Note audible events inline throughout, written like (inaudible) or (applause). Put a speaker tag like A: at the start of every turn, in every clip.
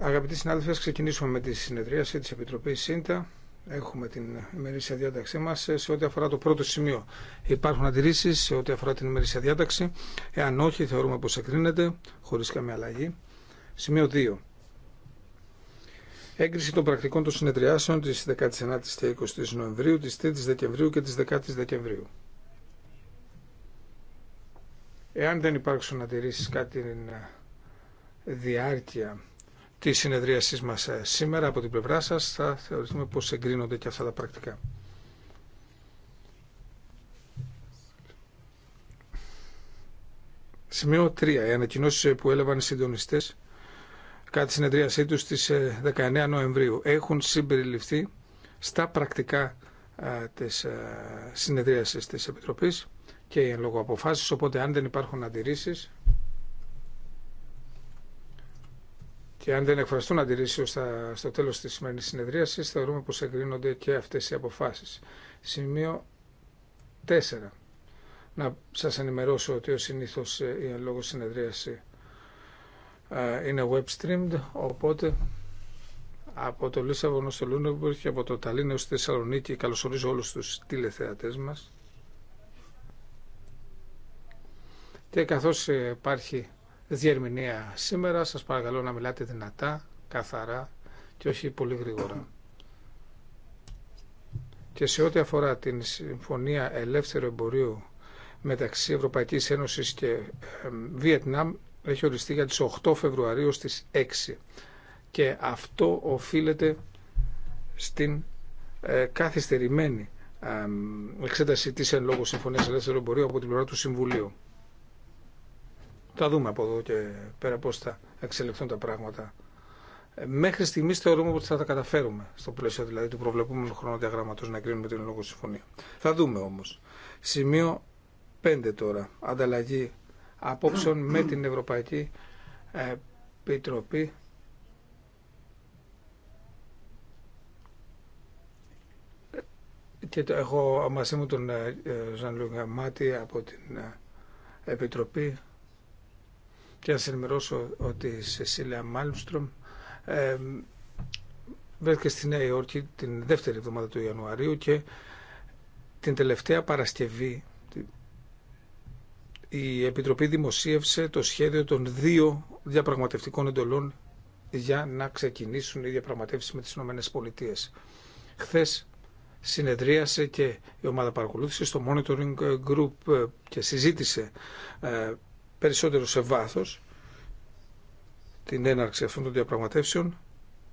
A: Αγαπητοί συνάδελφοι, ξεκινήσουμε με τη συνεδρίαση της Επιτροπής ΣΥΝΤΑ. Έχουμε την ημερήσια διάταξή μα σε ό,τι αφορά το πρώτο σημείο. Υπάρχουν αντιρρήσει σε ό,τι αφορά την ημερήσια διάταξη. Εάν όχι, θεωρούμε πω εκρίνεται, χωρί καμία αλλαγή. Σημείο 2. Έγκριση των πρακτικών των συνεδριάσεων τη 19η και 20η Νοεμβρίου, τη 3η Δεκεμβρίου και τη 10η Δεκεμβρίου. Εάν δεν υπάρξουν αντιρρήσεις κάτι διάρκεια τη συνεδρίασής μας ε, σήμερα από την πλευρά σας θα θεωρηθούμε πως εγκρίνονται και αυτά τα πρακτικά. Σημείο 3. Οι ανακοινώσει ε, που έλαβαν οι συντονιστέ κατά τη συνεδρίασή του στι 19 Νοεμβρίου έχουν συμπεριληφθεί στα πρακτικά ε, τη συνεδρίαση τη Επιτροπή και εν λόγω αποφάσεις, οπότε αν δεν υπάρχουν αντιρρήσεις και αν δεν εκφραστούν αντιρρήσεις στο τέλος της σημερινής συνεδρίασης, θεωρούμε πως εγκρίνονται και αυτές οι αποφάσεις. Σημείο 4. Να σας ενημερώσω ότι ο συνήθως ε, η εν λόγω συνεδρίαση ε, είναι web streamed, οπότε από το Λίσαβονο στο Λούνεμπουργκ και από το Ταλίνο στη Θεσσαλονίκη καλωσορίζω όλους τους τηλεθεατές μας. Και καθώς υπάρχει διερμηνία σήμερα, σας παρακαλώ να μιλάτε δυνατά, καθαρά και όχι πολύ γρήγορα. Και σε ό,τι αφορά την Συμφωνία Ελεύθερου Εμπορίου μεταξύ Ευρωπαϊκής Ένωσης και Βιετνάμ, έχει οριστεί για τις 8 Φεβρουαρίου στις 6. Και αυτό οφείλεται στην ε, καθυστερημένη εξέταση της εν λόγω Συμφωνίας Ελεύθερου Εμπορίου από την πλευρά του Συμβουλίου. Θα δούμε από εδώ και πέρα πώς θα εξελιχθούν τα πράγματα. Ε, μέχρι στιγμής θεωρούμε ότι θα τα καταφέρουμε στο πλαίσιο δηλαδή του προβλεπόμενου χρονοδιαγράμματος να κρίνουμε την Ελληνική συμφωνία. Θα δούμε όμως. Σημείο 5 τώρα. Ανταλλαγή απόψεων με την Ευρωπαϊκή ε, Επιτροπή και το έχω μαζί μου τον ε, Ζαν Μάτι από την Επιτροπή και να σα ενημερώσω ότι η Σεσίλια Μάλμστρομ ε, βρέθηκε στη Νέα Υόρκη την δεύτερη εβδομάδα του Ιανουαρίου και την τελευταία Παρασκευή η Επιτροπή δημοσίευσε το σχέδιο των δύο διαπραγματευτικών εντολών για να ξεκινήσουν οι διαπραγματεύσεις με τις Ηνωμένες Πολιτείες. Χθες συνεδρίασε και η ομάδα παρακολούθησης στο Monitoring Group ε, και συζήτησε ε, περισσότερο σε βάθος την έναρξη αυτών των διαπραγματεύσεων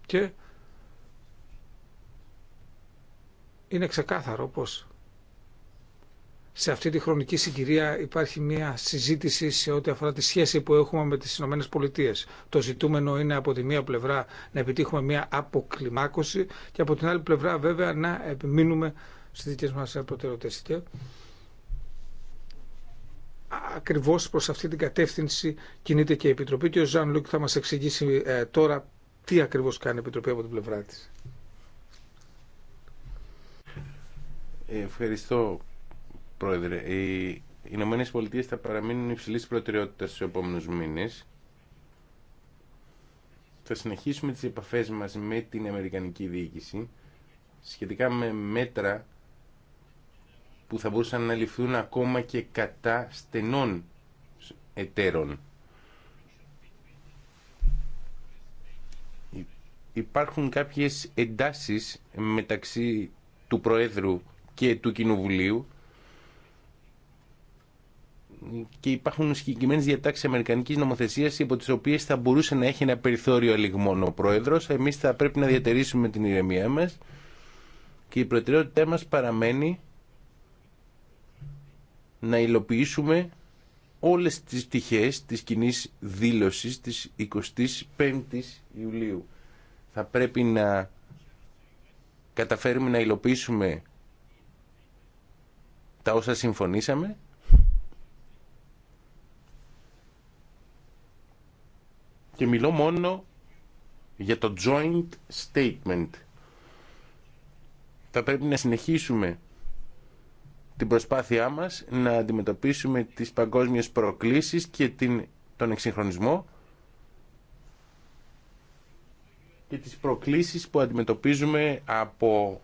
A: και είναι ξεκάθαρο πως σε αυτή τη χρονική συγκυρία υπάρχει μια συζήτηση σε ό,τι αφορά τη σχέση που έχουμε με τις Ηνωμένε Πολιτείε. Το ζητούμενο είναι από τη μία πλευρά να επιτύχουμε μια αποκλιμάκωση και από την άλλη πλευρά βέβαια να επιμείνουμε στις δικές μας προτεραιότητες. και απο την αλλη πλευρα βεβαια να επιμεινουμε στις δικες μας προτεραιοτητες ακριβώς προς αυτή την κατεύθυνση κινείται και η Επιτροπή και ο Ζαν Λουκ θα μας εξηγήσει ε, τώρα τι ακριβώς κάνει η Επιτροπή από την πλευρά τη.
B: Ε, ευχαριστώ, Πρόεδρε. Οι Ηνωμένε Πολιτείε θα παραμείνουν υψηλή προτεραιότητα στου επόμενου μήνε. Θα συνεχίσουμε τις επαφές μας με την Αμερικανική Διοίκηση σχετικά με μέτρα που θα μπορούσαν να ληφθούν ακόμα και κατά στενών εταίρων. Υπάρχουν κάποιες εντάσεις μεταξύ του Προέδρου και του Κοινοβουλίου και υπάρχουν συγκεκριμένες διατάξεις αμερικανικής νομοθεσία υπό τι οποίε θα μπορούσε να έχει ένα περιθώριο λιγμών ο πρόεδρο. Εμείς θα πρέπει να διατηρήσουμε την ηρεμία μας και η προτεραιότητά μα παραμένει να υλοποιήσουμε όλες τις πτυχές της κοινή δήλωσης της 25ης Ιουλίου. Θα πρέπει να καταφέρουμε να υλοποιήσουμε τα όσα συμφωνήσαμε και μιλώ μόνο για το joint statement. Θα πρέπει να συνεχίσουμε την προσπάθειά μας να αντιμετωπίσουμε τις παγκόσμιες προκλήσεις και την, τον εξυγχρονισμό και τις προκλήσεις που αντιμετωπίζουμε από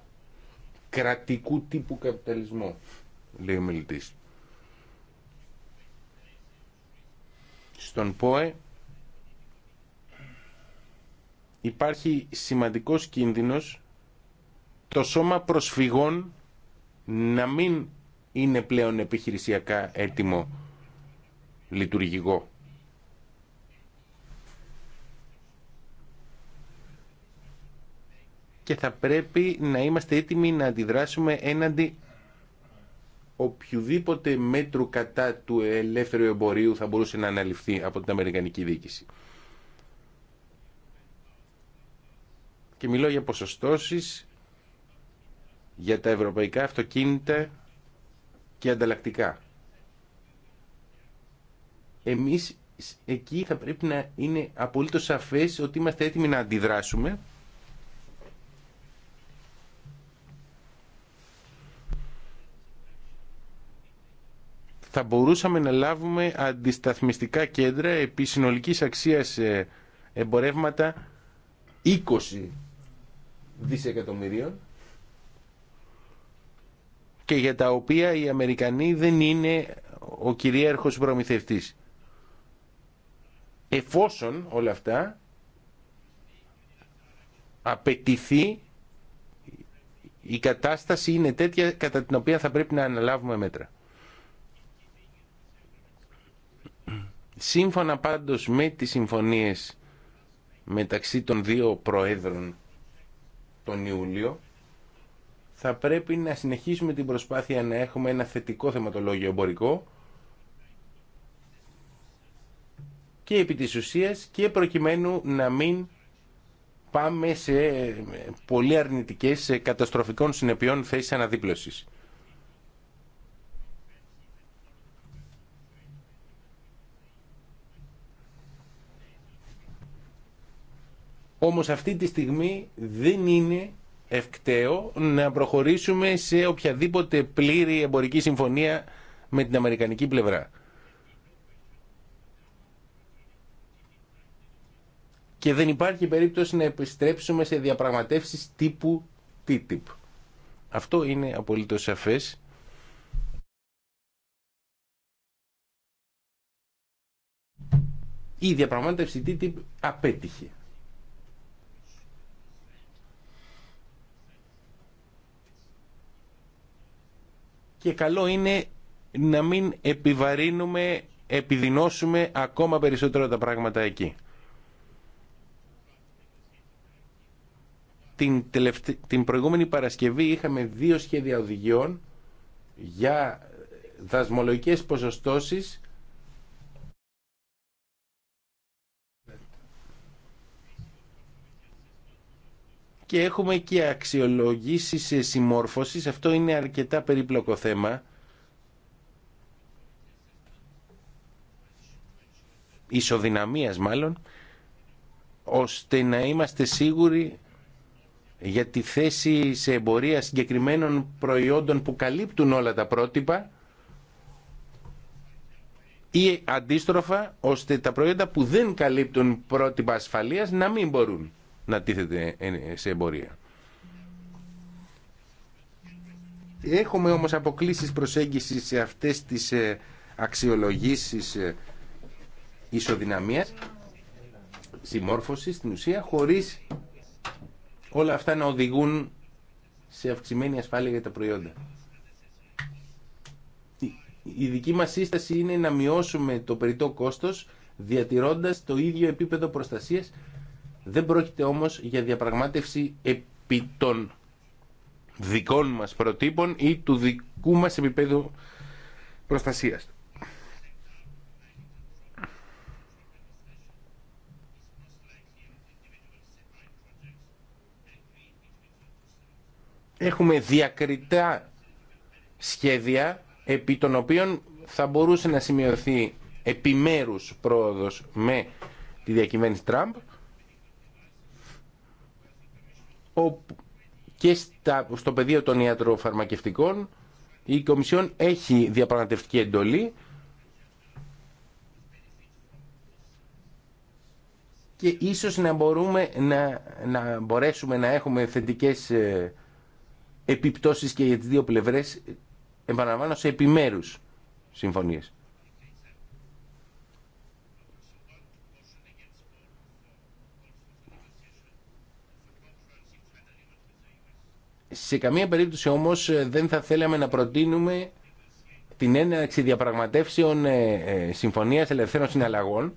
B: κρατικού τύπου καπιταλισμό, λέει ο μιλητής. Στον ΠΟΕ υπάρχει σημαντικός κίνδυνος το σώμα προσφυγών να μην είναι πλέον επιχειρησιακά έτοιμο λειτουργικό. Και θα πρέπει να είμαστε έτοιμοι να αντιδράσουμε έναντι οποιοδήποτε μέτρου κατά του ελεύθερου εμπορίου θα μπορούσε να αναλυφθεί από την Αμερικανική διοίκηση. Και μιλώ για ποσοστώσεις για τα ευρωπαϊκά αυτοκίνητα και ανταλλακτικά. Εμείς εκεί θα πρέπει να είναι απολύτως σαφές ότι είμαστε έτοιμοι να αντιδράσουμε θα μπορούσαμε να λάβουμε αντισταθμιστικά κέντρα επί συνολικής αξίας ε, εμπορεύματα 20 δισεκατομμυρίων και για τα οποία οι Αμερικανοί δεν είναι ο κυρίαρχος προμηθευτής. Εφόσον όλα αυτά απαιτηθεί η κατάσταση είναι τέτοια κατά την οποία θα πρέπει να αναλάβουμε μέτρα. Σύμφωνα πάντως με τις συμφωνίες μεταξύ των δύο προέδρων τον Ιούλιο θα πρέπει να συνεχίσουμε την προσπάθεια να έχουμε ένα θετικό θεματολόγιο εμπορικό και επί της ουσίας και προκειμένου να μην πάμε σε πολύ αρνητικές σε καταστροφικών συνεπειών θέσεις αναδίπλωσης. Όμως αυτή τη στιγμή δεν είναι ευκταίο να προχωρήσουμε σε οποιαδήποτε πλήρη εμπορική συμφωνία με την Αμερικανική πλευρά. Και δεν υπάρχει περίπτωση να επιστρέψουμε σε διαπραγματεύσεις τύπου TTIP. Αυτό είναι απολύτως σαφές. Η διαπραγμάτευση TTIP απέτυχε. και καλό είναι να μην επιβαρύνουμε, επιδεινώσουμε ακόμα περισσότερο τα πράγματα εκεί. Την, την προηγούμενη Παρασκευή είχαμε δύο σχέδια οδηγιών για δασμολογικές ποσοστώσεις και έχουμε και αξιολογήσεις ε, συμμόρφωση. Αυτό είναι αρκετά περίπλοκο θέμα. Ισοδυναμίας μάλλον, ώστε να είμαστε σίγουροι για τη θέση σε εμπορία συγκεκριμένων προϊόντων που καλύπτουν όλα τα πρότυπα ή αντίστροφα ώστε τα προϊόντα που δεν καλύπτουν πρότυπα ασφαλείας να μην μπορούν να τίθεται σε εμπορία. Έχουμε όμως αποκλήσεις προσέγγισης σε αυτές τις ε, αξιολογήσεις ε, ισοδυναμίας, συμμόρφωσης στην ουσία, χωρίς όλα αυτά να οδηγούν σε αυξημένη ασφάλεια για τα προϊόντα. Η δική μας σύσταση είναι να μειώσουμε το περιττό κόστος διατηρώντας το ίδιο επίπεδο προστασίας δεν πρόκειται όμως για διαπραγμάτευση επί των δικών μας προτύπων ή του δικού μας επίπεδου προστασίας. Έχουμε διακριτά σχέδια επί των οποίων θα μπορούσε να σημειωθεί επιμέρους πρόοδος με τη διακυβέρνηση Τραμπ και στα, στο πεδίο των ιατροφαρμακευτικών η Κομισιόν έχει διαπραγματευτική εντολή και ίσως να, μπορούμε, να, να μπορέσουμε να έχουμε θετικές ε, επιπτώσεις και για τις δύο πλευρές επαναλαμβάνω σε επιμέρους συμφωνίες. Σε καμία περίπτωση όμως ε, δεν θα θέλαμε να προτείνουμε την έναρξη διαπραγματεύσεων ε, ε, συμφωνίας ελευθέρων συναλλαγών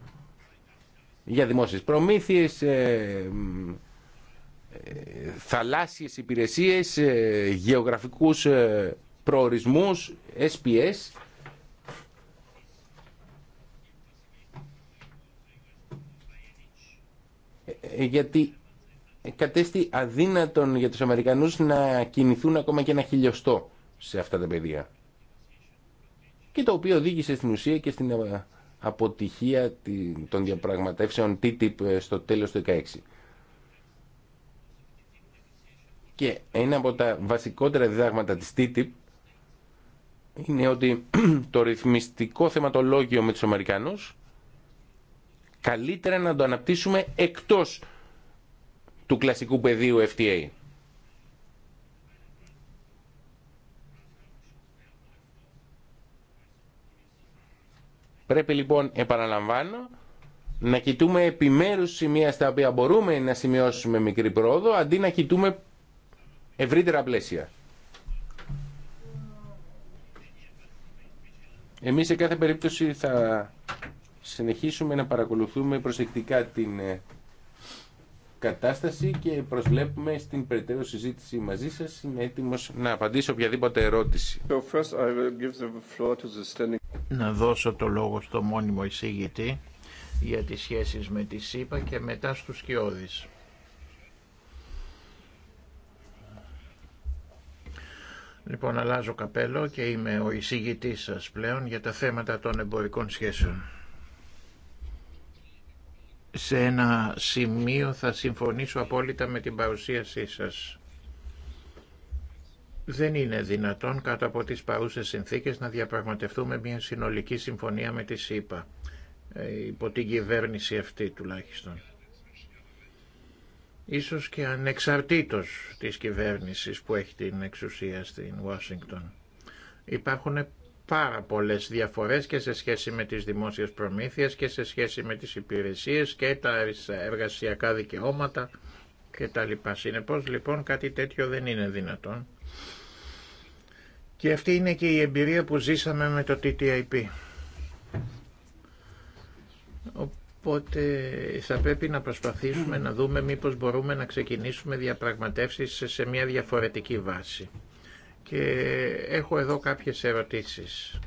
B: για δημόσιες προμήθειες, θαλάσσιες υπηρεσίες, γεωγραφικούς προορισμούς, SPS. Γιατί κατέστη αδύνατον για τους Αμερικανούς να κινηθούν ακόμα και ένα χιλιοστό σε αυτά τα παιδιά Και το οποίο οδήγησε στην ουσία και στην ε, αποτυχία των διαπραγματεύσεων TTIP ε, στο τέλος του 2016. Και ένα από τα βασικότερα διδάγματα της TTIP είναι ότι (clears throat) το ρυθμιστικό θεματολόγιο με τους Αμερικανούς καλύτερα να το αναπτύσσουμε εκτός του κλασικού πεδίου FTA. Πρέπει λοιπόν, επαναλαμβάνω, να κοιτούμε επιμέρους σημεία στα οποία μπορούμε να σημειώσουμε μικρή πρόοδο, αντί να κοιτούμε ευρύτερα πλαίσια. Εμείς σε κάθε περίπτωση θα συνεχίσουμε να παρακολουθούμε προσεκτικά την ε, κατάσταση και προσβλέπουμε στην περαιτέρω συζήτηση μαζί σας. Είμαι έτοιμος να απαντήσω οποιαδήποτε ερώτηση.
C: first I will give the floor to the standing... Να δώσω το λόγο στο μόνιμο εισήγητη για τις σχέσεις με τη ΣΥΠΑ και μετά στους Σκιώδης. Λοιπόν, αλλάζω καπέλο και είμαι ο εισηγητής σας πλέον για τα θέματα των εμπορικών σχέσεων σε ένα σημείο θα συμφωνήσω απόλυτα με την παρουσίασή σας. Δεν είναι δυνατόν κάτω από τις παρούσες συνθήκες να διαπραγματευτούμε μια συνολική συμφωνία με τη ΣΥΠΑ, ε, υπό την κυβέρνηση αυτή τουλάχιστον. Ίσως και ανεξαρτήτως της κυβέρνησης που έχει την εξουσία στην Ουάσιγκτον. Υπάρχουν πάρα πολλές διαφορές και σε σχέση με τις δημόσιες προμήθειες και σε σχέση με τις υπηρεσίες και τα εργασιακά δικαιώματα και τα λοιπά. Συνεπώς λοιπόν κάτι τέτοιο δεν είναι δυνατόν. Και αυτή είναι και η εμπειρία που ζήσαμε με το TTIP. Οπότε θα πρέπει να προσπαθήσουμε να δούμε μήπως μπορούμε να ξεκινήσουμε διαπραγματεύσεις σε μια διαφορετική βάση και έχω εδώ κάποιες ερωτήσεις.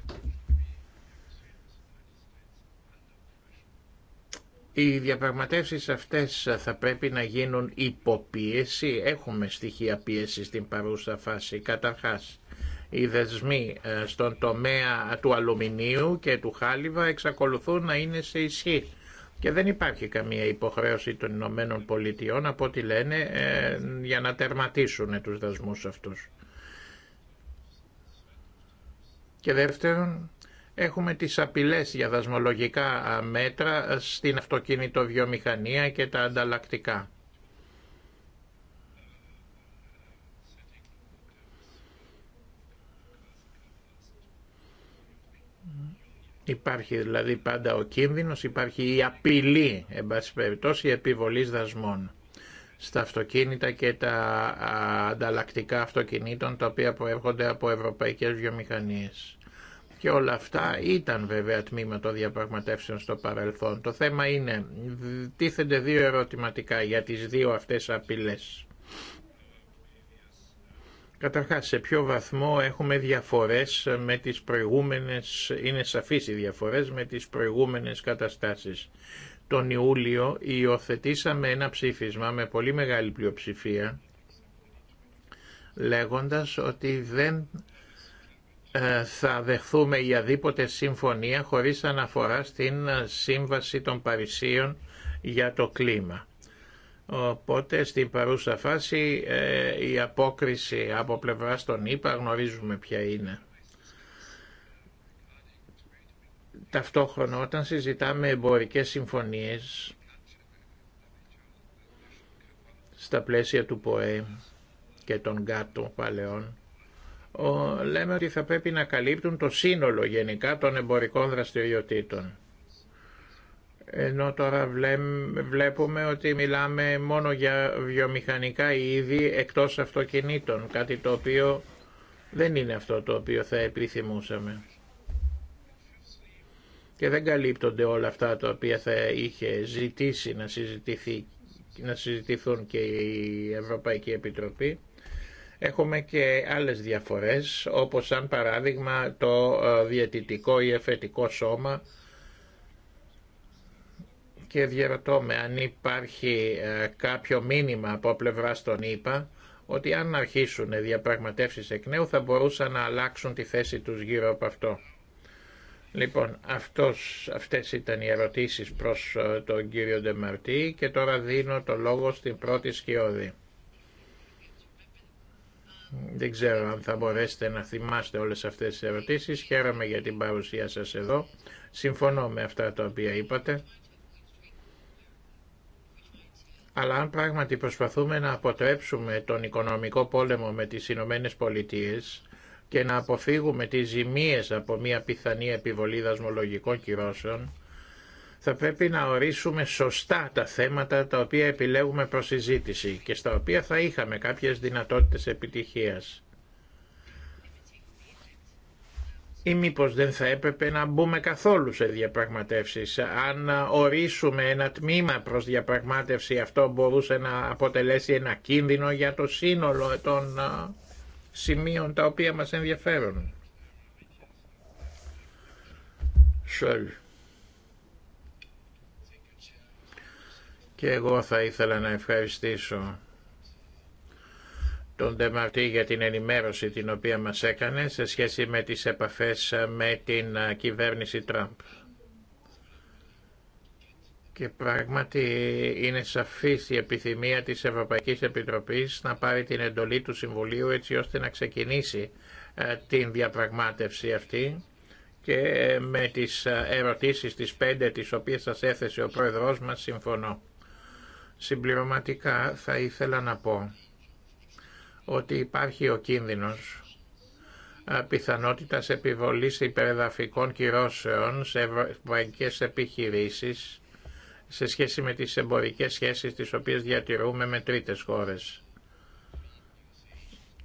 C: Οι διαπραγματεύσεις αυτές θα πρέπει να γίνουν υποπίεση. Έχουμε στοιχεία πίεση στην παρούσα φάση. Καταρχάς, οι δεσμοί ε, στον τομέα του αλουμινίου και του χάλιβα εξακολουθούν να είναι σε ισχύ. Και δεν υπάρχει καμία υποχρέωση των Ηνωμένων Πολιτειών από ό,τι λένε ε, για να τερματίσουν τους δεσμούς αυτούς. Και δεύτερον, έχουμε τις απειλές για δασμολογικά μέτρα στην αυτοκινητοβιομηχανία και τα ανταλλακτικά. Υπάρχει δηλαδή πάντα ο κίνδυνος, υπάρχει η απειλή, εν πάση περιπτώσει, επιβολής δασμών στα αυτοκίνητα και τα ανταλλακτικά αυτοκινήτων τα οποία προέρχονται από ευρωπαϊκές βιομηχανίες. Και όλα αυτά ήταν βέβαια τμήμα των διαπραγματεύσεων στο παρελθόν. Το θέμα είναι, τίθενται δύο ερωτηματικά για τις δύο αυτές απειλές. Καταρχάς, σε ποιο βαθμό έχουμε διαφορές με τις προηγούμενες, είναι σαφείς οι διαφορές με τις προηγούμενες καταστάσεις τον Ιούλιο υιοθετήσαμε ένα ψήφισμα με πολύ μεγάλη πλειοψηφία λέγοντας ότι δεν ε, θα δεχθούμε για δίποτε συμφωνία χωρίς αναφορά στην ε, Σύμβαση των Παρισίων για το κλίμα. Οπότε στην παρούσα φάση ε, η απόκριση από πλευράς των ΗΠΑ γνωρίζουμε ποια είναι. Ταυτόχρονα όταν συζητάμε εμπορικές συμφωνίες στα πλαίσια του ΠΟΕ και των ΚΑΤΟ παλαιών, λέμε ότι θα πρέπει να καλύπτουν το σύνολο γενικά των εμπορικών δραστηριοτήτων. Ενώ τώρα βλέπουμε ότι μιλάμε μόνο για βιομηχανικά είδη εκτός αυτοκινήτων, κάτι το οποίο δεν είναι αυτό το οποίο θα επιθυμούσαμε και δεν καλύπτονται όλα αυτά τα οποία θα είχε ζητήσει να, να συζητηθούν και η Ευρωπαϊκή Επιτροπή. Έχουμε και άλλες διαφορές, όπως σαν παράδειγμα το ε, διαιτητικό ή εφετικό σώμα και διαρωτώ με αν υπάρχει ε, κάποιο μήνυμα από πλευρά των ΗΠΑ ότι αν αρχίσουν διαπραγματεύσεις εκ νέου θα μπορούσαν να αλλάξουν τη θέση τους γύρω από αυτό. Λοιπόν, αυτός, αυτές ήταν οι ερωτήσεις προς ε, τον κύριο Ντεμαρτή και τώρα δίνω το λόγο στην πρώτη σκιώδη. Δεν ξέρω αν θα μπορέσετε να θυμάστε όλες αυτές τις ερωτήσεις. Χαίρομαι για την παρουσία σας εδώ. Συμφωνώ με αυτά τα οποία είπατε. Αλλά αν πράγματι προσπαθούμε να αποτρέψουμε τον οικονομικό πόλεμο με τις Ηνωμένε Πολιτείες, και να αποφύγουμε τις ζημίες από μια πιθανή επιβολή δασμολογικών κυρώσεων, θα πρέπει να ορίσουμε σωστά τα θέματα τα οποία επιλέγουμε προς συζήτηση και στα οποία θα είχαμε κάποιες δυνατότητες επιτυχίας. Ή μήπω δεν θα έπρεπε να μπούμε καθόλου σε διαπραγματεύσεις. Αν ορίσουμε ένα τμήμα προς διαπραγμάτευση αυτό μπορούσε να αποτελέσει ένα κίνδυνο για το σύνολο των σημείων τα οποία μας ενδιαφέρουν. Και εγώ θα ήθελα να ευχαριστήσω τον Δεμαρτή για την ενημέρωση την οποία μας έκανε σε σχέση με τις επαφές με την κυβέρνηση Τραμπ. Και πράγματι είναι σαφής η επιθυμία της Ευρωπαϊκής Επιτροπής να πάρει την εντολή του Συμβουλίου έτσι ώστε να ξεκινήσει ε, την διαπραγμάτευση αυτή και ε, με τις ε, ερωτήσεις τις πέντε τις οποίες σας έθεσε ο Πρόεδρός μας συμφωνώ. Συμπληρωματικά θα ήθελα να πω ότι υπάρχει ο κίνδυνος πιθανότητας επιβολής υπερεδαφικών κυρώσεων σε ευρωπαϊκές επιχειρήσεις σε σχέση με τις εμπορικές σχέσεις τις οποίες διατηρούμε με τρίτες χώρες.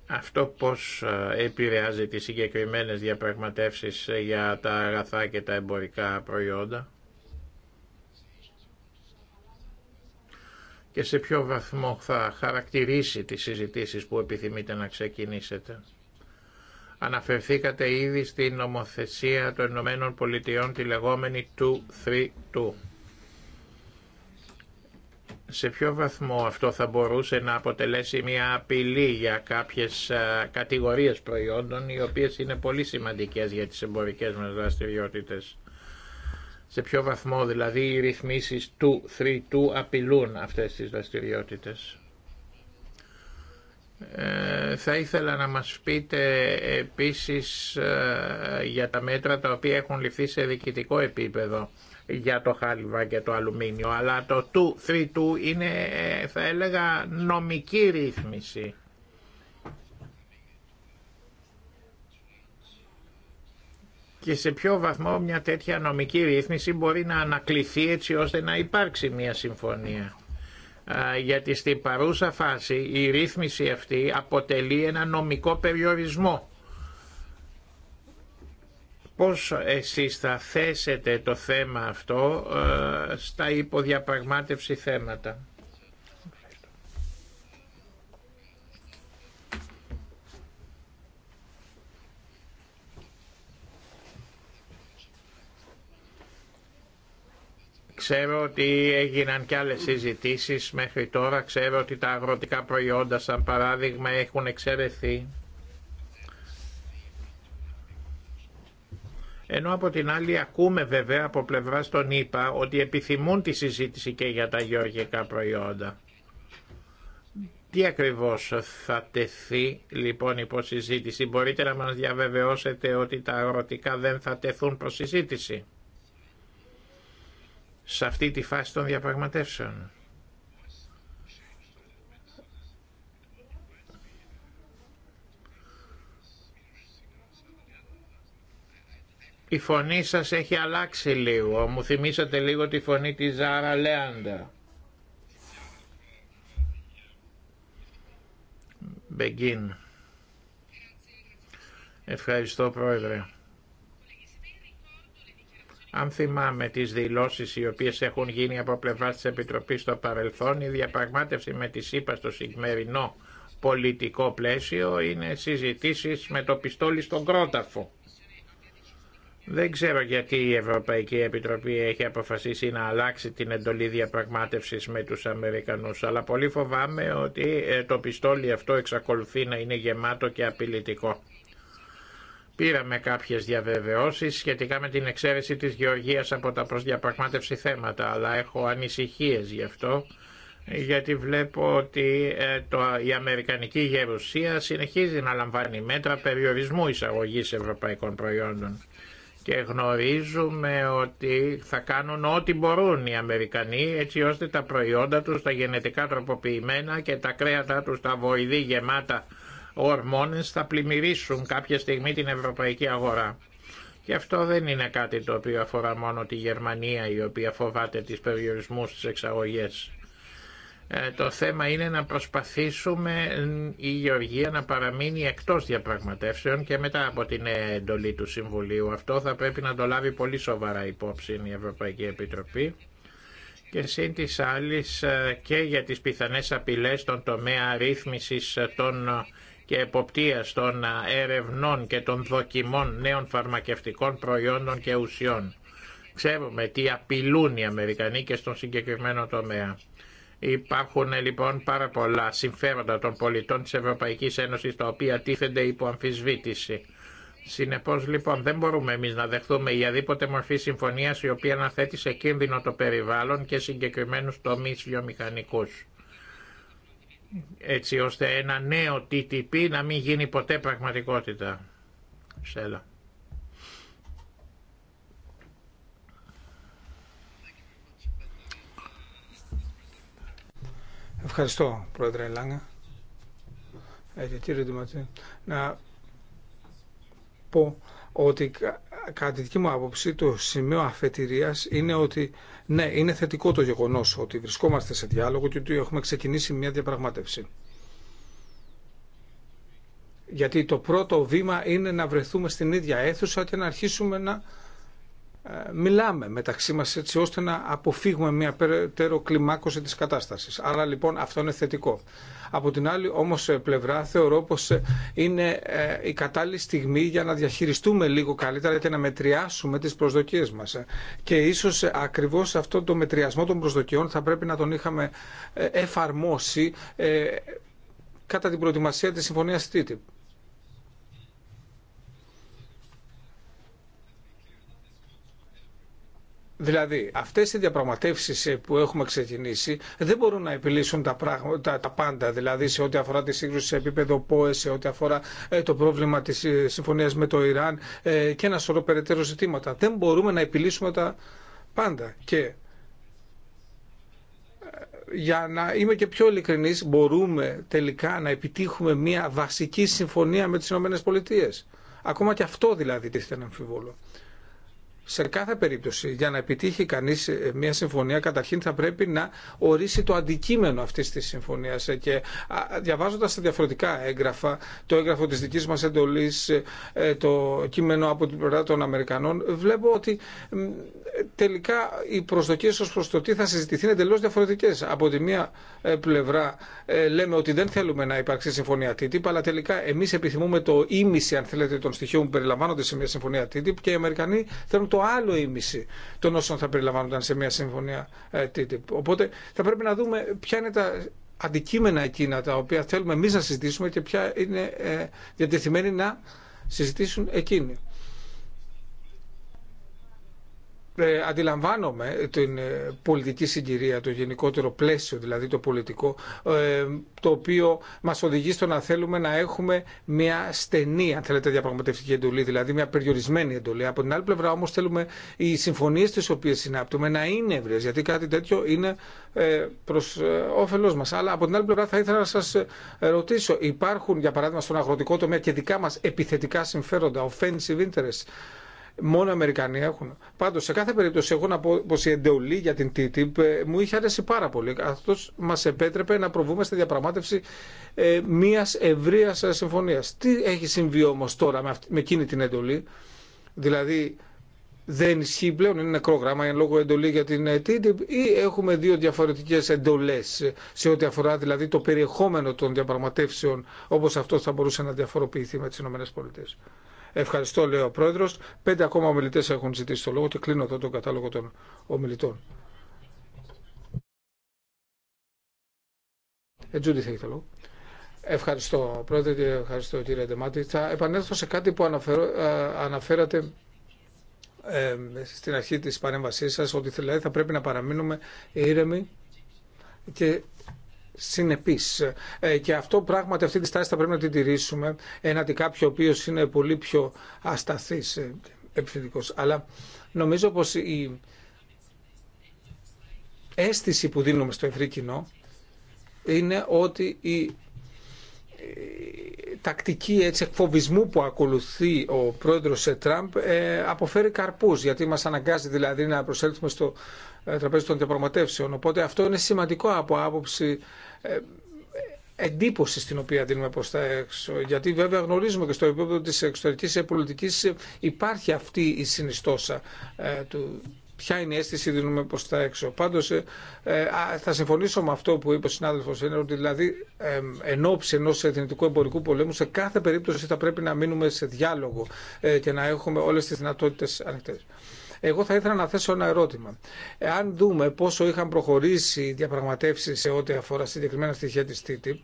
C: Αυτό πώς ε, επηρεάζει τις συγκεκριμένες διαπραγματεύσεις ε, για τα αγαθά και τα εμπορικά προϊόντα και σε ποιο βαθμό θα χαρακτηρίσει τις συζητήσεις που επιθυμείτε να ξεκινήσετε. Αναφερθήκατε ήδη στην νομοθεσία των Ηνωμένων Πολιτειών τη λεγόμενη 232 σε ποιο βαθμό αυτό θα μπορούσε να αποτελέσει μια απειλή για κάποιες κατηγορίες προϊόντων οι οποίες είναι πολύ σημαντικές για τις εμπορικές μας δραστηριότητες. Σε ποιο βαθμό δηλαδή οι ρυθμίσεις του 3 του απειλούν αυτές τις δραστηριότητες. Ε, θα ήθελα να μας πείτε επίσης ε, για τα μέτρα τα οποία έχουν ληφθεί σε διοικητικό επίπεδο για το χάλιβα και το αλουμίνιο, αλλά το του, είναι θα έλεγα νομική ρύθμιση. Και σε ποιο βαθμό μια τέτοια νομική ρύθμιση μπορεί να ανακληθεί έτσι ώστε να υπάρξει μια συμφωνία. Γιατί στην παρούσα φάση η ρύθμιση αυτή αποτελεί ένα νομικό περιορισμό Πώς εσείς θα θέσετε το θέμα αυτό ε, στα υποδιαπραγμάτευση θέματα. Ξέρω ότι έγιναν και άλλες συζητήσεις μέχρι τώρα. Ξέρω ότι τα αγροτικά προϊόντα, σαν παράδειγμα, έχουν εξαιρεθεί. Ενώ από την άλλη ακούμε βέβαια από πλευρά των ΗΠΑ ότι επιθυμούν τη συζήτηση και για τα γεωργικά προϊόντα. Τι ακριβώς θα τεθεί λοιπόν υπό συζήτηση. Μπορείτε να μας διαβεβαιώσετε ότι τα αγροτικά δεν θα τεθούν προς συζήτηση. Σε αυτή τη φάση των διαπραγματεύσεων. Η φωνή σας έχει αλλάξει λίγο. Μου θυμήσατε λίγο τη φωνή της Ζάρα Λέαντα. Ευχαριστώ πρόεδρε. Αν θυμάμαι τις δηλώσεις οι οποίες έχουν γίνει από πλευρά της Επιτροπής στο παρελθόν, η διαπραγμάτευση με τη ΣΥΠΑ στο συγκεκριμένο πολιτικό πλαίσιο είναι συζητήσεις με το πιστόλι στον κρόταφο. Δεν ξέρω γιατί η Ευρωπαϊκή Επιτροπή έχει αποφασίσει να αλλάξει την εντολή διαπραγμάτευσης με τους Αμερικανούς, αλλά πολύ φοβάμαι ότι ε, το πιστόλι αυτό εξακολουθεί να είναι γεμάτο και απειλητικό. Πήραμε κάποιες διαβεβαιώσεις σχετικά με την εξαίρεση της Γεωργίας από τα προσδιαπραγμάτευση θέματα, αλλά έχω ανησυχίες γι' αυτό, γιατί βλέπω ότι ε, το, η Αμερικανική Γερουσία συνεχίζει να λαμβάνει μέτρα περιορισμού εισαγωγής ευρωπαϊκών προϊόντων και γνωρίζουμε ότι θα κάνουν ό,τι μπορούν οι Αμερικανοί έτσι ώστε τα προϊόντα τους, τα γενετικά τροποποιημένα και τα κρέατα τους, τα βοηδή γεμάτα ορμόνες θα πλημμυρίσουν κάποια στιγμή την ευρωπαϊκή αγορά. Και αυτό δεν είναι κάτι το οποίο αφορά μόνο τη Γερμανία η οποία φοβάται τις περιορισμούς στις εξαγωγές. Ε, το θέμα είναι να προσπαθήσουμε η Γεωργία να παραμείνει εκτός διαπραγματεύσεων και μετά από την εντολή του Συμβουλίου. Αυτό θα πρέπει να το λάβει πολύ σοβαρά υπόψη η Ευρωπαϊκή Επιτροπή και σύν της άλλης ε, και για τις πιθανές απειλές των τομέα ρύθμισης ε, των και εποπτείας των ερευνών και των δοκιμών νέων φαρμακευτικών προϊόντων και ουσιών. Ξέρουμε τι απειλούν οι Αμερικανοί και στον συγκεκριμένο τομέα. Υπάρχουν λοιπόν πάρα πολλά συμφέροντα των πολιτών της Ευρωπαϊκής Ένωσης τα οποία τίθενται υπό αμφισβήτηση. Συνεπώς λοιπόν δεν μπορούμε εμείς να δεχθούμε αδίποτε μορφή συμφωνίας η οποία να θέτει σε κίνδυνο το περιβάλλον και συγκεκριμένους τομείς βιομηχανικούς έτσι ώστε ένα νέο TTP να μην γίνει ποτέ πραγματικότητα. Σέλα.
A: Ευχαριστώ, Πρόεδρε Λάγκα. Να πω ότι κατά τη δική μου άποψη το σημείο αφετηρίας είναι ότι ναι, είναι θετικό το γεγονός ότι βρισκόμαστε σε διάλογο και ότι έχουμε ξεκινήσει μια διαπραγμάτευση. Γιατί το πρώτο βήμα είναι να βρεθούμε στην ίδια αίθουσα και να αρχίσουμε να ε, μιλάμε μεταξύ μας έτσι ώστε να αποφύγουμε μια περαιτέρω κλιμάκωση της κατάστασης. Άρα λοιπόν αυτό είναι θετικό. Από την άλλη όμως ε, πλευρά θεωρώ πως ε, είναι η κατάλληλη στιγμή για να διαχειριστούμε λίγο καλύτερα και να μετριάσουμε τις προσδοκίες μας. Και ίσως ακριβώς αυτό το μετριασμό των προσδοκιών θα πρέπει να τον είχαμε εφαρμόσει κατά την προετοιμασία της συμφωνίας TTIP. Δηλαδή, αυτέ οι διαπραγματεύσει που έχουμε ξεκινήσει δεν μπορούν να επιλύσουν τα, τα πάντα, δηλαδή σε ό,τι αφορά τη σύγκρουση σε επίπεδο ΠΟΕ, σε ό,τι αφορά ε, το πρόβλημα της ε, συμφωνία με το Ιράν ε, και ένα σωρό περαιτέρω ζητήματα. Δεν μπορούμε να επιλύσουμε τα πάντα. Και για να είμαι και πιο ειλικρινή, μπορούμε τελικά να επιτύχουμε μια βασική συμφωνία με τις ΗΠΑ. Ακόμα και αυτό δηλαδή τίθεται να αμφιβόλω σε κάθε περίπτωση για να επιτύχει κανείς ε, μια συμφωνία καταρχήν θα πρέπει να ορίσει το αντικείμενο αυτής της συμφωνίας ε, και διαβάζοντας τα διαφορετικά έγγραφα, το έγγραφο της δικής μας εντολής, ε, το κείμενο από την πλευρά των Αμερικανών βλέπω ότι τελικά οι προσδοκίε ω προ το τι θα συζητηθεί είναι εντελώ διαφορετικέ. Από τη μία ε, πλευρά ε, λέμε ότι δεν θέλουμε να υπάρξει συμφωνία TTIP, αλλά τελικά εμεί επιθυμούμε το ίμιση, αν θέλετε, των στοιχείων που περιλαμβάνονται σε μια συμφωνία TTIP και οι Αμερικανοί θέλουν το άλλο ίμιση των όσων θα περιλαμβάνονταν σε μια συμφωνία ε, TTIP. Οπότε θα πρέπει να δούμε ποια είναι τα αντικείμενα εκείνα τα οποία θέλουμε εμεί να συζητήσουμε και ποια είναι διατεθειμένοι να συζητήσουν εκείνοι. ε, αντιλαμβάνομαι την ε, πολιτική συγκυρία, το γενικότερο πλαίσιο, δηλαδή το πολιτικό, ε, το οποίο μας οδηγεί στο να θέλουμε να έχουμε μια στενή, αν θέλετε, διαπραγματευτική εντολή, δηλαδή μια περιορισμένη εντολή. Από την άλλη πλευρά όμως θέλουμε οι συμφωνίες τις οποίες συνάπτουμε να είναι ευρείες, γιατί κάτι τέτοιο είναι ε, προς ε, όφελός μας. Αλλά από την άλλη πλευρά θα ήθελα να σας ρωτήσω, υπάρχουν για παράδειγμα στον αγροτικό τομέα και δικά μας επιθετικά συμφέροντα, offensive interests, Μόνο Αμερικανοί έχουν. Πάντω, σε κάθε περίπτωση, εγώ να πω πω η εντολή για την TTIP ε, μου είχε αρέσει πάρα πολύ. Αυτό μα επέτρεπε να προβούμε στη διαπραγμάτευση ε, μια ευρεία συμφωνία. Τι έχει συμβεί όμω τώρα με, αυτή, εκείνη την εντολή, δηλαδή δεν ισχύει πλέον, είναι νεκρό γράμμα, είναι λόγω εντολή για την ε, TTIP ή έχουμε δύο διαφορετικές εντολές σε ό,τι αφορά δηλαδή το περιεχόμενο των διαπραγματεύσεων όπως αυτό θα μπορούσε να διαφοροποιηθεί με τις ΗΠΑ. Ευχαριστώ, λέει ο πρόεδρο. Πέντε ακόμα ομιλητέ έχουν ζητήσει το λόγο και κλείνω εδώ τον κατάλογο των ομιλητών. Ε, ευχαριστώ, πρόεδρε, και ευχαριστώ, κύριε Ντεμάτη. Θα επανέλθω σε κάτι που ε, αναφέρατε ε, στην αρχή της παρέμβασής σας ότι θα πρέπει να παραμείνουμε ήρεμοι και συνεπής. Ε, και αυτό πράγματι αυτή τη στάση θα πρέπει να την τηρήσουμε έναντι κάποιου ο οποίο είναι πολύ πιο ασταθής ε, επιθετικό. Αλλά νομίζω πω η αίσθηση που δίνουμε στο ευρύ κοινό είναι ότι η τακτική έτσι, εκφοβισμού που ακολουθεί ο πρόεδρος Τραμπ ε, αποφέρει καρπούς γιατί μας αναγκάζει δηλαδή να προσέλθουμε στο τραπέζι των διαπραγματεύσεων. Οπότε αυτό είναι σημαντικό από άποψη ε, ε, εντύπωση στην οποία δίνουμε προς τα έξω. Γιατί βέβαια γνωρίζουμε και στο επίπεδο της εξωτερικής ε, πολιτικής υπάρχει αυτή η συνιστόσα του ποια είναι η αίσθηση δίνουμε προς τα έξω. Πάντως θα συμφωνήσω με αυτό που είπε ο συνάδελφος ότι δηλαδή εν ώψη ενός εθνικού εμπορικού πολέμου σε κάθε περίπτωση θα πρέπει να μείνουμε σε διάλογο και να έχουμε όλες τις δυνατότητες ανοιχτές. Εγώ θα ήθελα να θέσω ένα ερώτημα. Αν δούμε πόσο είχαν προχωρήσει οι διαπραγματεύσει σε ό,τι αφορά συγκεκριμένα στοιχεία τη TTIP,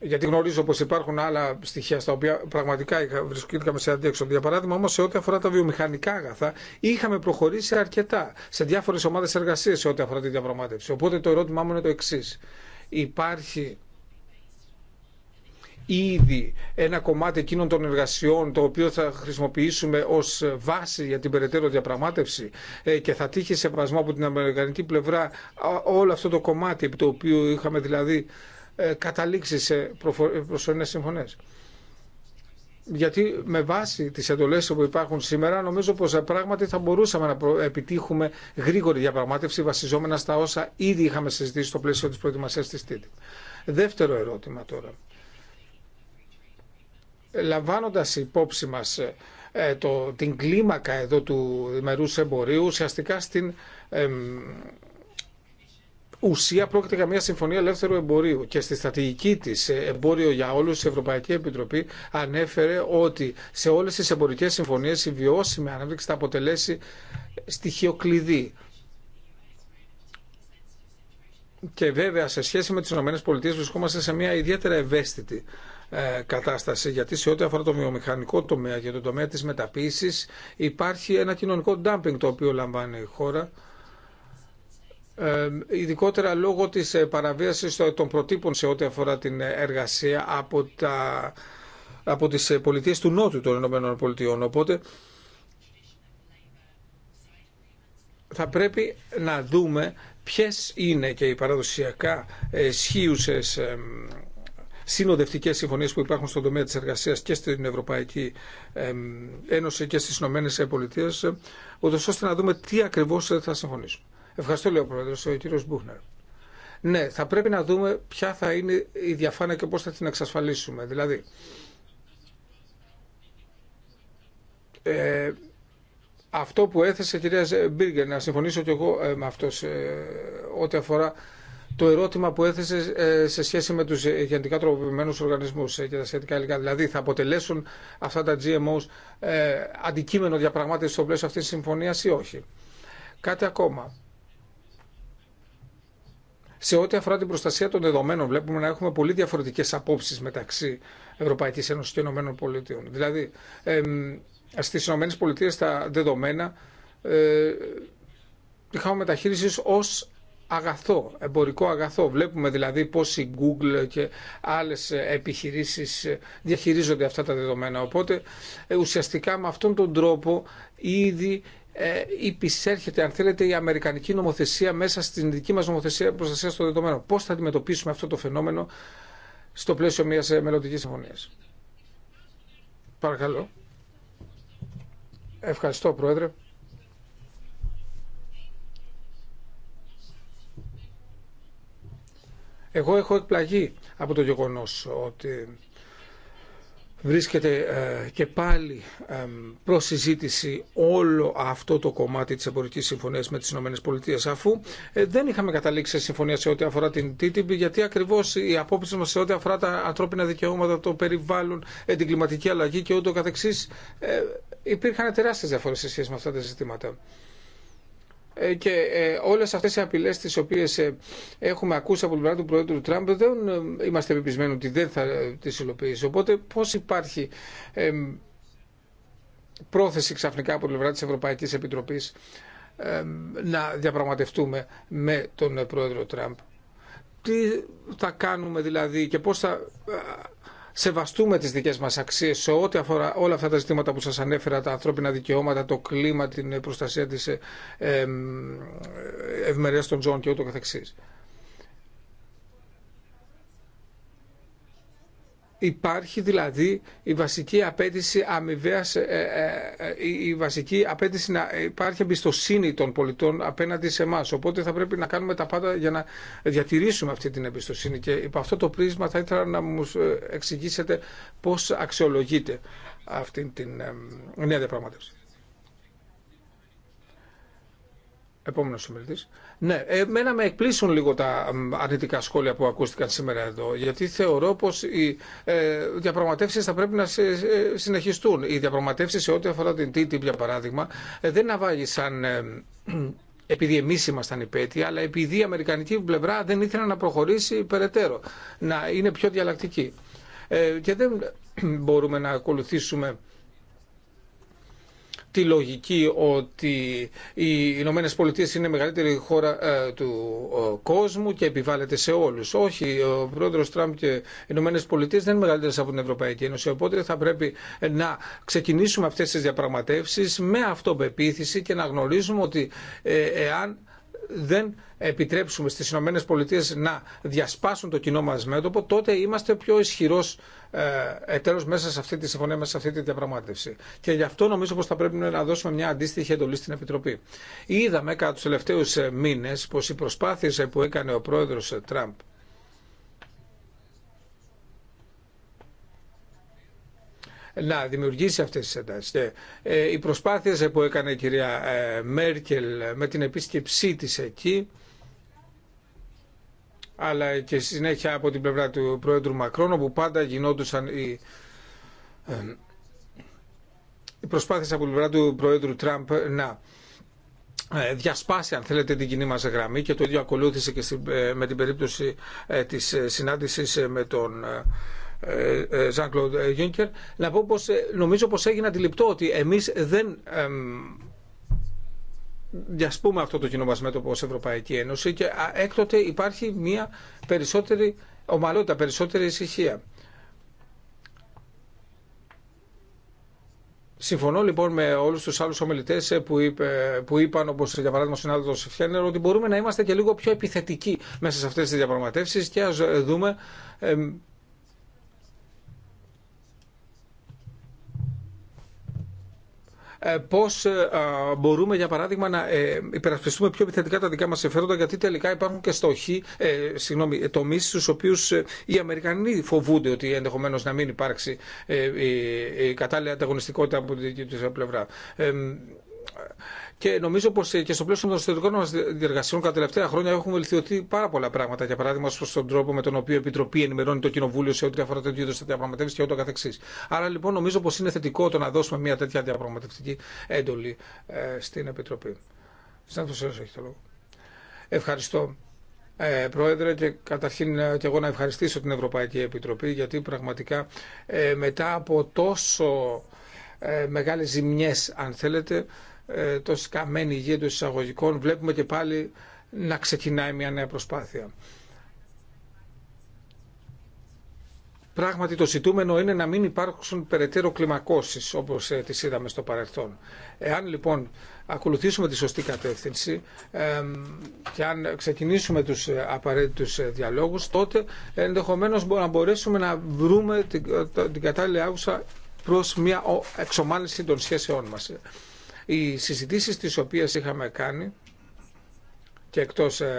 A: γιατί γνωρίζω πω υπάρχουν άλλα στοιχεία στα οποία πραγματικά βρισκόμαστε σε αντίεξοδο. Για παράδειγμα, όμω, σε ό,τι αφορά τα βιομηχανικά αγαθά, είχαμε προχωρήσει αρκετά σε διάφορε ομάδε εργασία σε ό,τι αφορά τη διαπραγμάτευση. Οπότε το ερώτημά μου είναι το εξή. Υπάρχει ήδη ένα κομμάτι εκείνων των εργασιών το οποίο θα χρησιμοποιήσουμε ως βάση για την περαιτέρω διαπραγμάτευση ε, και θα τύχει βασμό από την Αμερικανική πλευρά όλο αυτό το κομμάτι το οποίο είχαμε δηλαδή ε, καταλήξει σε προσωρινές συμφωνές. Γιατί με βάση τι εντολέ που υπάρχουν σήμερα νομίζω πως ε, πράγματι θα μπορούσαμε να επιτύχουμε γρήγορη διαπραγμάτευση βασιζόμενα στα όσα ήδη είχαμε συζητήσει στο πλαίσιο τη προετοιμασία τη TTIP. Δεύτερο ερώτημα τώρα λαμβάνοντας υπόψη μας ε, το, την κλίμακα εδώ του μερους εμπορίου, ουσιαστικά στην ουσία πρόκειται για μια συμφωνία ελεύθερου εμπορίου και στη στρατηγική της ε, εμπόριο για όλους η Ευρωπαϊκή Επιτροπή ανέφερε ότι σε όλες τις εμπορικές συμφωνίες η βιώσιμη ανάπτυξη θα αποτελέσει στοιχείο κλειδί. Και βέβαια σε σχέση με τις ΗΠΑ βρισκόμαστε σε μια ιδιαίτερα ευαίσθητη ε, κατάσταση, γιατί σε ό,τι αφορά το βιομηχανικό τομέα και το τομέα της μεταποίησης υπάρχει ένα κοινωνικό ντάμπινγκ το οποίο λαμβάνει η χώρα ε, ειδικότερα λόγω της ε, παραβίασης των προτύπων σε ό,τι αφορά την εργασία από, τα, από τις πολιτείες του Νότου των Ηνωμένων Πολιτειών. Οπότε θα πρέπει να δούμε ποιες είναι και οι παραδοσιακά ισχύουσες συνοδευτικέ συμφωνίε που υπάρχουν στον τομέα τη εργασία και στην Ευρωπαϊκή Ένωση και στι Ηνωμένε Πολιτείε, ούτω ώστε να δούμε τι ακριβώ θα συμφωνήσουμε. Ευχαριστώ, λέει ο Πρόεδρο, ο κύριο Μπούχνερ. Ναι, θα πρέπει να δούμε ποια θα είναι η διαφάνεια και πώ θα την εξασφαλίσουμε. Δηλαδή, ε, αυτό που έθεσε η κυρία Μπίργκερ, να συμφωνήσω και εγώ ε, με αυτό, ε, ό,τι αφορά το ερώτημα που έθεσε ε, σε σχέση με τους γενικά τροποποιημένους οργανισμούς ε, και τα σχετικά υλικά. Δηλαδή θα αποτελέσουν αυτά τα GMOs ε, αντικείμενο διαπραγμάτευση στο πλαίσιο αυτή τη συμφωνία; ή όχι. Κάτι ακόμα. Σε ό,τι αφορά την προστασία των δεδομένων, βλέπουμε να έχουμε πολύ διαφορετικέ απόψει μεταξύ Ευρωπαϊκή Ένωση και ΗΠΑ. Δηλαδή, στι ΗΠΑ τα δεδομένα είχαμε μεταχείριση ως αγαθό, εμπορικό αγαθό. Βλέπουμε δηλαδή πώς η Google και άλλες επιχειρήσεις διαχειρίζονται αυτά τα δεδομένα. Οπότε ε, ουσιαστικά με αυτόν τον τρόπο ήδη ε, υπησέρχεται, αν θέλετε, η αμερικανική νομοθεσία μέσα στην δική μας νομοθεσία προστασία των δεδομένων. Πώς θα αντιμετωπίσουμε αυτό το φαινόμενο στο πλαίσιο μιας ε, μελλοντική συμφωνίας. Παρακαλώ. Ευχαριστώ, Πρόεδρε. Εγώ έχω εκπλαγεί από το γεγονός ότι βρίσκεται ε, και πάλι ε, συζήτηση όλο αυτό το κομμάτι της εμπορικής συμφωνίας με τις ΗΠΑ αφού ε, δεν είχαμε καταλήξει σε συμφωνία σε ό,τι αφορά την TTIP γιατί ακριβώς η απόψη μας σε ό,τι αφορά τα ανθρώπινα δικαιώματα, το περιβάλλον, ε, την κλιματική αλλαγή και ούτω καθεξής υπήρχαν τεράστιες διαφορές σε σχέση με αυτά τα ζητήματα. Ε, και ε, όλες αυτές οι απειλές τις οποίες ε, έχουμε ακούσει από την πλευρά του Πρόεδρου Τραμπ δεν είμαστε επιπισμένοι ότι δεν θα τις υλοποιήσει. Οπότε πώς υπάρχει πρόθεση ξαφνικά από την πλευρά της Ευρωπαϊκής Επιτροπής να διαπραγματευτούμε με τον Πρόεδρο Τραμπ. Τι θα κάνουμε δηλαδή και πώς θα σεβαστούμε τις δικές μας αξίες σε ό,τι αφορά όλα αυτά τα ζητήματα που σας ανέφερα, τα ανθρώπινα δικαιώματα, το κλίμα, την προστασία της ε, ε, ε, ευμερίας των ζώων και ούτω καθεξής. Υπάρχει δηλαδή η βασική απέτηση αμοιβαίας, ε, ε, ε, η βασική απέτηση να υπάρχει εμπιστοσύνη των πολιτών απέναντι σε εμά. Οπότε θα πρέπει να κάνουμε τα πάντα για να διατηρήσουμε αυτή την εμπιστοσύνη. Και υπό αυτό το πρίσμα θα ήθελα να μου εξηγήσετε πώς αξιολογείτε αυτή την νέα διαπραγματεύση. Επόμενο ομιλητή. Ναι, εμένα με εκπλήσουν λίγο τα αρνητικά σχόλια που ακούστηκαν σήμερα εδώ, γιατί θεωρώ πω οι ε, διαπραγματεύσει θα πρέπει να συνεχιστούν. Οι διαπραγματεύσει σε ό,τι αφορά την TTIP, για παράδειγμα, ε, δεν αβάγησαν ε, (clears throat) επειδή εμεί ήμασταν υπέτειοι, αλλά επειδή η αμερικανική πλευρά δεν ήθελε να προχωρήσει περαιτέρω, να είναι πιο διαλλακτική. Ε, και δεν (clears throat) μπορούμε να ακολουθήσουμε τη λογική ότι οι Ηνωμένε Πολιτείε είναι η μεγαλύτερη χώρα ε, του κόσμου και επιβάλλεται σε όλου. Όχι, ο πρόεδρο Τραμπ και οι Ηνωμένε Πολιτείε δεν είναι μεγαλύτερε από την Ευρωπαϊκή Ένωση. Οπότε θα πρέπει ε, να ξεκινήσουμε αυτέ τι διαπραγματεύσει με αυτοπεποίθηση και να γνωρίζουμε ότι ε, εάν δεν επιτρέψουμε στις ΗΠΑ Πολιτείες να διασπάσουν το κοινό μας μέτωπο, τότε είμαστε πιο ισχυρός ε, εταίρος μέσα σε αυτή τη συμφωνία, μέσα σε αυτή τη διαπραγμάτευση. Και γι' αυτό νομίζω πως θα πρέπει να δώσουμε μια αντίστοιχη εντολή στην Επιτροπή. Είδαμε κατά τους τελευταίους ε, μήνες πως οι προσπάθειες ε, που έκανε ο πρόεδρος Τραμπ να δημιουργήσει αυτές τις Ε, οι προσπάθειες που έκανε η κυρία ε, Μέρκελ με την επίσκεψή της εκεί αλλά και συνέχεια από την πλευρά του Πρόεδρου Μακρόν όπου πάντα γινόντουσαν οι, ε, οι προσπάθειες από την πλευρά του Πρόεδρου Τραμπ να ε, διασπάσει αν θέλετε την κοινή μας γραμμή και το ίδιο ακολούθησε και με την περίπτωση της συνάντησης με τον Ζαν claude Γιούνκερ να πω πως ε, νομίζω πως έγινε αντιληπτό ότι εμείς δεν διασπούμε αυτό το κοινό μας μέτωπο ως Ευρωπαϊκή Ένωση και έκτοτε υπάρχει μια περισσότερη ομαλότητα, περισσότερη ησυχία. Συμφωνώ λοιπόν με όλου του άλλου ομιλητέ ε, που, ε, που είπαν, όπω για παράδειγμα ο συνάδελφο Φιένερ, ότι μπορούμε να είμαστε και λίγο πιο επιθετικοί μέσα σε αυτέ τι διαπραγματεύσει και α δούμε Ε, Πώ ε, μπορούμε για παράδειγμα να ε, υπερασπιστούμε πιο επιθετικά τα δικά μας συμφέροντα γιατί τελικά υπάρχουν και στοχοί, ε, συγγνώμη, τομείς στους οποίους οι Αμερικανοί φοβούνται ότι ενδεχομένω να μην υπάρξει η κατάλληλη ανταγωνιστικότητα από την δική του πλευρά. Και νομίζω πω και στο πλαίσιο των εσωτερικών μα διεργασιών κατά τελευταία χρόνια έχουν βελτιωθεί πάρα πολλά πράγματα. Για παράδειγμα, προ τον τρόπο με τον οποίο η Επιτροπή ενημερώνει το Κοινοβούλιο σε ό,τι αφορά τέτοιου είδου διαπραγματεύσει και ούτω καθεξή. Άρα λοιπόν νομίζω πω είναι θετικό το να δώσουμε μια τέτοια διαπραγματευτική έντολη ε, στην Επιτροπή. Συνάδελφο έχει το λόγο. Ευχαριστώ. Ε, Πρόεδρε και καταρχήν ε, και εγώ να ευχαριστήσω την Ευρωπαϊκή Επιτροπή γιατί πραγματικά ε, μετά από τόσο ε, μεγάλες ζημιές αν θέλετε ε, το σκαμμένη υγεία των εισαγωγικών βλέπουμε και πάλι να ξεκινάει μια νέα προσπάθεια. Πράγματι το ζητούμενο είναι να μην υπάρξουν περαιτέρω κλιμακώσεις όπως ε, τις είδαμε στο παρελθόν. Εάν λοιπόν ακολουθήσουμε τη σωστή κατεύθυνση και αν ξεκινήσουμε τους ε, απαραίτητους διαλόγους τότε ενδεχομένως να μπορέσουμε να βρούμε την κατάλληλη άγουσα προς μια εξομάλυνση των σχέσεών μας οι συζητήσεις τις οποίες είχαμε κάνει και εκτός ε,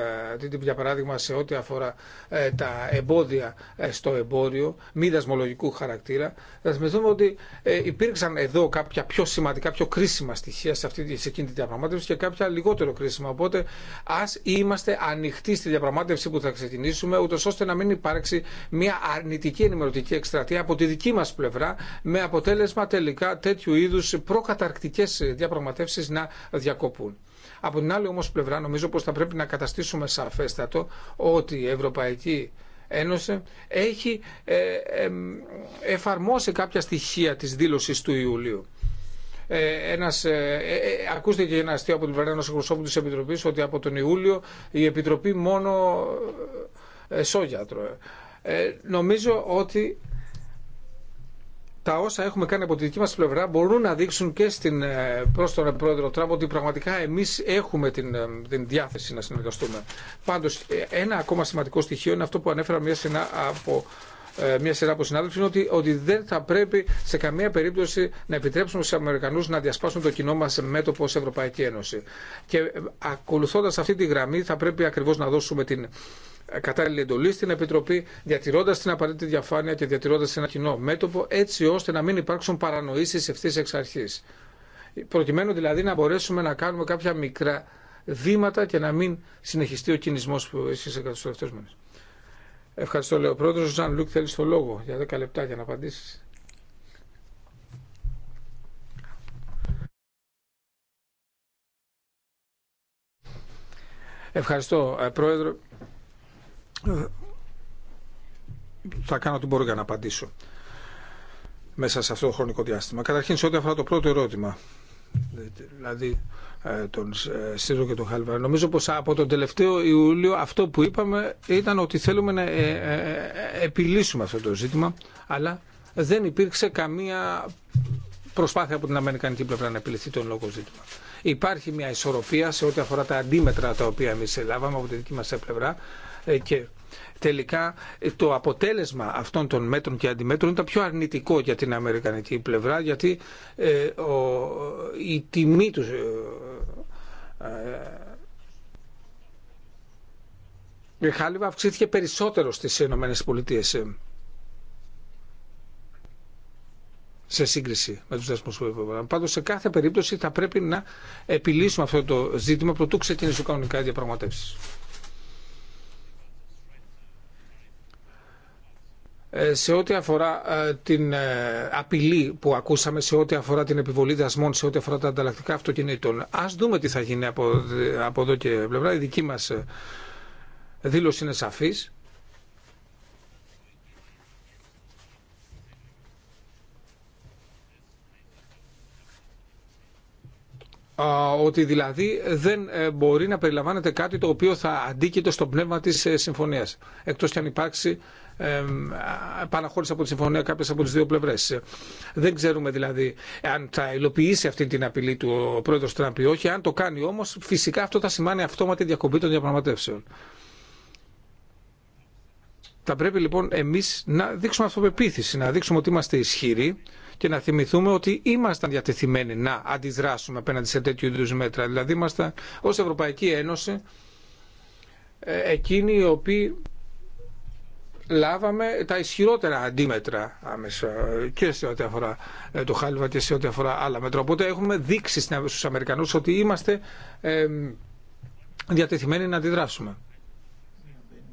A: για παράδειγμα σε ό,τι αφορά ε, τα εμπόδια ε, στο εμπόριο μη δασμολογικού χαρακτήρα θα θυμηθούμε ότι υπήρξαν εδώ κάποια πιο σημαντικά, πιο κρίσιμα στοιχεία σε, αυτή, σε εκείνη τη διαπραγμάτευση και κάποια λιγότερο κρίσιμα. Οπότε ας είμαστε ανοιχτοί στη διαπραγμάτευση που θα ξεκινήσουμε ούτως ώστε να μην υπάρξει μια αρνητική ενημερωτική εκστρατεία από τη δική μας πλευρά με αποτέλεσμα τελικά τέτοιου είδους προκαταρκτικές διαπραγματεύσεις να διακοπούν. Από την άλλη όμως πλευρά νομίζω πως θα πρέπει να καταστήσουμε σαφέστατο ότι η Ευρωπαϊκή Ένωση έχει ε, εφαρμόσει κάποια στοιχεία της δήλωσης του Ιουλίου. Ε, ένας, ε, ε, ακούστηκε ένα αστείο από την πλευρά ενό εκπροσώπου τη Επιτροπή ότι από τον Ιούλιο η Επιτροπή μόνο σόγια Ε, νομίζω ότι τα όσα έχουμε κάνει από τη δική μας πλευρά μπορούν να δείξουν και στην, ε, προς τον πρόεδρο Τραμπ ότι πραγματικά εμείς έχουμε την, ε, την διάθεση να συνεργαστούμε. Πάντως ε, ένα ακόμα σημαντικό στοιχείο είναι αυτό που ανέφερα μια σειρά από μια από συνάδελφοι είναι ότι, ότι δεν θα πρέπει σε καμία περίπτωση να επιτρέψουμε στου Αμερικανού να διασπάσουν το κοινό μα μέτωπο ω Ευρωπαϊκή Ένωση. Και ακολουθώντα αυτή τη γραμμή, θα πρέπει ακριβώ να δώσουμε την κατάλληλη εντολή στην Επιτροπή, διατηρώντα την απαραίτητη διαφάνεια και διατηρώντα ένα κοινό μέτωπο, έτσι ώστε να μην υπάρξουν παρανοήσει ευθύ εξ αρχή. Προκειμένου δηλαδή να μπορέσουμε να κάνουμε κάποια μικρά βήματα και να μην συνεχιστεί ο κινησμό που εσεί κατά μα. Ευχαριστώ, λέω. ο πρόεδρο. Ζαν Λουκ, θέλει το λόγο για 10 λεπτά για να απαντήσει. Ευχαριστώ, ε, Πρόεδρο θα κάνω ό,τι μπορώ για να απαντήσω μέσα σε αυτό το χρονικό διάστημα. Καταρχήν, σε ό,τι αφορά το πρώτο ερώτημα, δηλαδή ε, τον ε, Σύρο και τον χάλβα, Νομίζω πως από τον τελευταίο Ιούλιο αυτό που είπαμε ήταν ότι θέλουμε να ε, επιλύσουμε αυτό το ζήτημα, αλλά δεν υπήρξε καμία προσπάθεια από την Αμερικανική πλευρά να επιληθεί τον λόγο ζήτημα. Υπάρχει μια ισορροπία σε ό,τι αφορά τα αντίμετρα τα οποία εμεί ελάβαμε από τη δική μα πλευρά, ε, και τελικά ε, το αποτέλεσμα αυτών των μέτρων και αντιμέτρων ήταν πιο αρνητικό για την αμερικανική πλευρά γιατί ε, ο, η τιμή τους ε, χάλιβα αυξήθηκε περισσότερο στις Ηνωμένες Πολιτείες σε σύγκριση με τους δεσμούς που είπαμε. Πάντως σε κάθε περίπτωση θα πρέπει να επιλύσουμε αυτό το ζήτημα προτού ξεκινήσουν κανονικά οι διαπραγματεύσεις. Ε, σε ό,τι αφορά ε, την ε, απειλή που ακούσαμε, σε ό,τι αφορά την επιβολή δασμών, σε ό,τι αφορά τα ανταλλακτικά αυτοκινήτων, ας δούμε τι θα γίνει από, από εδώ και πλευρά. Η δική μας δήλωση είναι σαφής. ότι δηλαδή δεν μπορεί να περιλαμβάνεται κάτι το οποίο θα αντίκειται στο πνεύμα της συμφωνίας, εκτός και αν υπάρξει παραχώρηση από τη συμφωνία κάποιε από τι δύο πλευρέ. Δεν ξέρουμε δηλαδή αν θα υλοποιήσει αυτή την απειλή του ο πρόεδρο Τραμπ ή όχι. Αν το κάνει όμω, φυσικά αυτό θα σημάνει αυτόματη διακοπή των διαπραγματεύσεων. Θα πρέπει λοιπόν εμεί να δείξουμε αυτοπεποίθηση, να δείξουμε ότι είμαστε ισχυροί και να θυμηθούμε ότι ήμασταν διατεθειμένοι να αντιδράσουμε απέναντι σε τέτοιου είδου μέτρα. Δηλαδή, είμαστε ω Ευρωπαϊκή Ένωση ε, εκείνοι οι οποίοι λάβαμε τα ισχυρότερα αντίμετρα άμεσα και σε ό,τι αφορά ε, το χάλιβα και σε ό,τι αφορά άλλα μέτρα. Οπότε έχουμε δείξει στους Αμερικανούς ότι είμαστε διατεθειμένοι να αντιδράσουμε.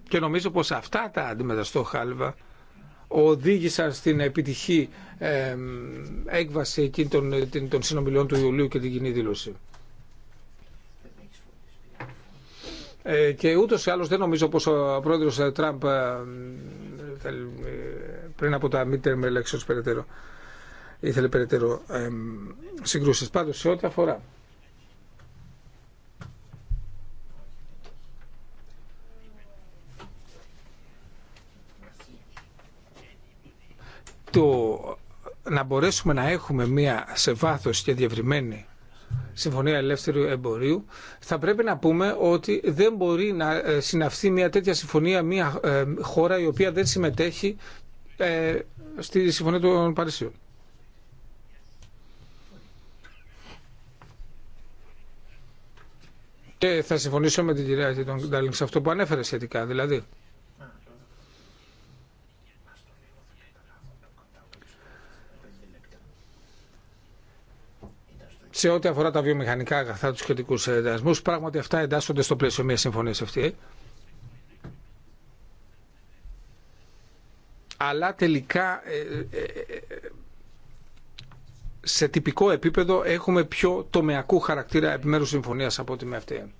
A: Και νομίζω πως αυτά τα αντίμετρα στο χάλιβα οδήγησαν στην επιτυχή έκβαση των συνομιλιών του Ιουλίου και την κοινή δήλωση. Ε, και ούτως ή άλλως δεν νομίζω πως ο πρόεδρος ε, Τραμπ ε, πριν από τα midterm elections περαιτέρω ήθελε περαιτέρω ε, συγκρούσεις. Πάντως σε ό,τι αφορά το να μπορέσουμε να έχουμε μία σε βάθος και διευρυμένη Συμφωνία Ελεύθερου Εμπορίου, θα πρέπει να πούμε ότι δεν μπορεί να ε, συναυθεί μια τέτοια συμφωνία μια ε, χώρα η οποία δεν συμμετέχει ε, στη Συμφωνία των Παρισίων. Και θα συμφωνήσω με την κυρία Τιντάλινγκ σε αυτό που ανέφερε σχετικά, δηλαδή σε ό,τι αφορά τα βιομηχανικά αγαθά, του σχετικού δασμού, πράγματι αυτά εντάσσονται στο πλαίσιο μια συμφωνία αυτή. Αλλά τελικά ε, ε, ε, σε τυπικό επίπεδο έχουμε πιο τομεακού χαρακτήρα επιμέρους συμφωνίας από ό,τι με αυτή.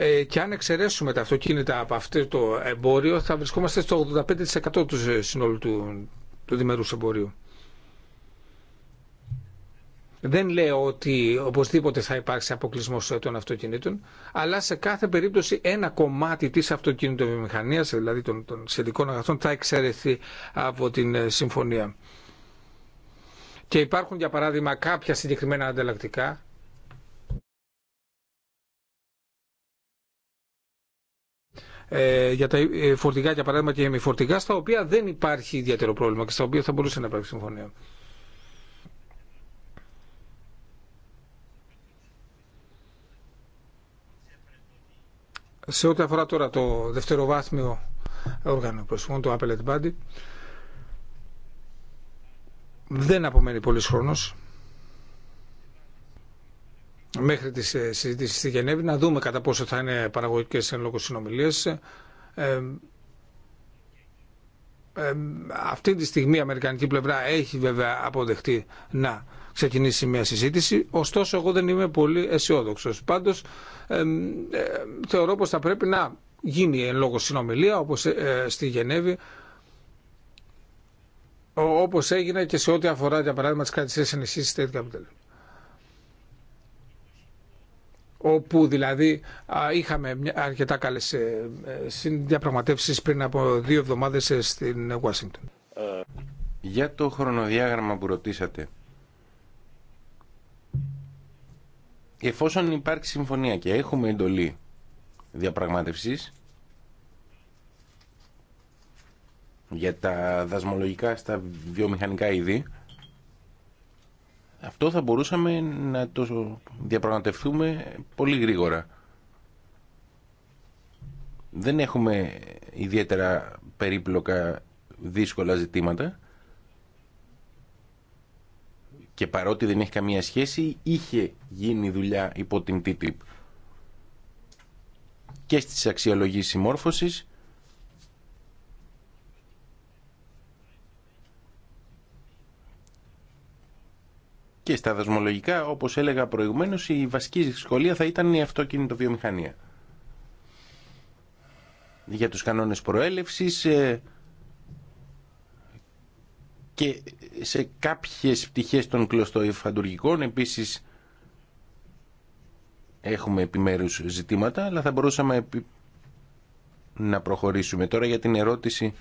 A: Ε, και αν εξαιρέσουμε τα αυτοκίνητα από αυτό το εμπόριο θα βρισκόμαστε στο 85% του συνόλου του, του διμερού εμπορίου. Δεν λέω ότι οπωσδήποτε θα υπάρξει αποκλεισμό των αυτοκινήτων, αλλά σε κάθε περίπτωση ένα κομμάτι τη αυτοκινητοβιομηχανία, δηλαδή των, των σχετικών αγαθών, θα εξαιρεθεί από την ε, συμφωνία. Και υπάρχουν, για παράδειγμα, κάποια συγκεκριμένα ανταλλακτικά Ε, για τα ε, φορτηγά για παράδειγμα και φορτηγά στα οποία δεν υπάρχει ιδιαίτερο πρόβλημα και στα οποία θα μπορούσε να υπάρξει συμφωνία. Σε ό,τι αφορά τώρα το δευτεροβάθμιο όργανο προσφυγών, το Appellate Body, δεν απομένει πολύς χρόνος μέχρι τις ε, συζητήσεις στη Γενέβη να δούμε κατά πόσο θα είναι παραγωγικές εν λόγω συνομιλίες. Ε, ε, ε, αυτή τη στιγμή η Αμερικανική πλευρά έχει βέβαια αποδεχτεί να ξεκινήσει μια συζήτηση. Ωστόσο, εγώ δεν είμαι πολύ αισιόδοξο. Πάντως, ε, ε, θεωρώ πως θα πρέπει να γίνει εν λόγω συνομιλία, όπως στη Γενέβη, όπως έγινε και σε ό,τι αφορά, για παράδειγμα, τι κρατησίε ενισχύσει Capital όπου δηλαδή είχαμε αρκετά καλές ε, ε, διαπραγματεύσεις πριν από δύο εβδομάδες ε, στην Ουάσιγκτον.
B: Για το χρονοδιάγραμμα που ρωτήσατε, εφόσον υπάρχει συμφωνία και έχουμε εντολή διαπραγμάτευσης για τα δασμολογικά στα βιομηχανικά είδη, αυτό θα μπορούσαμε να το διαπραγματευτούμε πολύ γρήγορα. Δεν έχουμε ιδιαίτερα περίπλοκα δύσκολα ζητήματα και παρότι δεν έχει καμία σχέση είχε γίνει δουλειά υπό την TTIP και στις αξιολογήσεις συμμόρφωσης Και στα δοσμολογικά, όπω έλεγα προηγουμένω η βασική δυσκολία θα ήταν η αυτοκίνητο βιομηχανία. Για τους κανόνες προέλευσης ε, και σε κάποιε πτυχέ των κλωστοϊφαντουργικών επίση έχουμε επιμέρους ζητήματα, αλλά θα μπορούσαμε να προχωρήσουμε τώρα για την ερώτηση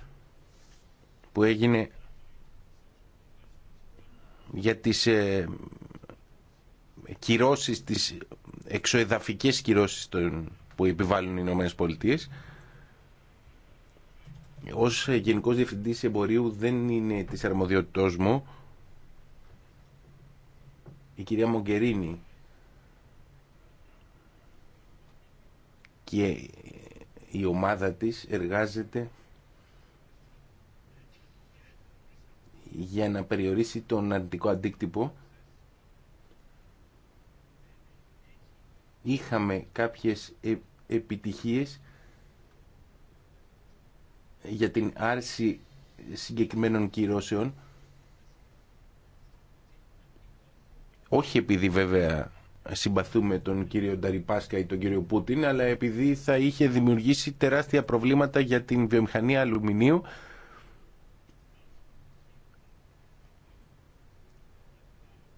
B: που έγινε για τις ε, κυρώσεις, τις εξοεδαφικές κυρώσεις που επιβάλλουν οι Ηνωμένες Πολιτείες. Ως Γενικός Διευθυντής Εμπορίου δεν είναι της αρμοδιότητός μου. Η κυρία Μογκερίνη και η ομάδα της εργάζεται για να περιορίσει τον αρνητικό αντίκτυπο. Είχαμε κάποιες ε, επιτυχίες για την άρση συγκεκριμένων κυρώσεων όχι επειδή βέβαια συμπαθούμε τον κύριο Νταριπάσκα ή τον κύριο Πούτιν αλλά επειδή θα είχε δημιουργήσει τεράστια προβλήματα για την βιομηχανία αλουμινίου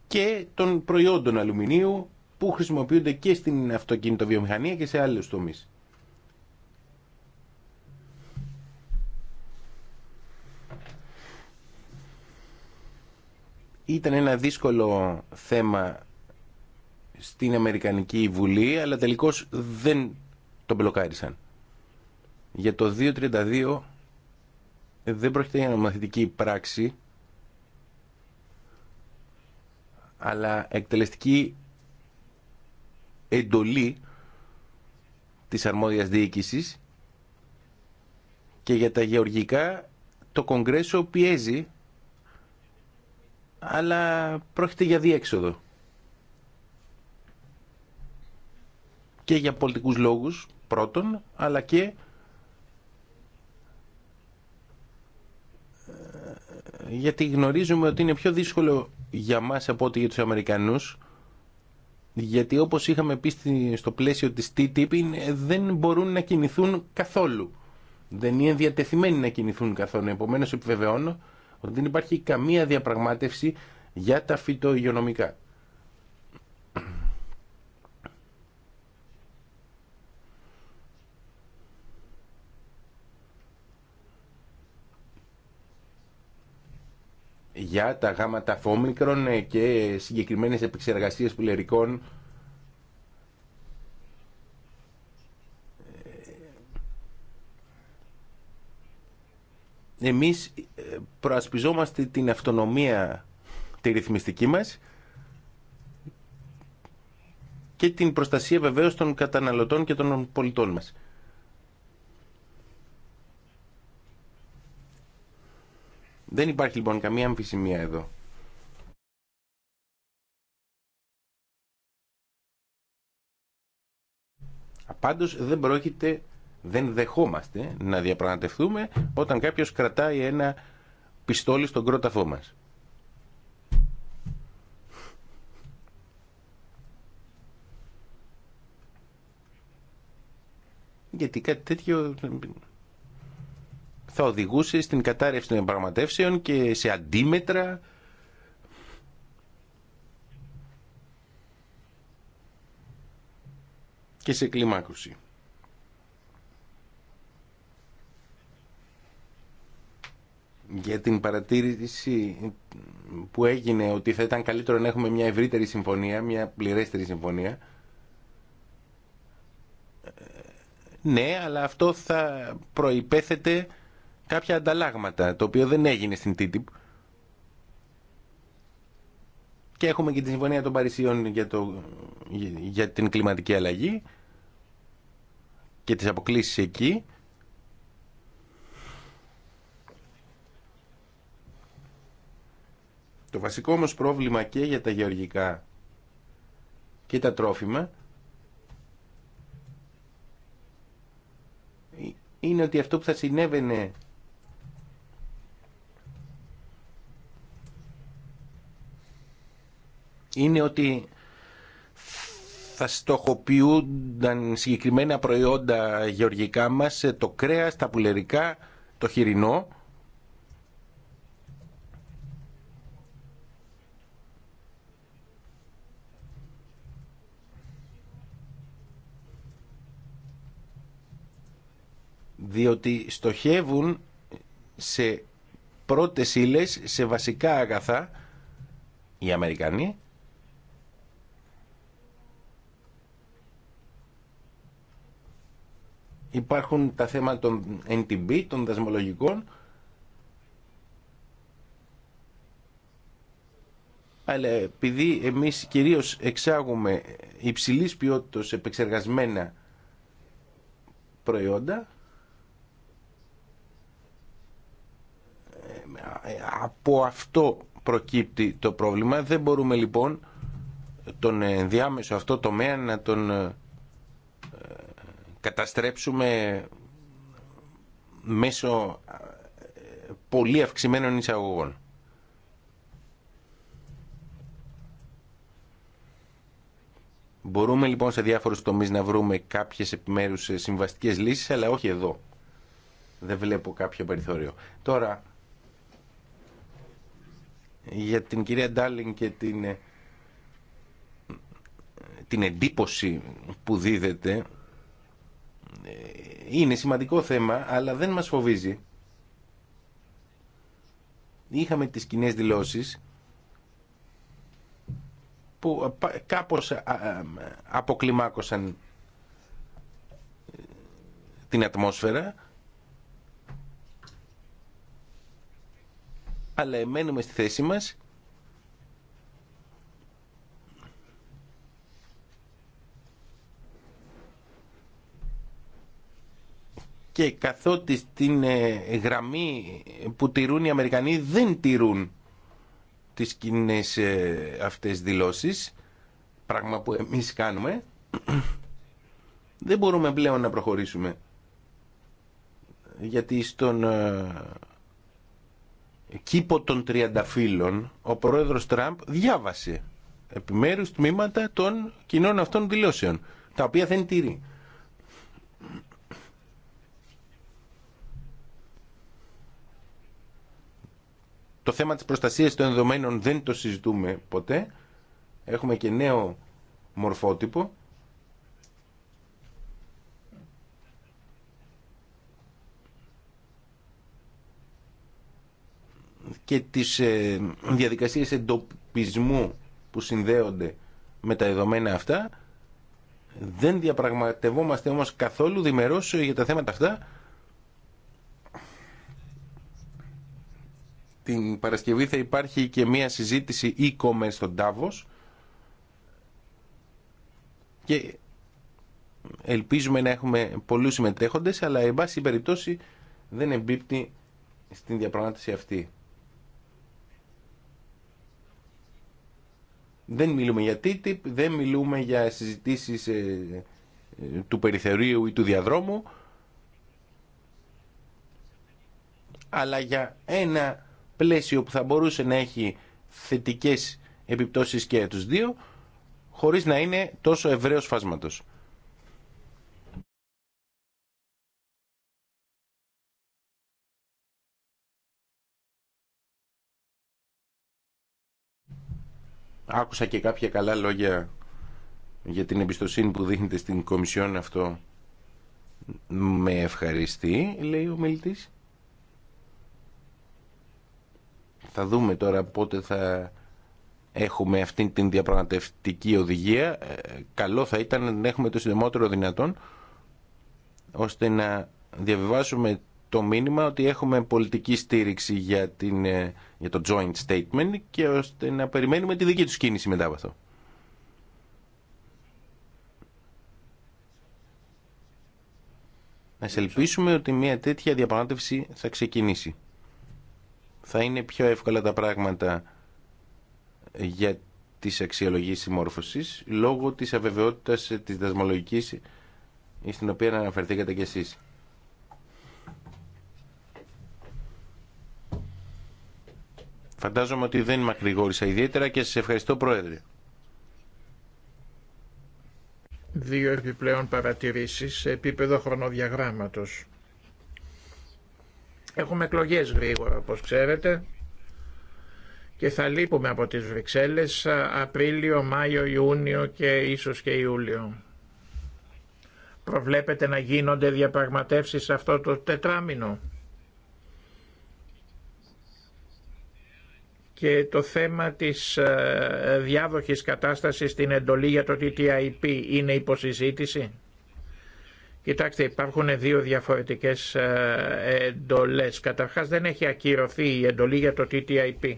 B: και των προϊόντων αλουμινίου που χρησιμοποιούνται και στην αυτοκινητοβιομηχανία και σε άλλους τομείς. Ήταν ένα δύσκολο θέμα στην Αμερικανική Βουλή, αλλά τελικώς δεν τον μπλοκάρισαν. Για το 232 δεν πρόκειται για νομοθετική πράξη, αλλά εκτελεστική εντολή της αρμόδιας διοίκησης και για τα γεωργικά το Κογκρέσο πιέζει αλλά πρόκειται για διέξοδο και για πολιτικούς λόγους πρώτον αλλά και ε, γιατί γνωρίζουμε ότι είναι πιο δύσκολο για μας από ό,τι για τους Αμερικανούς γιατί όπως είχαμε πει στο πλαίσιο της TTIP δεν μπορούν να κινηθούν καθόλου. Δεν είναι διατεθειμένοι να κινηθούν καθόλου. Επομένως επιβεβαιώνω ότι δεν υπάρχει καμία διαπραγμάτευση για τα φυτοϊγειονομικά. για τα γάματα φόμικρον ε, και συγκεκριμένες επεξεργασίες πουλερικών ε, εμείς ε, προασπιζόμαστε την αυτονομία τη ρυθμιστική μας και την προστασία βεβαίως των καταναλωτών και των πολιτών μας. Δεν υπάρχει λοιπόν καμία αμφισημία εδώ. Πάντως δεν πρόκειται, δεν δεχόμαστε να διαπραγματευτούμε όταν κάποιος κρατάει ένα πιστόλι στον κρόταφό μας. Γιατί κάτι τέτοιο θα οδηγούσε στην κατάρρευση των διαπραγματεύσεων και σε αντίμετρα. και σε κλιμάκωση. για την παρατήρηση που έγινε ότι θα ήταν καλύτερο να έχουμε μια ευρύτερη συμφωνία, μια πληρέστερη συμφωνία. Ε, ναι, αλλά αυτό θα προϋπέθεται κάποια ανταλλάγματα, το οποίο δεν έγινε στην TTIP. Και έχουμε και τη Συμφωνία των Παρισιών για, το, για την κλιματική αλλαγή και τις αποκλήσεις εκεί. Το βασικό όμως πρόβλημα και για τα γεωργικά και τα τρόφιμα είναι ότι αυτό που θα συνέβαινε είναι ότι θα στοχοποιούνταν συγκεκριμένα προϊόντα γεωργικά μας, το κρέας, τα πουλερικά, το χοιρινό. Διότι στοχεύουν σε πρώτες ύλες, σε βασικά αγαθά, οι Αμερικανοί, Υπάρχουν τα θέματα των NTB, των δεσμολογικών, αλλά επειδή εμείς κυρίως εξάγουμε υψηλής ποιότητας επεξεργασμένα προϊόντα, από αυτό προκύπτει το πρόβλημα. Δεν μπορούμε λοιπόν τον διάμεσο αυτό τομέα να τον καταστρέψουμε μέσω ε, πολύ αυξημένων εισαγωγών. Μπορούμε λοιπόν σε διάφορους τομείς να βρούμε κάποιες επιμέρους ε, συμβαστικές λύσεις, αλλά όχι εδώ. Δεν βλέπω κάποιο περιθώριο. Τώρα, για την κυρία Ντάλιν και την, ε, την εντύπωση που δίδεται είναι σημαντικό θέμα, αλλά δεν μας φοβίζει. Είχαμε τις κοινέ δηλώσεις που κάπως αποκλιμάκωσαν ε, την ατμόσφαιρα αλλά μένουμε στη θέση μας και καθότι στην ε, γραμμή που τηρούν οι Αμερικανοί δεν τηρούν τις κοινέ ε, αυτές δηλώσεις, πράγμα που εμείς κάνουμε, δεν μπορούμε πλέον να προχωρήσουμε. Γιατί στον ε, κήπο των φίλων ο πρόεδρος Τραμπ διάβασε επιμέρους τμήματα των κοινών αυτών δηλώσεων, τα οποία δεν τηρεί. Το θέμα της προστασίας των δεδομένων δεν το συζητούμε ποτέ. Έχουμε και νέο μορφότυπο. και τις ε, διαδικασίες εντοπισμού που συνδέονται με τα δεδομένα αυτά. Δεν διαπραγματευόμαστε όμως καθόλου διμερώς για τα θέματα αυτά την Παρασκευή θα υπάρχει και μια συζήτηση e-commerce στον Τάβος και ελπίζουμε να έχουμε πολλούς συμμετέχοντες αλλά εν πάση περιπτώσει δεν εμπίπτει στην διαπραγμάτευση αυτή. Δεν μιλούμε για TTIP, δεν μιλούμε για συζητήσεις ε, ε, του περιθερίου ή του διαδρόμου αλλά για ένα πλαίσιο που θα μπορούσε να έχει θετικές επιπτώσεις και τους δύο, χωρίς να είναι τόσο ευρέω φάσματος. Άκουσα και κάποια καλά λόγια για την εμπιστοσύνη που δείχνεται στην Κομισιόν αυτό με ευχαριστεί, λέει ο μιλητής. Θα δούμε τώρα πότε θα έχουμε αυτή την διαπραγματευτική οδηγία. Ε, καλό θα ήταν να έχουμε το συντομότερο δυνατόν, ώστε να διαβιβάσουμε το μήνυμα ότι έχουμε πολιτική στήριξη για, την, ε, για το joint statement και ώστε να περιμένουμε τη δική τους κίνηση μετά από αυτό. Να σε ελπίσουμε ότι μια τέτοια διαπραγμάτευση θα ξεκινήσει θα είναι πιο εύκολα τα πράγματα για τις αξιολογήσεις συμμόρφωσης λόγω της αβεβαιότητας της δασμολογικής στην οποία αναφερθήκατε κι εσείς. Φαντάζομαι ότι δεν μακρηγόρησα ιδιαίτερα και σας ευχαριστώ Πρόεδρε.
C: Δύο επιπλέον παρατηρήσεις σε επίπεδο χρονοδιαγράμματος. Έχουμε εκλογέ γρήγορα όπως ξέρετε και θα λείπουμε από τις Βρυξέλλες Απρίλιο, Μάιο, Ιούνιο και ίσως και Ιούλιο. Προβλέπετε να γίνονται διαπραγματεύσεις αυτό το τετράμινο. και το θέμα της ε, διάδοχης κατάστασης στην εντολή για το TTIP είναι υποσυζήτηση. Κοιτάξτε, υπάρχουν δύο διαφορετικές ε, εντολές. Καταρχάς δεν έχει ακυρωθεί η εντολή για το TTIP.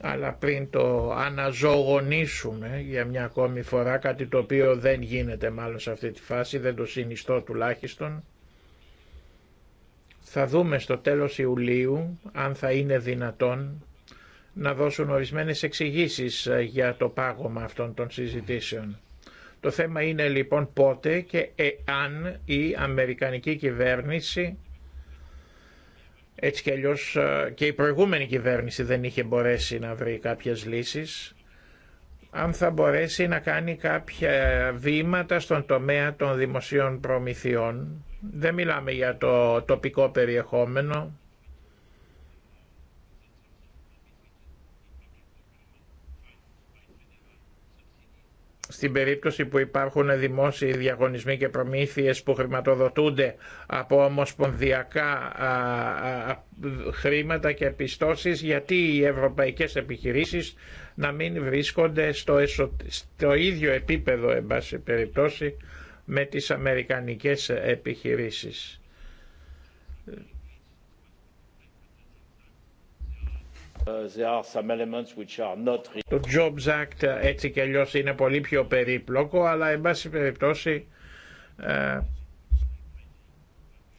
C: Αλλά πριν το αναζωογονήσουμε για μια ακόμη φορά, κάτι το οποίο δεν γίνεται μάλλον σε αυτή τη φάση, δεν το συνιστώ τουλάχιστον, θα δούμε στο τέλος Ιουλίου αν θα είναι δυνατόν να δώσουν ορισμένες εξηγήσεις ε, για το πάγωμα αυτών των συζητήσεων. Το θέμα είναι λοιπόν πότε και εάν η Αμερικανική κυβέρνηση έτσι κι αλλιώς ε, και η προηγούμενη κυβέρνηση δεν είχε μπορέσει να βρει κάποιες λύσεις αν θα μπορέσει να κάνει κάποια βήματα στον τομέα των δημοσίων προμηθειών. Δεν μιλάμε για το τοπικό περιεχόμενο, στην περίπτωση που υπάρχουν δημόσιοι διαγωνισμοί και προμήθειες που χρηματοδοτούνται από ομοσπονδιακά χρήματα και πιστώσεις γιατί οι ευρωπαϊκές επιχειρήσεις να μην βρίσκονται στο, εσω... ίδιο επίπεδο εν πάση με τις αμερικανικές επιχειρήσεις Το Jobs Act ε, έτσι και αλλιώς είναι πολύ πιο περίπλοκο, αλλά εν πάση περιπτώσει ε,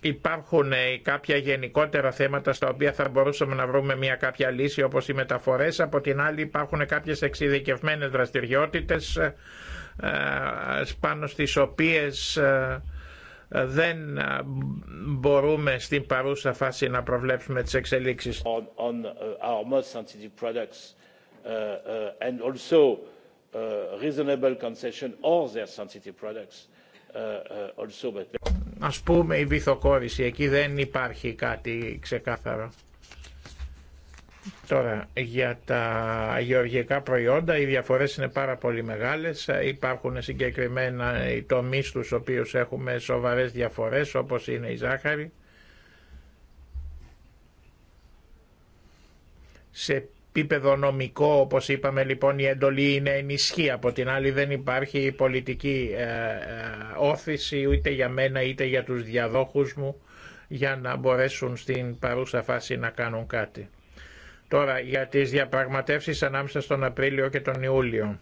C: υπάρχουν ε, κάποια γενικότερα θέματα στα οποία θα μπορούσαμε να βρούμε μια κάποια λύση όπως οι μεταφορές. Από την άλλη υπάρχουν κάποιες εξειδικευμένες δραστηριότητες ε, πάνω στις οποίες δεν μπορούμε στην παρούσα φάση να προβλέψουμε τις εξελίξεις. Ας πούμε η βυθοκόρηση, εκεί δεν υπάρχει κάτι ξεκάθαρο. Τώρα, για τα γεωργικά προϊόντα οι διαφορές είναι πάρα πολύ μεγάλες. Υπάρχουν συγκεκριμένα οι τομείς στους οποίους έχουμε σοβαρές διαφορές, όπως είναι η ζάχαρη. Σε επίπεδο νομικό, όπως είπαμε λοιπόν, η εντολή είναι ενισχύ. Από την άλλη δεν υπάρχει πολιτική ε, ε, όθηση ούτε για μένα είτε για τους διαδόχους μου για να μπορέσουν στην παρούσα φάση να κάνουν κάτι. Τώρα για τις διαπραγματεύσεις ανάμεσα στον Απρίλιο και τον Ιούλιο.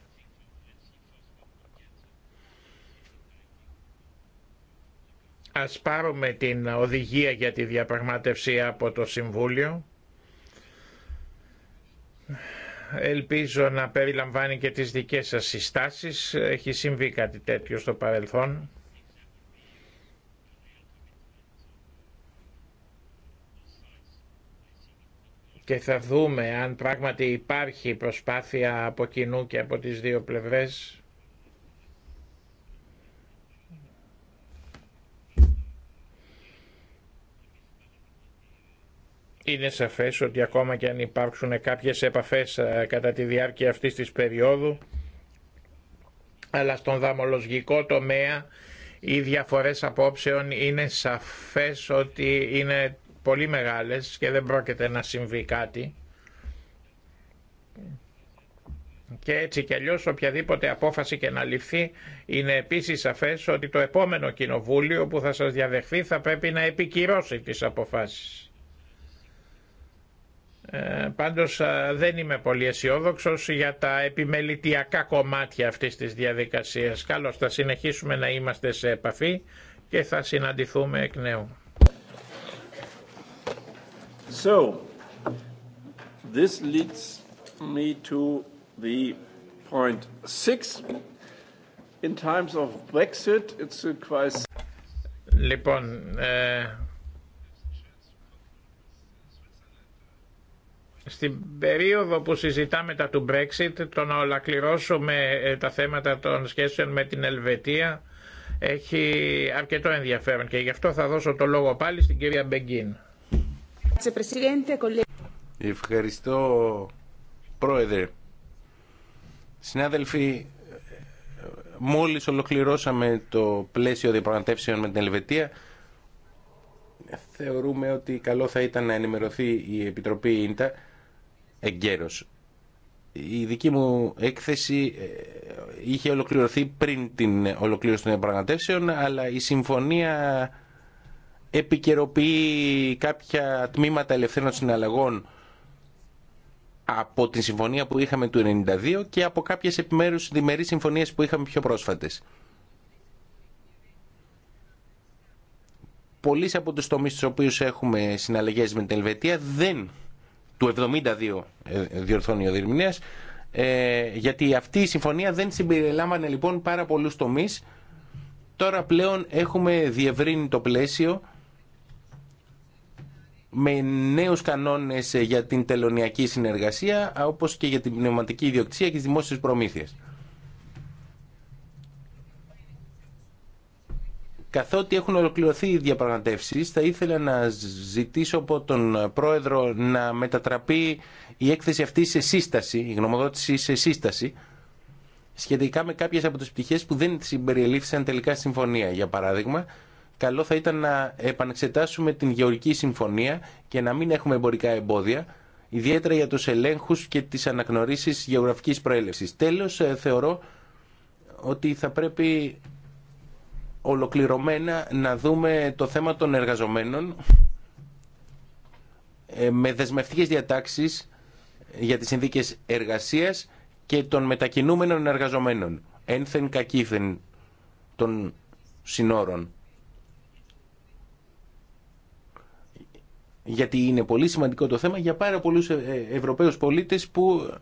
C: Ας πάρουμε την οδηγία για τη διαπραγμάτευση από το Συμβούλιο. Ελπίζω να περιλαμβάνει και τις δικές σας συστάσεις. Έχει συμβεί κάτι τέτοιο στο παρελθόν. και θα δούμε αν πράγματι υπάρχει προσπάθεια από κοινού και από τις δύο πλευρές Είναι σαφές ότι ακόμα και αν υπάρξουν κάποιες επαφές ε, κατά τη διάρκεια αυτής της περίοδου, αλλά στον δαμολογικό τομέα οι διαφορές απόψεων είναι σαφές ότι είναι πολύ μεγάλες και δεν πρόκειται να συμβεί κάτι. Και έτσι κι αλλιώς οποιαδήποτε απόφαση και να ληφθεί είναι επίσης σαφές ότι το επόμενο κοινοβούλιο που θα σας διαδεχθεί θα πρέπει να επικυρώσει τις αποφάσεις. Ε, πάντως δεν είμαι πολύ αισιόδοξο για τα επιμελητιακά κομμάτια αυτής της διαδικασίας. Καλώς θα συνεχίσουμε να είμαστε σε επαφή και θα συναντηθούμε εκ νέου.
A: Λοιπόν,
C: στην περίοδο που συζητάμε τα του Brexit, το να ολακληρώσουμε ε, τα θέματα των σχέσεων με την Ελβετία έχει αρκετό ενδιαφέρον και γι' αυτό θα δώσω το λόγο πάλι στην κυρία Μπεγκίν.
B: Ευχαριστώ, Πρόεδρε. Συνάδελφοι, μόλις ολοκληρώσαμε το πλαίσιο διαπραγματεύσεων με την Ελβετία, θεωρούμε ότι καλό θα ήταν να ενημερωθεί η Επιτροπή ΙΝΤΑ εγκαίρως. Η δική μου έκθεση ε, είχε ολοκληρωθεί πριν την ολοκλήρωση των διαπραγματεύσεων, αλλά η συμφωνία επικαιροποιεί κάποια τμήματα ελευθέρων συναλλαγών από τη συμφωνία που είχαμε του 1992 και από κάποιες επιμέρους διμερείς συμφωνίες που είχαμε πιο πρόσφατες. Πολλοί από τους τομείς στους οποίους έχουμε συναλλαγές με την Ελβετία δεν του 1972... Ε, διορθώνει ο Διερμηνέας ε, γιατί αυτή η συμφωνία δεν συμπεριλάμβανε λοιπόν πάρα πολλούς τομείς τώρα πλέον έχουμε διευρύνει το πλαίσιο με νέους κανόνες για την τελωνιακή συνεργασία όπως και για την πνευματική ιδιοκτησία και τις δημόσιες προμήθειες. Καθότι έχουν ολοκληρωθεί οι διαπραγματεύσεις, θα ήθελα να ζητήσω από τον Πρόεδρο να μετατραπεί η έκθεση αυτή σε σύσταση, η γνωμοδότηση σε σύσταση, σχετικά με κάποιες από τις πτυχές που δεν συμπεριελήφθησαν τελικά στη συμφωνία. Για παράδειγμα, καλό θα ήταν να επανεξετάσουμε την γεωργική συμφωνία και να μην έχουμε εμπορικά εμπόδια, ιδιαίτερα για τους ελέγχους και τις αναγνωρίσεις γεωγραφικής προέλευσης. Τέλος, ε, θεωρώ ότι θα πρέπει ολοκληρωμένα να δούμε το θέμα των εργαζομένων ε, με δεσμευτικές διατάξεις για τις συνδίκες εργασίας και των μετακινούμενων εργαζομένων, ένθεν κακήθεν των συνόρων. γιατί είναι πολύ σημαντικό το θέμα για πάρα πολλούς ε, ε, Ευρωπαίους πολίτες που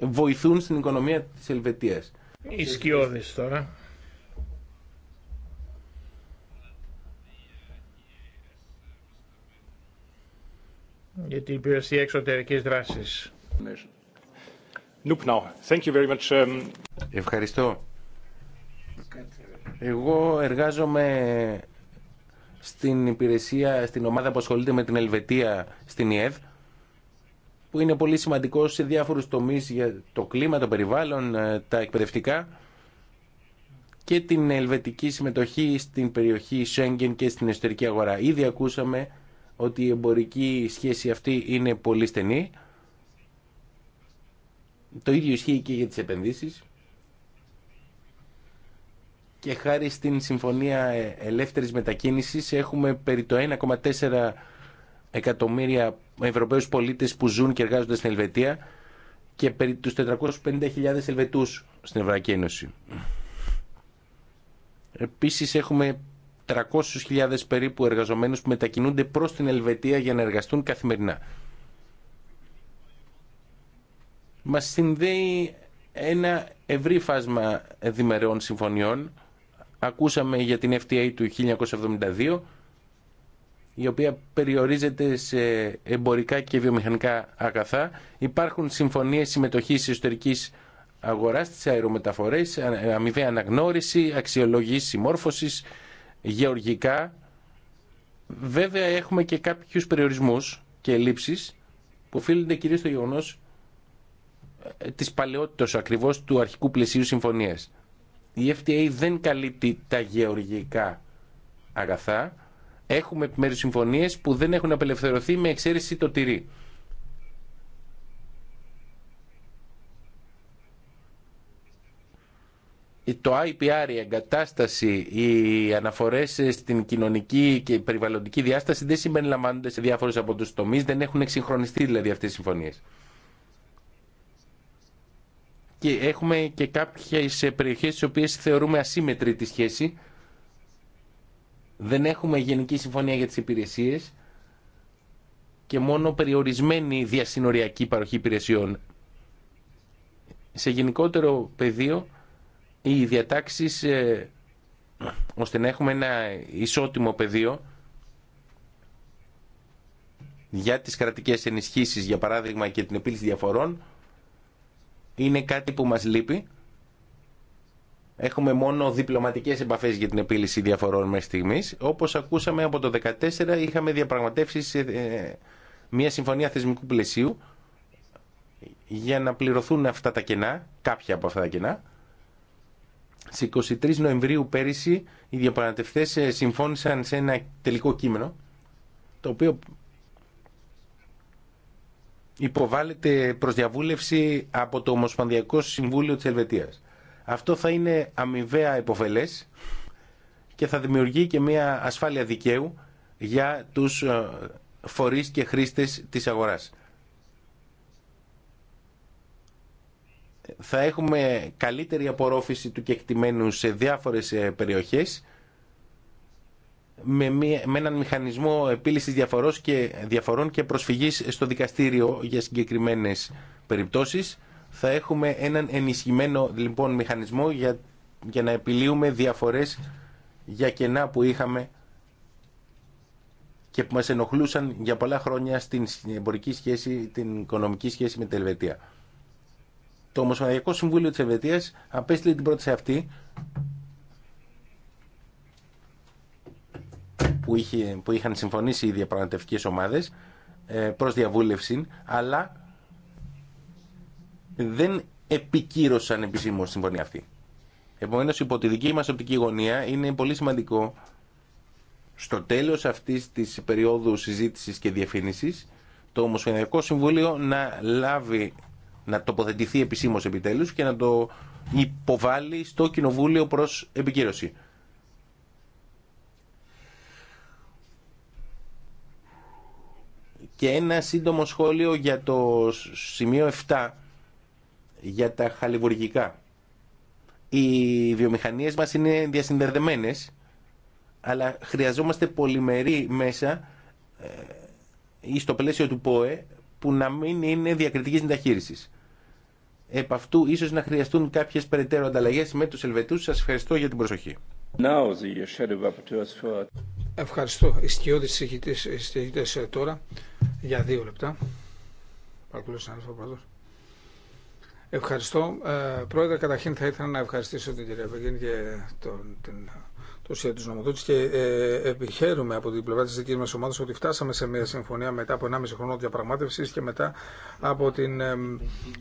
B: βοηθούν στην οικονομία της Ελβετία. Οι
C: τώρα. Γιατί την υπηρεσία εξωτερικής δράσης.
B: Thank you very much. Um, Ευχαριστώ. Εγώ εργάζομαι στην υπηρεσία, στην ομάδα που ασχολείται με την Ελβετία στην ΙΕΔ που είναι πολύ σημαντικό σε διάφορους τομείς για το κλίμα, το περιβάλλον, ε, τα εκπαιδευτικά και την ελβετική συμμετοχή στην περιοχή Σέγγεν και στην εσωτερική αγορά. Ήδη ακούσαμε ότι η εμπορική σχέση αυτή είναι πολύ στενή. Το ίδιο ισχύει και για τις επενδύσεις και χάρη στην Συμφωνία ε- Ελεύθερης Μετακίνησης έχουμε περί το 1,4 εκατομμύρια Ευρωπαίους πολίτες που ζουν και εργάζονται στην Ελβετία και περί τους 450.000 Ελβετούς στην Ευρωπαϊκή Ένωση. Επίσης έχουμε 300.000 περίπου εργαζομένους που μετακινούνται προς την Ελβετία για να εργαστούν καθημερινά. Μας συνδέει ένα ευρύ φάσμα διμερών συμφωνιών Ακούσαμε για την FTA του 1972, η οποία περιορίζεται σε εμπορικά και βιομηχανικά αγαθά. Υπάρχουν συμφωνίες συμμετοχής εσωτερικής αγοράς στις αερομεταφορές, αμοιβαία αναγνώριση, αξιολογής συμμόρφωσης, γεωργικά. Βέβαια έχουμε και κάποιους περιορισμούς και ελλείψεις που οφείλονται κυρίως στο γεγονός ε, της παλαιότητας ακριβώς του αρχικού πλαισίου συμφωνίας. Η FDA δεν καλύπτει τα γεωργικά αγαθά. Έχουμε επιμέρου συμφωνίες που δεν έχουν απελευθερωθεί με εξαίρεση το τυρί. το IPR, η εγκατάσταση, οι αναφορές στην κοινωνική και περιβαλλοντική διάσταση δεν συμπεριλαμβάνονται σε διάφορους από τους τομείς, δεν έχουν εξυγχρονιστεί δηλαδή αυτέ οι συμφωνίες και έχουμε και κάποιες περιοχές τις οποίες θεωρούμε ασύμετρη τη σχέση. Δεν έχουμε γενική συμφωνία για τις υπηρεσίες και μόνο περιορισμένη διασυνοριακή παροχή υπηρεσιών. Σε γενικότερο πεδίο, οι διατάξεις ε, ώστε να έχουμε ένα ισότιμο πεδίο για τις κρατικές ενισχύσεις, για παράδειγμα, και την επίλυση διαφορών, είναι κάτι που μας λείπει. Έχουμε μόνο διπλωματικές επαφές για την επίλυση διαφορών μέχρι στιγμή. Όπως ακούσαμε από το 2014 είχαμε διαπραγματεύσει σε ε, μια συμφωνία θεσμικού πλαισίου για να πληρωθούν αυτά τα κενά, κάποια από αυτά τα κενά. Στις 23 Νοεμβρίου πέρυσι οι διαπραγματευτές ε, συμφώνησαν σε ένα τελικό κείμενο το οποίο υποβάλλεται προς διαβούλευση από το Ομοσπονδιακό Συμβούλιο της Ελβετίας. Αυτό θα είναι αμοιβαία υποφελές και θα δημιουργεί και μια ασφάλεια δικαίου για τους ε, φορείς και χρήστες της αγοράς. Θα έχουμε καλύτερη απορρόφηση του κεκτημένου σε διάφορες ε, περιοχές με, έναν μηχανισμό επίλυσης διαφορών και, διαφορών και προσφυγής στο δικαστήριο για συγκεκριμένες περιπτώσεις. Θα έχουμε έναν ενισχυμένο λοιπόν μηχανισμό για, για να επιλύουμε διαφορές για κενά που είχαμε και που μας ενοχλούσαν για πολλά χρόνια στην εμπορική σχέση, την οικονομική σχέση με την Ελβετία. Το Ομοσπονδιακό Συμβούλιο της Ελβετίας απέστειλε την πρόταση αυτή που, είχε, που είχαν συμφωνήσει οι διαπραγματευτικές ομάδες ε, προς διαβούλευση, αλλά δεν επικύρωσαν επισήμω τη συμφωνία αυτή. Επομένως, υπό τη δική μας οπτική γωνία είναι πολύ σημαντικό στο τέλος αυτής της περίοδου συζήτησης και διαφήνισης το Ομοσπονδιακό Συμβούλιο να λάβει, να τοποθετηθεί επισήμως επιτέλους και να το υποβάλει στο Κοινοβούλιο προς επικύρωση. Και ένα σύντομο σχόλιο για το σημείο 7, για τα χαλιβουργικά. Οι βιομηχανίες μας είναι διασυνδεδεμένες, αλλά χρειαζόμαστε πολυμερή μέσα ή ε, στο πλαίσιο του ΠΟΕ που να μην είναι διακριτική μεταχείρισης. Επ' αυτού ίσως να χρειαστούν κάποιες περαιτέρω ανταλλαγές με τους Ελβετούς. Σας ευχαριστώ για την προσοχή.
A: Now the Ευχαριστώ. Ισχυώδη συζητητέ ε, τώρα για δύο λεπτά. Ευχαριστώ. Ε, πρόεδρε, καταρχήν θα ήθελα να ευχαριστήσω την κυρία Βεγγίν και τον, την του και ε, επιχαίρουμε από την πλευρά τη δική μα ομάδα ότι φτάσαμε σε μια συμφωνία μετά από 1,5 χρόνο διαπραγματεύση και μετά από, την, ε,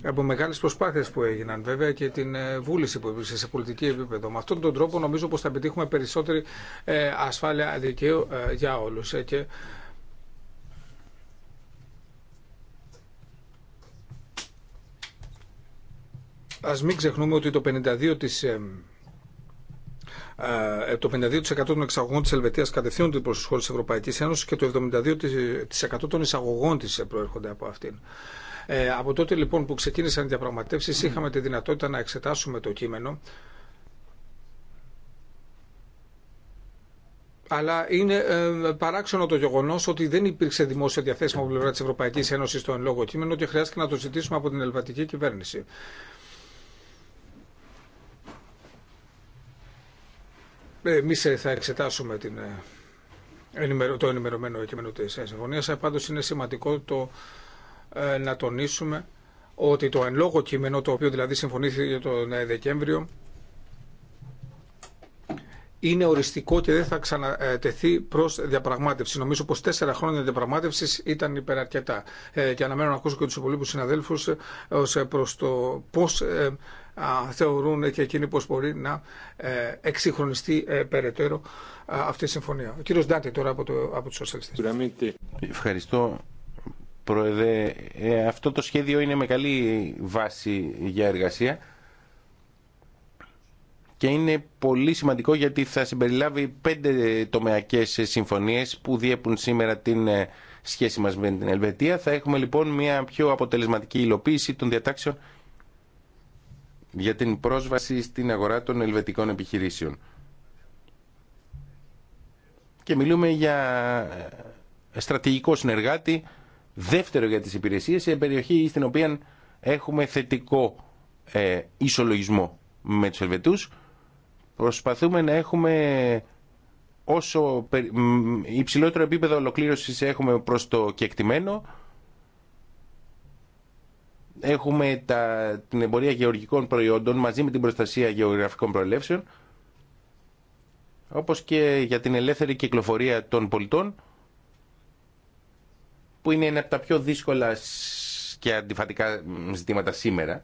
A: από μεγάλες προσπάθειες που έγιναν βέβαια και την ε, βούληση που υπήρξε σε πολιτική επίπεδο. Με αυτόν τον τρόπο νομίζω πω θα επιτύχουμε περισσότερη ασφάλεια δικαίου για όλους. Και μην ξεχνούμε ότι το 52% ε, το 52% των εξαγωγών της Ελβετίας κατευθύνονται προς τις χώρες της Ευρωπαϊκής Ένωσης και το 72% των εισαγωγών της ε, προέρχονται από αυτήν. Ε, από τότε λοιπόν που ξεκίνησαν οι διαπραγματεύσεις είχαμε τη δυνατότητα να εξετάσουμε το κείμενο Αλλά είναι ε, παράξενο το γεγονό ότι δεν υπήρξε δημόσια διαθέσιμο από πλευρά τη Ευρωπαϊκή Ένωση το εν λόγω κείμενο και χρειάστηκε να το ζητήσουμε από την ελβατική κυβέρνηση. Ε, Εμεί ε, θα εξετάσουμε την, ε, το ενημερωμένο κείμενο τη Συμφωνία. Πάντως είναι σημαντικό το να τονίσουμε ότι το εν λόγω κείμενο, το οποίο δηλαδή συμφωνήθηκε τον Δεκέμβριο, είναι οριστικό και δεν θα ξανατεθεί προ διαπραγμάτευση. Νομίζω πω τέσσερα χρόνια διαπραγμάτευση ήταν υπεραρκετά. και αναμένω να ακούσω και του υπολείπου συναδέλφου προ το πώ θεωρούν και εκείνοι πως μπορεί να ε, εξυγχρονιστεί ε, περαιτέρω αυτή η συμφωνία. Ο κύριος Ντάτη τώρα από, το, από τους
B: Ευχαριστώ. Πρόεδρε, ε, αυτό το σχέδιο είναι με καλή βάση για εργασία και είναι πολύ σημαντικό γιατί θα συμπεριλάβει πέντε τομεακές συμφωνίες που διέπουν σήμερα την σχέση μας με την Ελβετία. Θα έχουμε λοιπόν μια πιο αποτελεσματική υλοποίηση των διατάξεων για την πρόσβαση στην αγορά των ελβετικών επιχειρήσεων. Και μιλούμε για ε, στρατηγικό συνεργάτη, δεύτερο για τις υπηρεσίες, σε περιοχή στην οποία έχουμε θετικό ε, ισολογισμό με τους Ελβετούς. Προσπαθούμε να έχουμε όσο υψηλότερο επίπεδο ολοκλήρωσης έχουμε προς το κεκτημένο Έχουμε τα, την εμπορία γεωργικών προϊόντων μαζί με την προστασία γεωγραφικών προελεύσεων όπως και για την ελεύθερη κυκλοφορία των πολιτών που είναι ένα από τα πιο δύσκολα και αντιφατικά ζητήματα σήμερα.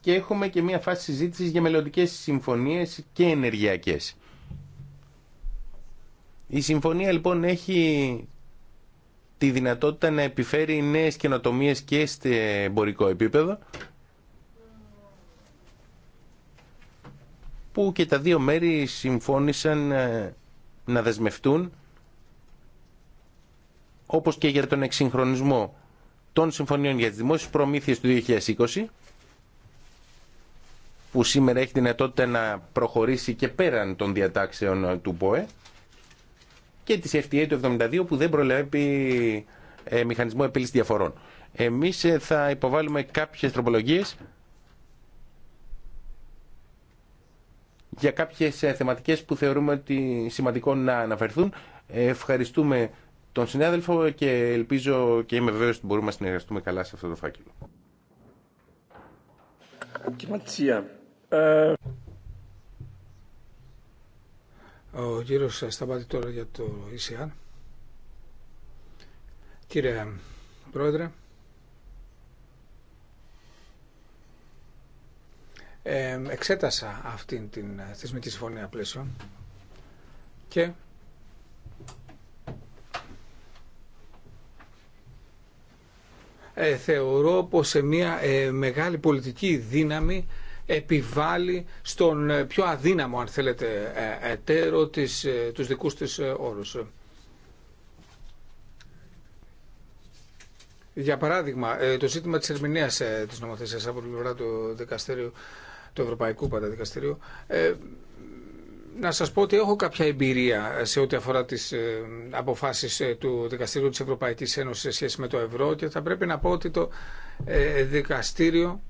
B: Και έχουμε και μία φάση συζήτησης για μελλοντικές συμφωνίες και ενεργειακές. Η συμφωνία λοιπόν έχει τη δυνατότητα να επιφέρει νέες καινοτομίες και στο εμπορικό επίπεδο που και τα δύο μέρη συμφώνησαν ε, να δεσμευτούν όπως και για τον εξυγχρονισμό των συμφωνιών για τις δημόσιες προμήθειες του 2020 που σήμερα έχει δυνατότητα να προχωρήσει και πέραν των διατάξεων του ΠΟΕ και τη FTA του 72 που δεν προλέπει ε, μηχανισμό επίλυση διαφορών. Εμείς ε, θα υποβάλουμε κάποιες τροπολογίε για κάποιες ε, θεματικές που θεωρούμε ότι σημαντικό να αναφερθούν. Ευχαριστούμε τον συνάδελφο και ελπίζω και είμαι βέβαιο ότι μπορούμε να συνεργαστούμε καλά σε αυτό το φάκελο.
A: Ο κύριο ε, Σταμπάτη τώρα για το ECR. Κύριε Πρόεδρε, ε, εξέτασα αυτή την ε, θεσμική συμφωνία πλαίσιο και θεωρώ πως σε μια μεγάλη πολιτική δύναμη επιβάλλει στον ε, πιο αδύναμο, αν θέλετε, ε, εταίρο της, ε, τους δικούς της όρους. Για παράδειγμα, το ζήτημα της ερμηνείας της νομοθεσίας από την πλευρά του δικαστήριου, του Ευρωπαϊκού ε, να σας πω ότι έχω κάποια εμπειρία σε ό,τι αφορά τις αποφάσεις του Δικαστηρίου της Ευρωπαϊκής Ένωσης σε σχέση με το ευρώ και θα πρέπει να πω ότι το δικαστήριο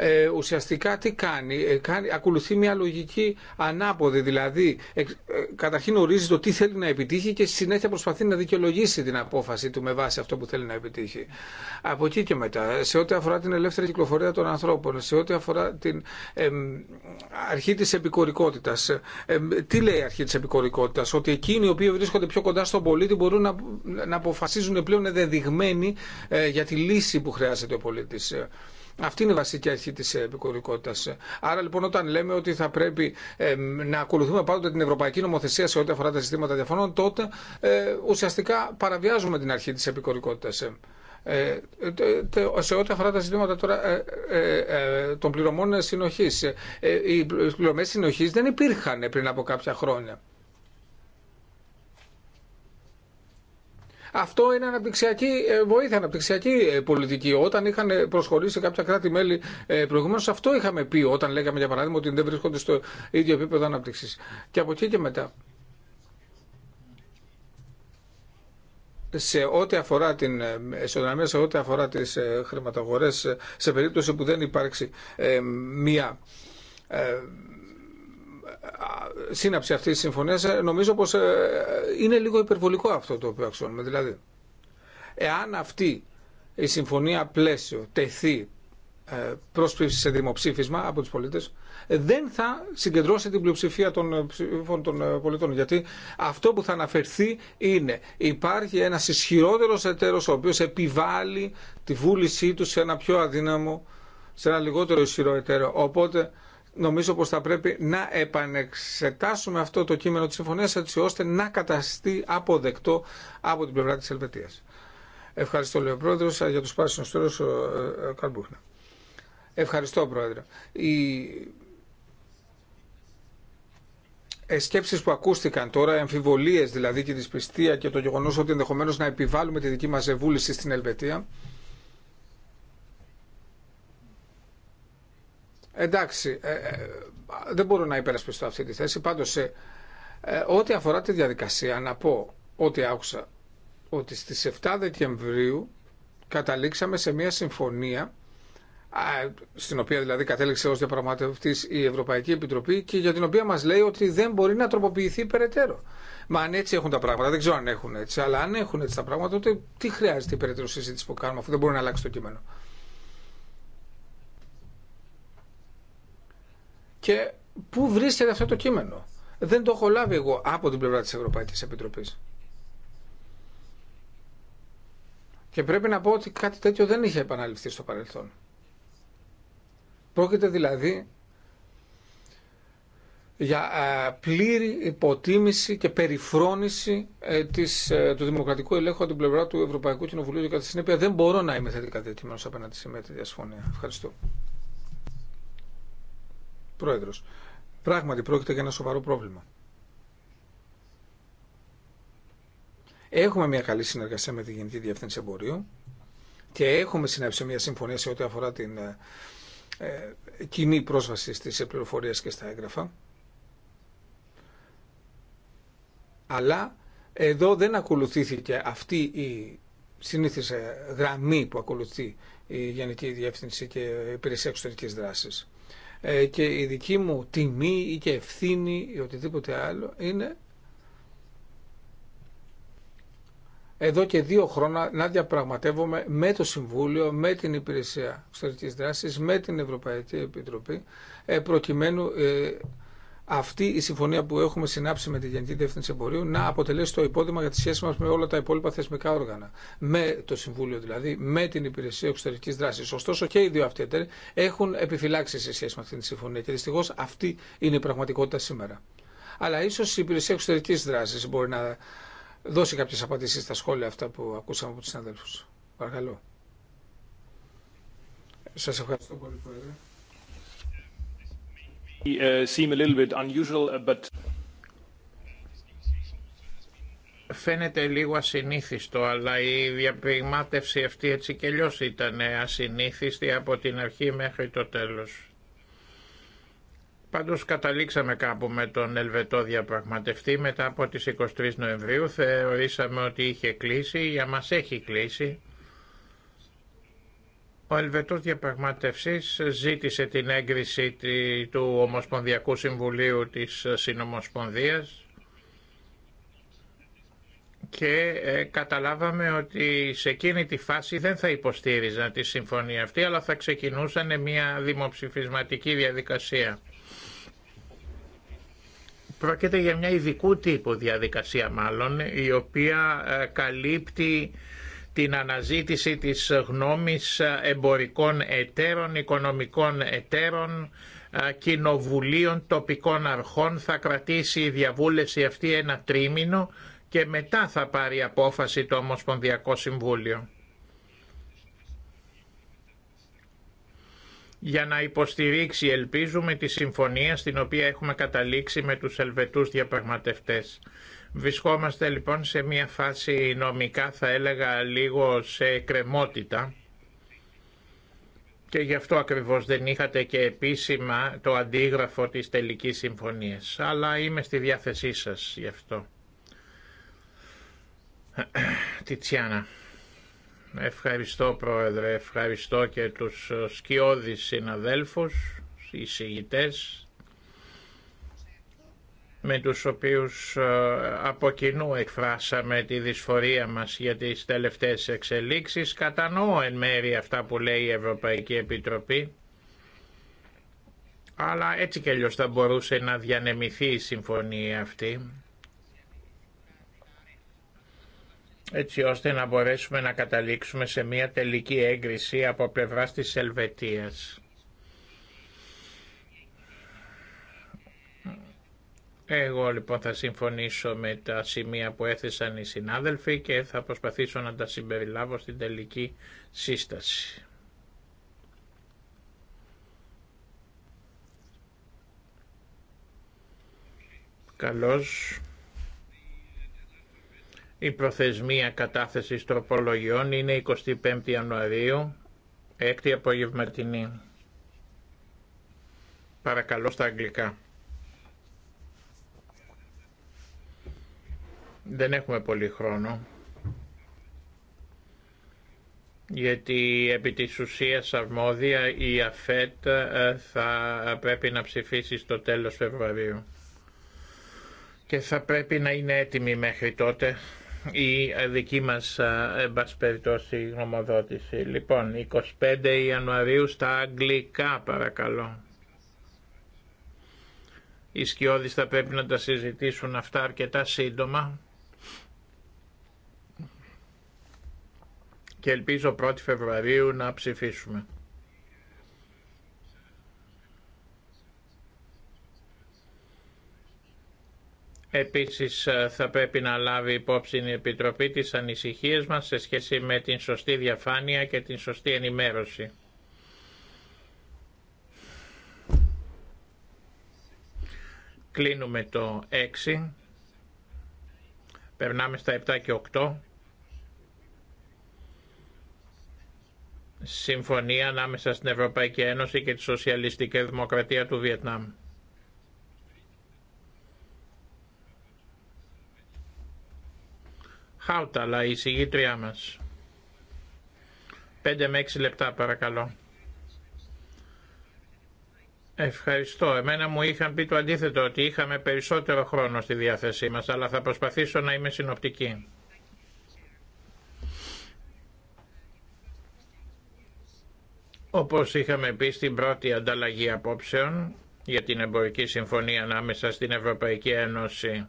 A: ε, ουσιαστικά τι κάνει. Ε, κάνει ακολουθεί μια λογική ανάποδη. Δηλαδή, ε, καταρχήν ορίζει το τι θέλει να επιτύχει και στη συνέχεια προσπαθεί να δικαιολογήσει την απόφαση του με βάση αυτό που θέλει να επιτύχει. Από εκεί και μετά, σε ό,τι αφορά την ελεύθερη κυκλοφορία των ανθρώπων, σε ό,τι αφορά την αρχή τη επικορικότητα. τι λέει η αρχή της επικορικότητας Ότι εκείνοι οι οποίοι βρίσκονται πιο κοντά στον πολίτη μπορούν να, να αποφασίζουν πλέον δεδειγμένοι ε, για τη λύση που χρειάζεται ο πολίτη. Αυτή είναι η βασική αρχή της ε, επικουρικότητας. Άρα λοιπόν όταν λέμε ότι θα πρέπει να ακολουθούμε πάντοτε την ευρωπαϊκή νομοθεσία σε ό,τι αφορά τα συστήματα διαφωνών, τότε ε, ουσιαστικά παραβιάζουμε την αρχή της επικουρικότητας. Ε, σε ό,τι αφορά τα συστήματα τώρα ε, ε των πληρωμών συνοχής. οι πληρωμές συνοχή δεν υπήρχαν πριν από κάποια χρόνια. Αυτό είναι αναπτυξιακή ε, βοήθεια, αναπτυξιακή ε, πολιτική. Όταν είχαν ε, προσχωρήσει κάποια κράτη-μέλη προηγουμένω, αυτό είχαμε πει όταν λέγαμε για παράδειγμα ότι δεν βρίσκονται στο ίδιο επίπεδο ανάπτυξη. Και από εκεί και μετά. σε ό,τι αφορά την ισοδυναμία, σε ό,τι αφορά τις χρηματογορές σε περίπτωση που δεν υπάρξει μία σύναψη αυτής της συμφωνίας ε, νομίζω πως ε, είναι λίγο υπερβολικό αυτό το οποίο αξιώνουμε. Δηλαδή, εάν αυτή η συμφωνία πλαίσιο τεθεί ε, πρόσφυση σε δημοψήφισμα από τους πολίτες δεν θα συγκεντρώσει την πλειοψηφία των ψηφών των πολιτών γιατί αυτό που θα αναφερθεί είναι υπάρχει ένας ισχυρότερος εταίρος ο οποίος επιβάλλει τη βούλησή του σε ένα πιο αδύναμο σε ένα λιγότερο ισχυρό εταίρο οπότε νομίζω πως θα πρέπει να επανεξετάσουμε αυτό το κείμενο της συμφωνίας έτσι ώστε να καταστεί αποδεκτό από την πλευρά της Ελβετίας. Ευχαριστώ, λέει ο Πρόεδρος, για τους πράσινους ο ε, Καρμπούχνα. Ευχαριστώ, Πρόεδρε. Η ε, σκέψεις που ακούστηκαν τώρα, εμφιβολίες δηλαδή και δυσπιστία και το γεγονός ότι ενδεχομένως να επιβάλλουμε τη δική μας ευούληση στην Ελβετία, Εντάξει, ε, ε, δεν μπορώ να υπερασπιστώ αυτή τη θέση. Πάντως, ε, ό,τι αφορά τη διαδικασία, να πω ότι άκουσα ότι στις 7 Δεκεμβρίου καταλήξαμε σε μια συμφωνία στην οποία δηλαδή κατέληξε ως διαπραγματευτής η Ευρωπαϊκή Επιτροπή και για την οποία μας λέει ότι δεν μπορεί να τροποποιηθεί περαιτέρω. Μα αν έτσι έχουν τα πράγματα, δεν ξέρω αν έχουν έτσι, αλλά αν έχουν έτσι τα πράγματα, τότε τι χρειάζεται η περαιτέρω συζήτηση που κάνουμε αφού δεν μπορεί να αλλάξει το κείμενο. Και πού βρίσκεται αυτό το κείμενο. Δεν το έχω λάβει εγώ από την πλευρά της Ευρωπαϊκής Επιτροπής. Και πρέπει να πω ότι κάτι τέτοιο δεν είχε επαναληφθεί στο παρελθόν. Πρόκειται δηλαδή για ε, πλήρη υποτίμηση και περιφρόνηση ε, της, ε, του δημοκρατικού ελέγχου από την πλευρά του Ευρωπαϊκού Κοινοβουλίου και κατά συνέπεια δεν μπορώ να είμαι θετικά απέναντι σε μια τέτοια συμφωνία. Ευχαριστώ πρόεδρο. Πράγματι πρόκειται για ένα σοβαρό πρόβλημα. Έχουμε μια καλή συνεργασία με τη Γενική Διευθύνση Εμπορίου και έχουμε συνέψει μια συμφωνία σε ό,τι αφορά την ε, ε κοινή πρόσβαση στις πληροφορίε και στα έγγραφα. Αλλά εδώ δεν ακολουθήθηκε αυτή η συνήθιση ε, γραμμή που ακολουθεί η Γενική Διεύθυνση και η Υπηρεσία Εξωτερικής Δράσης. Ε, και η δική μου τιμή ή και ευθύνη ή οτιδήποτε άλλο είναι εδώ και δύο χρόνια να διαπραγματεύομαι με το Συμβούλιο, με την Υπηρεσία Εξωτερικής Δράσης, με την Ευρωπαϊκή Επιτροπή ε, προκειμένου ε, αυτή η συμφωνία που έχουμε συνάψει με τη Γενική Διεύθυνση Εμπορίου να αποτελέσει το υπόδειγμα για τη σχέση μα με όλα τα υπόλοιπα θεσμικά όργανα. Με το Συμβούλιο δηλαδή, με την Υπηρεσία Εξωτερική Δράση. Ωστόσο και οι δύο αυτοί εταίροι έχουν επιφυλάξει σε σχέση με αυτή τη συμφωνία και δυστυχώ αυτή είναι η πραγματικότητα σήμερα. Αλλά ίσω η Υπηρεσία Εξωτερική Δράση μπορεί να δώσει κάποιε απαντήσει στα σχόλια αυτά που ακούσαμε από του συναδέλφου. Παρακαλώ. Σα ευχαριστώ πολύ, Πρόεδρε.
C: Uh, uh, Φαίνεται λίγο ασυνήθιστο, αλλά η διαπραγμάτευση αυτή έτσι κι αλλιώ ήταν ασυνήθιστη από την αρχή μέχρι το τέλος. Πάντως καταλήξαμε κάπου με τον Ελβετό διαπραγματευτή μετά από τις 23 Νοεμβρίου. Θεωρήσαμε ότι είχε κλείσει, για μας έχει κλείσει. Ο Ελβετό Διαπραγματευσής ζήτησε την έγκριση του Ομοσπονδιακού Συμβουλίου της Συνομοσπονδία. και ε, καταλάβαμε ότι σε εκείνη τη φάση δεν θα υποστήριζαν τη συμφωνία αυτή αλλά θα ξεκινούσαν μια δημοψηφισματική διαδικασία. Πρόκειται για μια ειδικού τύπου διαδικασία μάλλον η οποία ε, καλύπτει την αναζήτηση της γνώμης εμπορικών εταίρων, οικονομικών εταίρων, κοινοβουλίων, τοπικών αρχών. Θα κρατήσει η διαβούλευση αυτή ένα τρίμηνο και μετά θα πάρει απόφαση το Ομοσπονδιακό Συμβούλιο. για να υποστηρίξει ελπίζουμε τη συμφωνία στην οποία έχουμε καταλήξει με τους Ελβετούς διαπραγματευτές. Βρισκόμαστε λοιπόν σε μια φάση νομικά θα έλεγα λίγο σε κρεμότητα και γι' αυτό ακριβώς δεν είχατε και επίσημα το αντίγραφο της τελικής συμφωνίας. Αλλά είμαι στη διάθεσή σας γι' αυτό. (clears throat) Τιτσιάνα. Ευχαριστώ Πρόεδρε, ευχαριστώ και τους σκιώδεις συναδέλφους, εισηγητές, με τους οποίους ε, από κοινού εκφράσαμε τη δυσφορία μας για τις τελευταίες εξελίξεις. Κατανοώ εν μέρη αυτά που λέει η Ευρωπαϊκή Επιτροπή, αλλά έτσι και αλλιώς θα μπορούσε να διανεμηθεί η συμφωνία αυτή, έτσι ώστε να μπορέσουμε να καταλήξουμε σε μια τελική έγκριση από πλευράς της Ελβετίας. Εγώ λοιπόν θα συμφωνήσω με τα σημεία που έθεσαν οι συνάδελφοι και θα προσπαθήσω να τα συμπεριλάβω στην τελική σύσταση. Καλώς. Η προθεσμία κατάθεσης τροπολογιών είναι 25 Ιανουαρίου, 6η απογευματινή. Παρακαλώ στα αγγλικά. Δεν έχουμε πολύ χρόνο γιατί επί της ουσίας αρμόδια η ΑΦΕΤ ε, θα πρέπει να ψηφίσει στο τέλος Φεβρουαρίου και θα πρέπει να είναι έτοιμη μέχρι τότε η δική μας εμπασπεριτώση γνωμοδότηση. Λοιπόν, 25 Ιανουαρίου στα αγγλικά παρακαλώ. Οι σκιώδεις θα πρέπει να τα συζητήσουν αυτά αρκετά σύντομα. και ελπίζω 1η Φεβρουαρίου να ψηφίσουμε. Επίσης ε, θα πρέπει να λάβει υπόψη η Επιτροπή τις ανησυχίες μας σε σχέση με την σωστή διαφάνεια και την σωστή ενημέρωση. Κλείνουμε το 6. Περνάμε στα 7 και 8. συμφωνία ανάμεσα στην Ευρωπαϊκή Ένωση και τη Σοσιαλιστική Δημοκρατία του Βιετνάμ. Χάουταλα, η συγγήτριά μας. 5 με 6 λεπτά παρακαλώ. Ευχαριστώ. Εμένα μου είχαν πει το αντίθετο ότι είχαμε περισσότερο χρόνο στη διάθεσή μας, αλλά θα προσπαθήσω να είμαι συνοπτική. Όπως είχαμε πει στην πρώτη ανταλλαγή απόψεων για την εμπορική συμφωνία ανάμεσα στην Ευρωπαϊκή Ένωση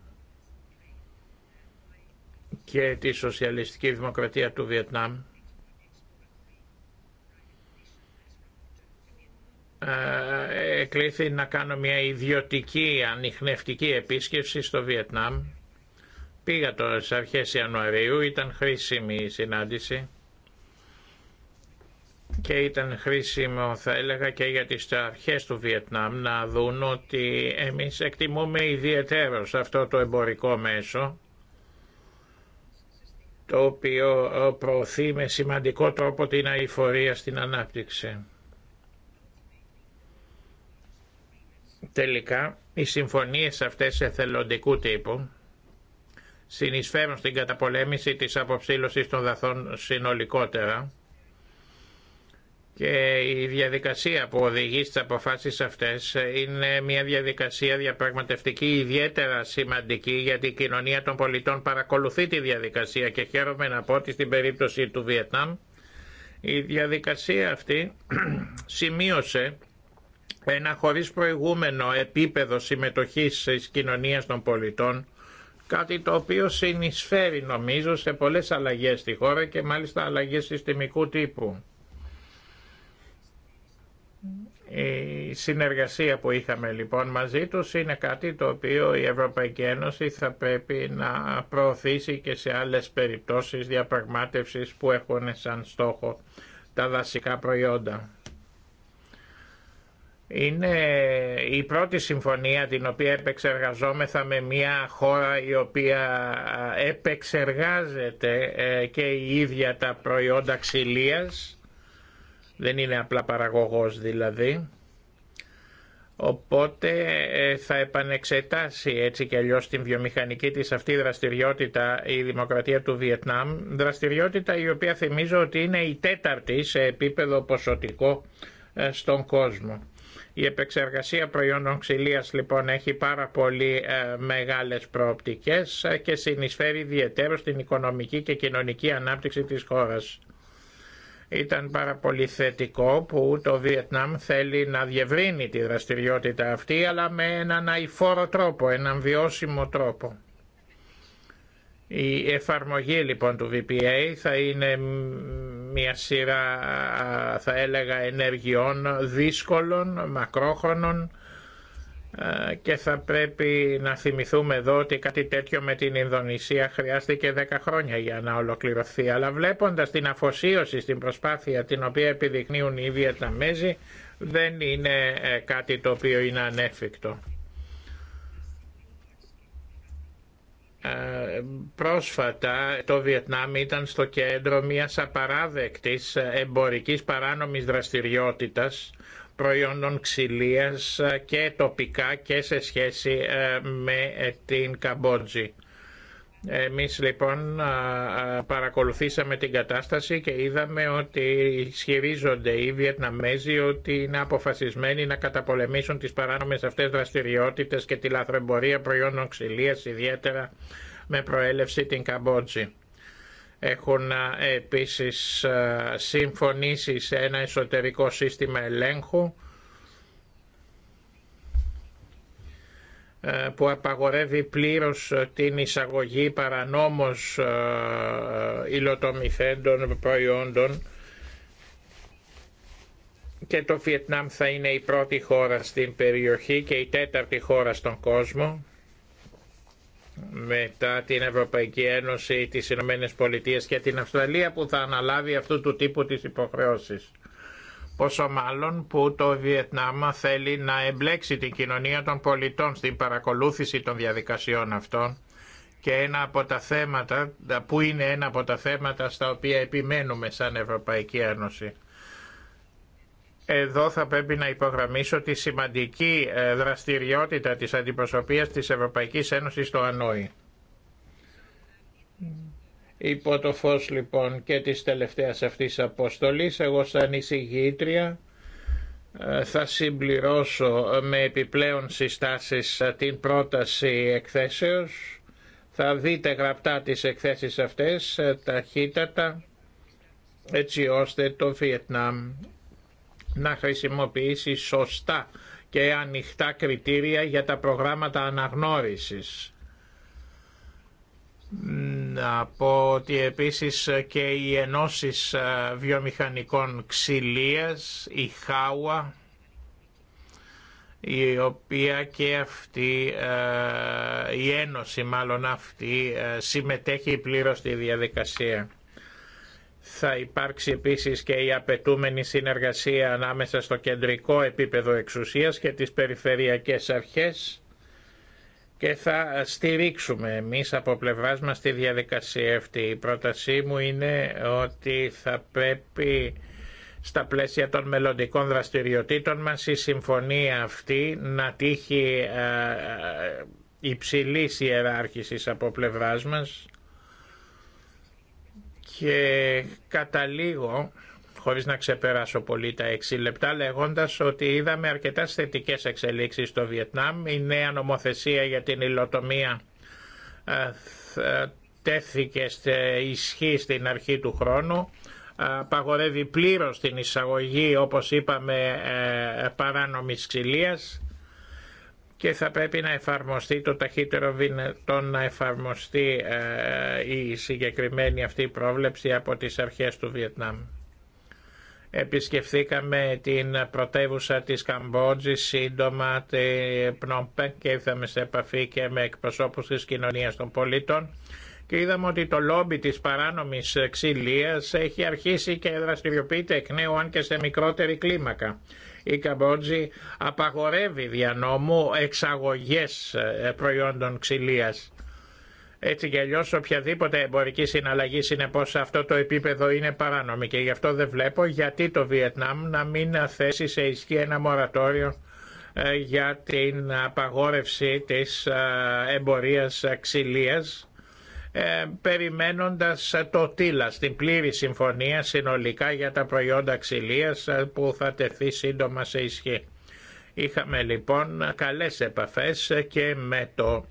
C: και τη Σοσιαλιστική Δημοκρατία του Βιετνάμ, ε, εκλήθη να κάνω μια ιδιωτική ανοιχνευτική επίσκεψη στο Βιετνάμ. Πήγα τώρα στις αρχές Ιανουαρίου, ήταν χρήσιμη η συνάντηση και ήταν χρήσιμο θα έλεγα και για τις αρχές του Βιετνάμ να δουν ότι εμείς εκτιμούμε ιδιαίτερος αυτό το εμπορικό μέσο το οποίο προωθεί με σημαντικό τρόπο την αηφορία στην ανάπτυξη. Τελικά, οι συμφωνίες αυτές εθελοντικού τύπου συνεισφέρουν στην καταπολέμηση της αποψήλωσης των δαθών συνολικότερα και η διαδικασία που οδηγεί στις αποφάσεις αυτές είναι μια διαδικασία διαπραγματευτική ιδιαίτερα σημαντική γιατί η κοινωνία των πολιτών παρακολουθεί τη διαδικασία και χαίρομαι να πω ότι στην περίπτωση του Βιετνάμ η διαδικασία αυτή (clears throat) σημείωσε ένα χωρίς προηγούμενο επίπεδο συμμετοχής της κοινωνίας των πολιτών κάτι το οποίο συνεισφέρει νομίζω σε πολλές αλλαγές στη χώρα και μάλιστα αλλαγές συστημικού τύπου. Η συνεργασία που είχαμε λοιπόν μαζί τους είναι κάτι το οποίο η Ευρωπαϊκή Ένωση θα πρέπει να προωθήσει και σε άλλες περιπτώσεις διαπραγμάτευσης που έχουν σαν στόχο τα δασικά προϊόντα. Είναι η πρώτη συμφωνία την οποία επεξεργαζόμεθα με μια χώρα η οποία ε, επεξεργάζεται ε, και η ίδια τα προϊόντα ξυλίας δεν είναι απλά παραγωγός δηλαδή. Οπότε ε, θα επανεξετάσει έτσι και αλλιώς την βιομηχανική της αυτή δραστηριότητα η Δημοκρατία του Βιετνάμ. Δραστηριότητα η οποία θυμίζω ότι είναι η τέταρτη σε επίπεδο ποσοτικό ε, στον κόσμο. Η επεξεργασία προϊόντων ξυλίας λοιπόν έχει πάρα πολύ ε, μεγάλες προοπτικές και συνεισφέρει ιδιαίτερο στην οικονομική και κοινωνική ανάπτυξη της χώρας. Ήταν πάρα πολύ θετικό που το Βιετνάμ θέλει να διευρύνει τη δραστηριότητα αυτή αλλά με έναν αηφόρο τρόπο, έναν βιώσιμο τρόπο. Η εφαρμογή λοιπόν του VPA θα είναι μια σειρά θα έλεγα ενεργειών δύσκολων, μακρόχρονων ε, και θα πρέπει να θυμηθούμε εδώ ότι κάτι τέτοιο με την Ινδονησία χρειάστηκε 10 χρόνια για να ολοκληρωθεί. Αλλά βλέποντας την αφοσίωση στην προσπάθεια την οποία επιδεικνύουν οι Βιετναμέζοι δεν είναι ε, κάτι το οποίο είναι ανέφικτο. Ε, πρόσφατα το Βιετνάμ ήταν στο κέντρο μιας απαράδεκτης εμπορικής παράνομης δραστηριότητας προϊόντων ξυλίας ε, και τοπικά και σε σχέση ε, με ε, την Καμπότζη. Εμείς λοιπόν παρακολουθήσαμε την κατάσταση και είδαμε ότι ισχυρίζονται οι Βιετναμέζοι ότι είναι αποφασισμένοι να καταπολεμήσουν τις παράνομες αυτές δραστηριότητες και τη λαθρεμπορία προϊόντων ξυλίας ιδιαίτερα με προέλευση την Καμπότζη. Έχουν ε, επίσης ε, συμφωνήσει σε ένα εσωτερικό σύστημα ελέγχου ε, που απαγορεύει πλήρως την εισαγωγή παρανόμως υλοτομηθέντων προϊόντων και το Βιετνάμ θα είναι η πρώτη χώρα στην περιοχή και η τέταρτη χώρα στον κόσμο μετά την Ευρωπαϊκή Ένωση, τις Ηνωμένε Πολιτείες και την Αυστραλία που θα αναλάβει αυτού του τύπου τις υποχρεώσεις. Πόσο μάλλον που το Βιετνάμα θέλει να εμπλέξει την κοινωνία των πολιτών στην παρακολούθηση των διαδικασιών αυτών και ένα από τα θέματα, που είναι ένα από τα θέματα στα οποία επιμένουμε σαν Ευρωπαϊκή Ένωση. Εδώ θα πρέπει να υπογραμμίσω τη σημαντική ε, δραστηριότητα της αντιπροσωπείας της Ευρωπαϊκής Ένωσης στο Ανόη. Υπό το φως λοιπόν και της τελευταίας αυτής αποστολής, εγώ σαν εισηγήτρια ε, θα συμπληρώσω ε, με επιπλέον συστάσεις την πρόταση εκθέσεως. Θα δείτε γραπτά τις εκθέσεις αυτές ταχύτατα έτσι ώστε το Βιετνάμ να χρησιμοποιήσει σωστά και ανοιχτά κριτήρια για τα προγράμματα αναγνώρισης. Να πω ότι επίσης και οι ενώσεις ε, βιομηχανικών ξυλίας, η ΧΑΟΑ, η οποία και αυτή, ε, η ένωση μάλλον αυτή, ε, συμμετέχει πλήρως στη διαδικασία. Θα υπάρξει επίσης και η απαιτούμενη συνεργασία ανάμεσα στο κεντρικό επίπεδο εξουσίας και τις περιφερειακές αρχές και θα στηρίξουμε εμείς από πλευράς μας τη διαδικασία αυτή. Η πρότασή μου είναι ότι θα πρέπει στα πλαίσια των μελλοντικών δραστηριοτήτων μας η συμφωνία αυτή να τύχει ε, ε, υψηλής ιεράρχησης από πλευράς μας και καταλήγω, χωρίς να ξεπεράσω πολύ τα 6 λεπτά, λέγοντας ότι είδαμε αρκετά θετικέ εξελίξεις στο Βιετνάμ. Η νέα νομοθεσία για την υλοτομία ε, ε, τέθηκε ισχύ στην αρχή του χρόνου ε, παγορεύει πλήρως την εισαγωγή όπως είπαμε παράνομης ξυλίας και θα πρέπει να εφαρμοστεί το ταχύτερο δυνατόν να εφαρμοστεί ε, η συγκεκριμένη αυτή πρόβλεψη από τις αρχές του Βιετνάμ. Επισκεφθήκαμε την πρωτεύουσα της Καμπότζης σύντομα την Πνομπέ και ήρθαμε σε επαφή και με εκπροσώπους της κοινωνίας των πολίτων και είδαμε ότι το λόμπι της παράνομης ξυλίας έχει αρχίσει και δραστηριοποιείται εκ νέου αν και σε μικρότερη κλίμακα η Καμπότζη απαγορεύει δια νόμου εξαγωγές ε, προϊόντων ξυλίας. Έτσι κι αλλιώ οποιαδήποτε εμπορική συναλλαγή συνεπώ σε αυτό το επίπεδο είναι παράνομη και γι' αυτό δεν βλέπω γιατί το Βιετνάμ να μην θέσει σε ισχύ ένα μορατόριο ε, για την απαγόρευση της ε, εμπορίας ξυλίας ε, περιμένοντας το τίλα στην πλήρη συμφωνία συνολικά για τα προϊόντα ξυλίας ε, που θα τεθεί σύντομα σε ισχύ. Είχαμε λοιπόν καλές επαφές ε, και με το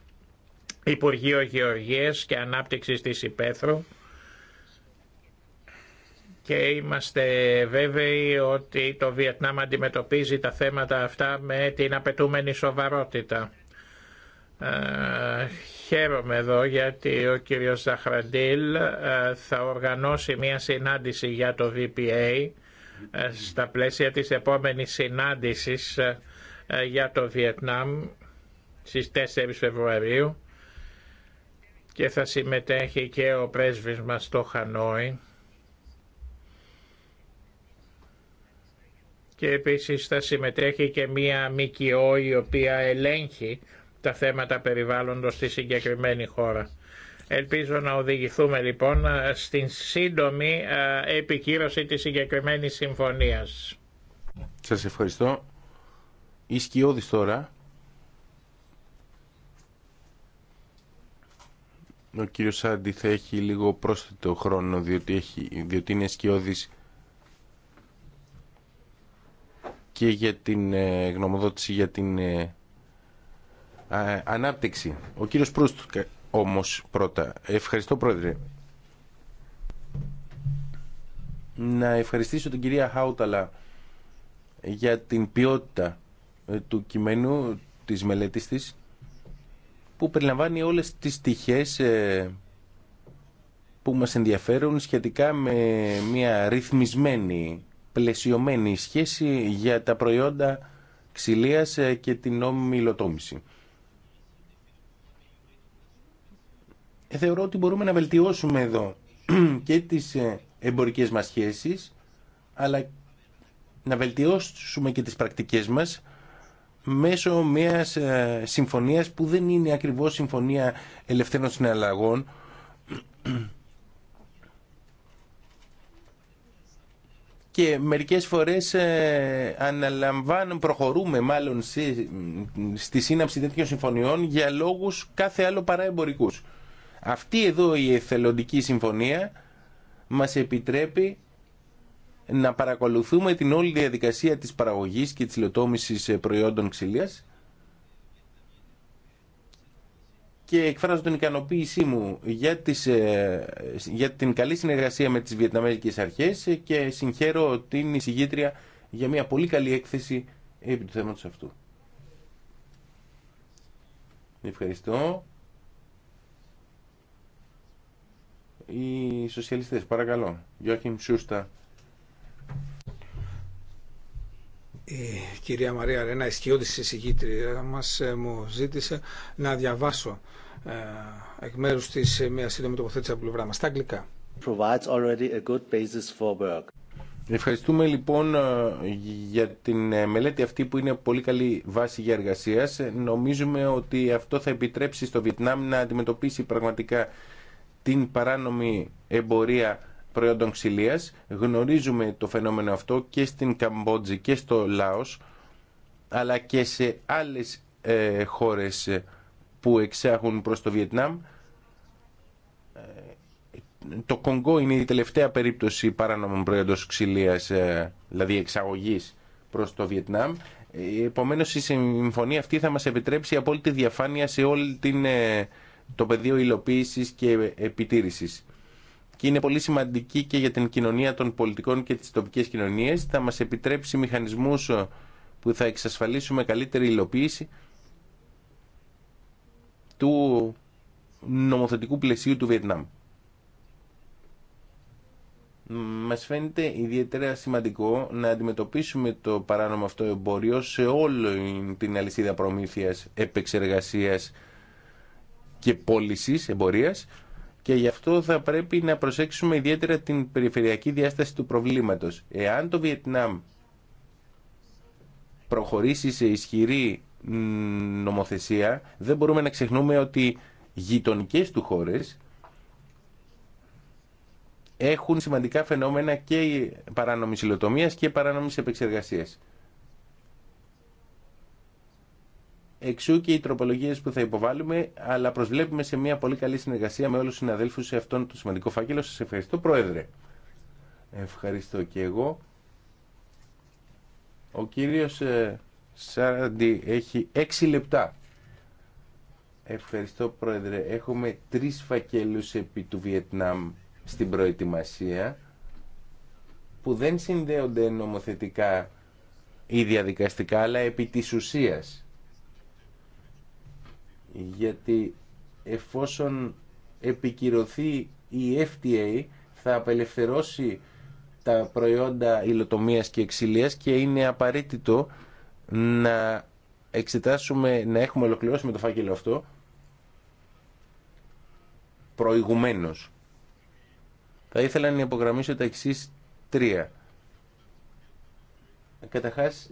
C: Υπουργείο Γεωργίας και Ανάπτυξης της Υπέθρου και είμαστε βέβαιοι ότι το Βιετνάμ αντιμετωπίζει τα θέματα αυτά με την απαιτούμενη σοβαρότητα. Ε, χαίρομαι εδώ γιατί ο κύριος Ζαχραντήλ ε, θα οργανώσει μια συνάντηση για το VPA ε, στα πλαίσια της επόμενης συνάντησης για το Βιετνάμ στις 4 Φεβρουαρίου και θα συμμετέχει και ο πρέσβης μας στο Χανόι και επίσης θα συμμετέχει και μία ΜΚΟ η οποία ελέγχει τα θέματα περιβάλλοντος στη συγκεκριμένη χώρα. Ελπίζω να οδηγηθούμε λοιπόν στην σύντομη επικύρωση της συγκεκριμένης συμφωνίας.
B: Σας ευχαριστώ. Η Σκιώδης τώρα. Ο κύριος Σάντι θα έχει λίγο πρόσθετο χρόνο διότι, έχει, διότι είναι Σκιώδης και για την ε, γνωμοδότηση για την ε, ανάπτυξη. Ο κύριος Προύστ ε, όμως πρώτα. Ευχαριστώ πρόεδρε. Να ευχαριστήσω την κυρία Χάουταλα για την ποιότητα ε, του κειμένου της μελέτης της που περιλαμβάνει όλες τις στοιχές ε, που μας ενδιαφέρουν σχετικά με μια ρυθμισμένη, πλαισιωμένη σχέση για τα προϊόντα ξυλίας και την νόμιμη υλοτόμηση. θεωρώ ότι μπορούμε να βελτιώσουμε εδώ (clears throat) και τις ε, εμπορικές μας σχέσεις, αλλά να βελτιώσουμε και τις πρακτικές μας μέσω μιας ε, συμφωνίας που δεν είναι ακριβώς συμφωνία ελευθέρων συναλλαγών, (clears throat) και μερικές φορές ε, αναλαμβάνουν, προχωρούμε μάλλον στη σύναψη τέτοιων συμφωνιών για λόγους κάθε άλλο παρά εμπορικούς. Αυτή εδώ η εθελοντική συμφωνία μας επιτρέπει να παρακολουθούμε την όλη διαδικασία της παραγωγής και της λιωτόμησης ε, προϊόντων ξυλίας και εκφράζω την ικανοποίησή μου για, τις, ε, την καλή συνεργασία με τις Βιετναμέζικες Αρχές και συγχαίρω την εισηγήτρια για μια πολύ καλή έκθεση επί του θέματος αυτού. Ευχαριστώ. οι σοσιαλιστές. Παρακαλώ. Γιώχιμ Σούστα. Η κυρία Μαρία Ρένα, η σκιώδης εισηγήτρια
A: μας, ε, μου ζήτησε να διαβάσω ε, εκ μέρους της ε, μια σύντομη τοποθέτηση από πλευρά μας. Στα αγγλικά.
B: Ευχαριστούμε λοιπόν για την μελέτη αυτή που είναι πολύ καλή βάση για εργασία. Νομίζουμε ότι αυτό θα επιτρέψει στο Βιετνάμ να αντιμετωπίσει πραγματικά την παράνομη εμπορία προϊόντων ξυλίας. Γνωρίζουμε το φαινόμενο αυτό και στην Καμπότζη και στο Λάος, αλλά και σε άλλες ε, χώρες που εξάγουν προς το Βιετνάμ. Ε, το Κονγκό είναι η τελευταία περίπτωση παράνομων προϊόντων ξυλίας, ε, δηλαδή εξαγωγής προς το Βιετνάμ. Επομένως η συμφωνία αυτή θα μας επιτρέψει απόλυτη διαφάνεια σε όλη την το πεδίο υλοποίηση και επιτήρησης. Και είναι πολύ σημαντική και για την κοινωνία των πολιτικών και τι τοπικέ κοινωνίε Θα μας επιτρέψει μηχανισμούς ε, που θα εξασφαλίσουμε καλύτερη υλοποίηση του νομοθετικού πλαισίου του Βιετνάμ. Μας φαίνεται ιδιαίτερα σημαντικό να αντιμετωπίσουμε το παράνομο αυτό εμπόριο σε όλη την αλυσίδα προμήθεια, επεξεργασία και πώληση εμπορία και γι' αυτό θα πρέπει να προσέξουμε ιδιαίτερα την περιφερειακή διάσταση του προβλήματος. Εάν το Βιετνάμ προχωρήσει σε ισχυρή νομοθεσία, δεν μπορούμε να ξεχνούμε ότι γειτονικέ του χώρες έχουν σημαντικά φαινόμενα και παράνομης υλοτομίας και παράνομης επεξεργασίας. Εξού και οι τροπολογίε που θα υποβάλουμε, αλλά προσβλέπουμε σε μια πολύ καλή συνεργασία με όλου του συναδέλφου σε αυτόν τον σημαντικό φάκελο. Σα ευχαριστώ, Πρόεδρε. Ευχαριστώ και εγώ. Ο κύριος ε, Σάραντι έχει έξι λεπτά. Ευχαριστώ Πρόεδρε. Έχουμε τρει φακέλους επί του Βιετνάμ στην προετοιμασία που δεν συνδέονται νομοθετικά ή διαδικαστικά αλλά επί της ουσίας γιατί εφόσον επικυρωθεί η FTA θα απελευθερώσει τα προϊόντα υλοτομίας και εξηλίας και είναι απαραίτητο να εξετάσουμε, να έχουμε ολοκληρώσει με το φάκελο αυτό προηγουμένως. Θα ήθελα να υπογραμμίσω τα εξή τρία. Καταρχάς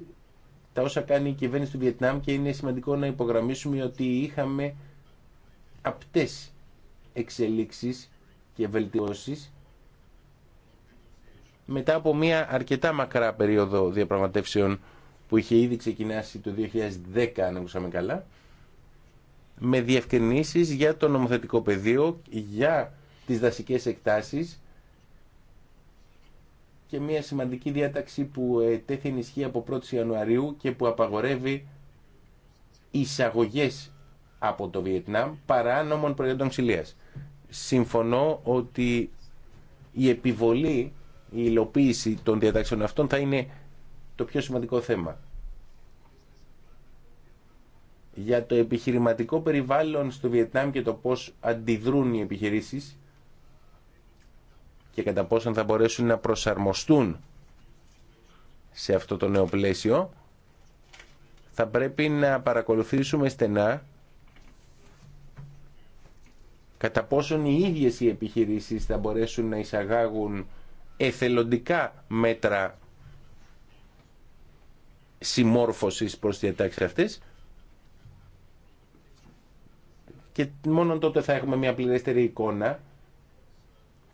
B: τα όσα κάνει η κυβέρνηση του Βιετνάμ και είναι σημαντικό να υπογραμμίσουμε ότι είχαμε απτές εξελίξεις και βελτιώσεις μετά από μια αρκετά μακρά περίοδο διαπραγματεύσεων που είχε ήδη ξεκινάσει το 2010 αν ακούσαμε καλά με διευκρινήσεις για το νομοθετικό πεδίο, για τις δασικές εκτάσεις και μια σημαντική διάταξη που ε, τέθη ενισχύ από 1η Ιανουαρίου και που απαγορεύει εισαγωγές από το Βιετνάμ παράνομων προϊόντων ξυλίας. Συμφωνώ ότι η επιβολή, η υλοποίηση των διατάξεων αυτών θα είναι το πιο σημαντικό θέμα. Για το επιχειρηματικό περιβάλλον στο Βιετνάμ και το πώς αντιδρούν οι επιχειρήσεις, και κατά πόσον θα μπορέσουν να προσαρμοστούν σε αυτό το νέο πλαίσιο, θα πρέπει να παρακολουθήσουμε στενά κατά πόσον οι ίδιες οι επιχειρήσεις θα μπορέσουν να εισαγάγουν εθελοντικά μέτρα συμμόρφωσης προς διατάξη αυτές και μόνο τότε θα έχουμε μια πληρέστερη εικόνα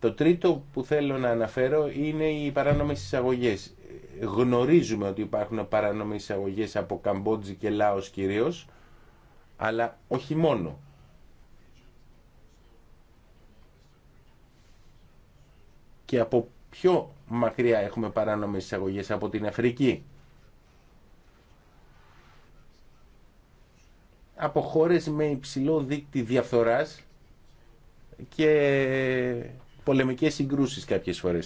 B: το τρίτο που θέλω να αναφέρω είναι οι παράνομες εισαγωγές. Γνωρίζουμε ότι υπάρχουν παράνομες εισαγωγές από Καμπότζη και Λάος κυρίως, αλλά όχι μόνο. Και από πιο μακριά έχουμε παράνομες εισαγωγές από την Αφρική. Από χώρες με υψηλό δίκτυ διαφθοράς και Πολεμικέ συγκρούσεις κάποιε φορέ.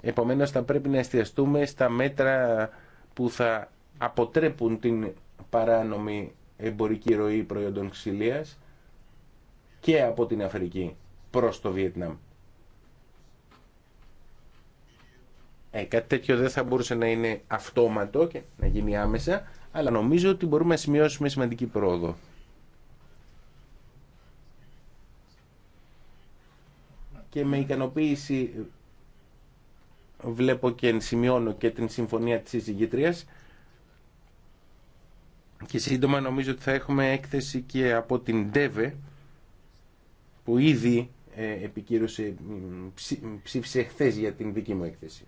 B: Επομένως θα πρέπει να εστιαστούμε στα μέτρα που θα αποτρέπουν την παράνομη εμπορική ροή προϊόντων ξυλία και από την Αφρική προς το Βιετνάμ. Ε, κάτι τέτοιο δεν θα μπορούσε να είναι αυτόματο και να γίνει άμεσα, αλλά νομίζω ότι μπορούμε να σημειώσουμε σημαντική πρόοδο. και με ικανοποίηση βλέπω και σημειώνω και την συμφωνία της συζητήτριας και σύντομα νομίζω ότι θα έχουμε έκθεση και από την ΔΕΒΕ που ήδη ε, επικύρωσε, ψήφισε χθε για την δική μου έκθεση.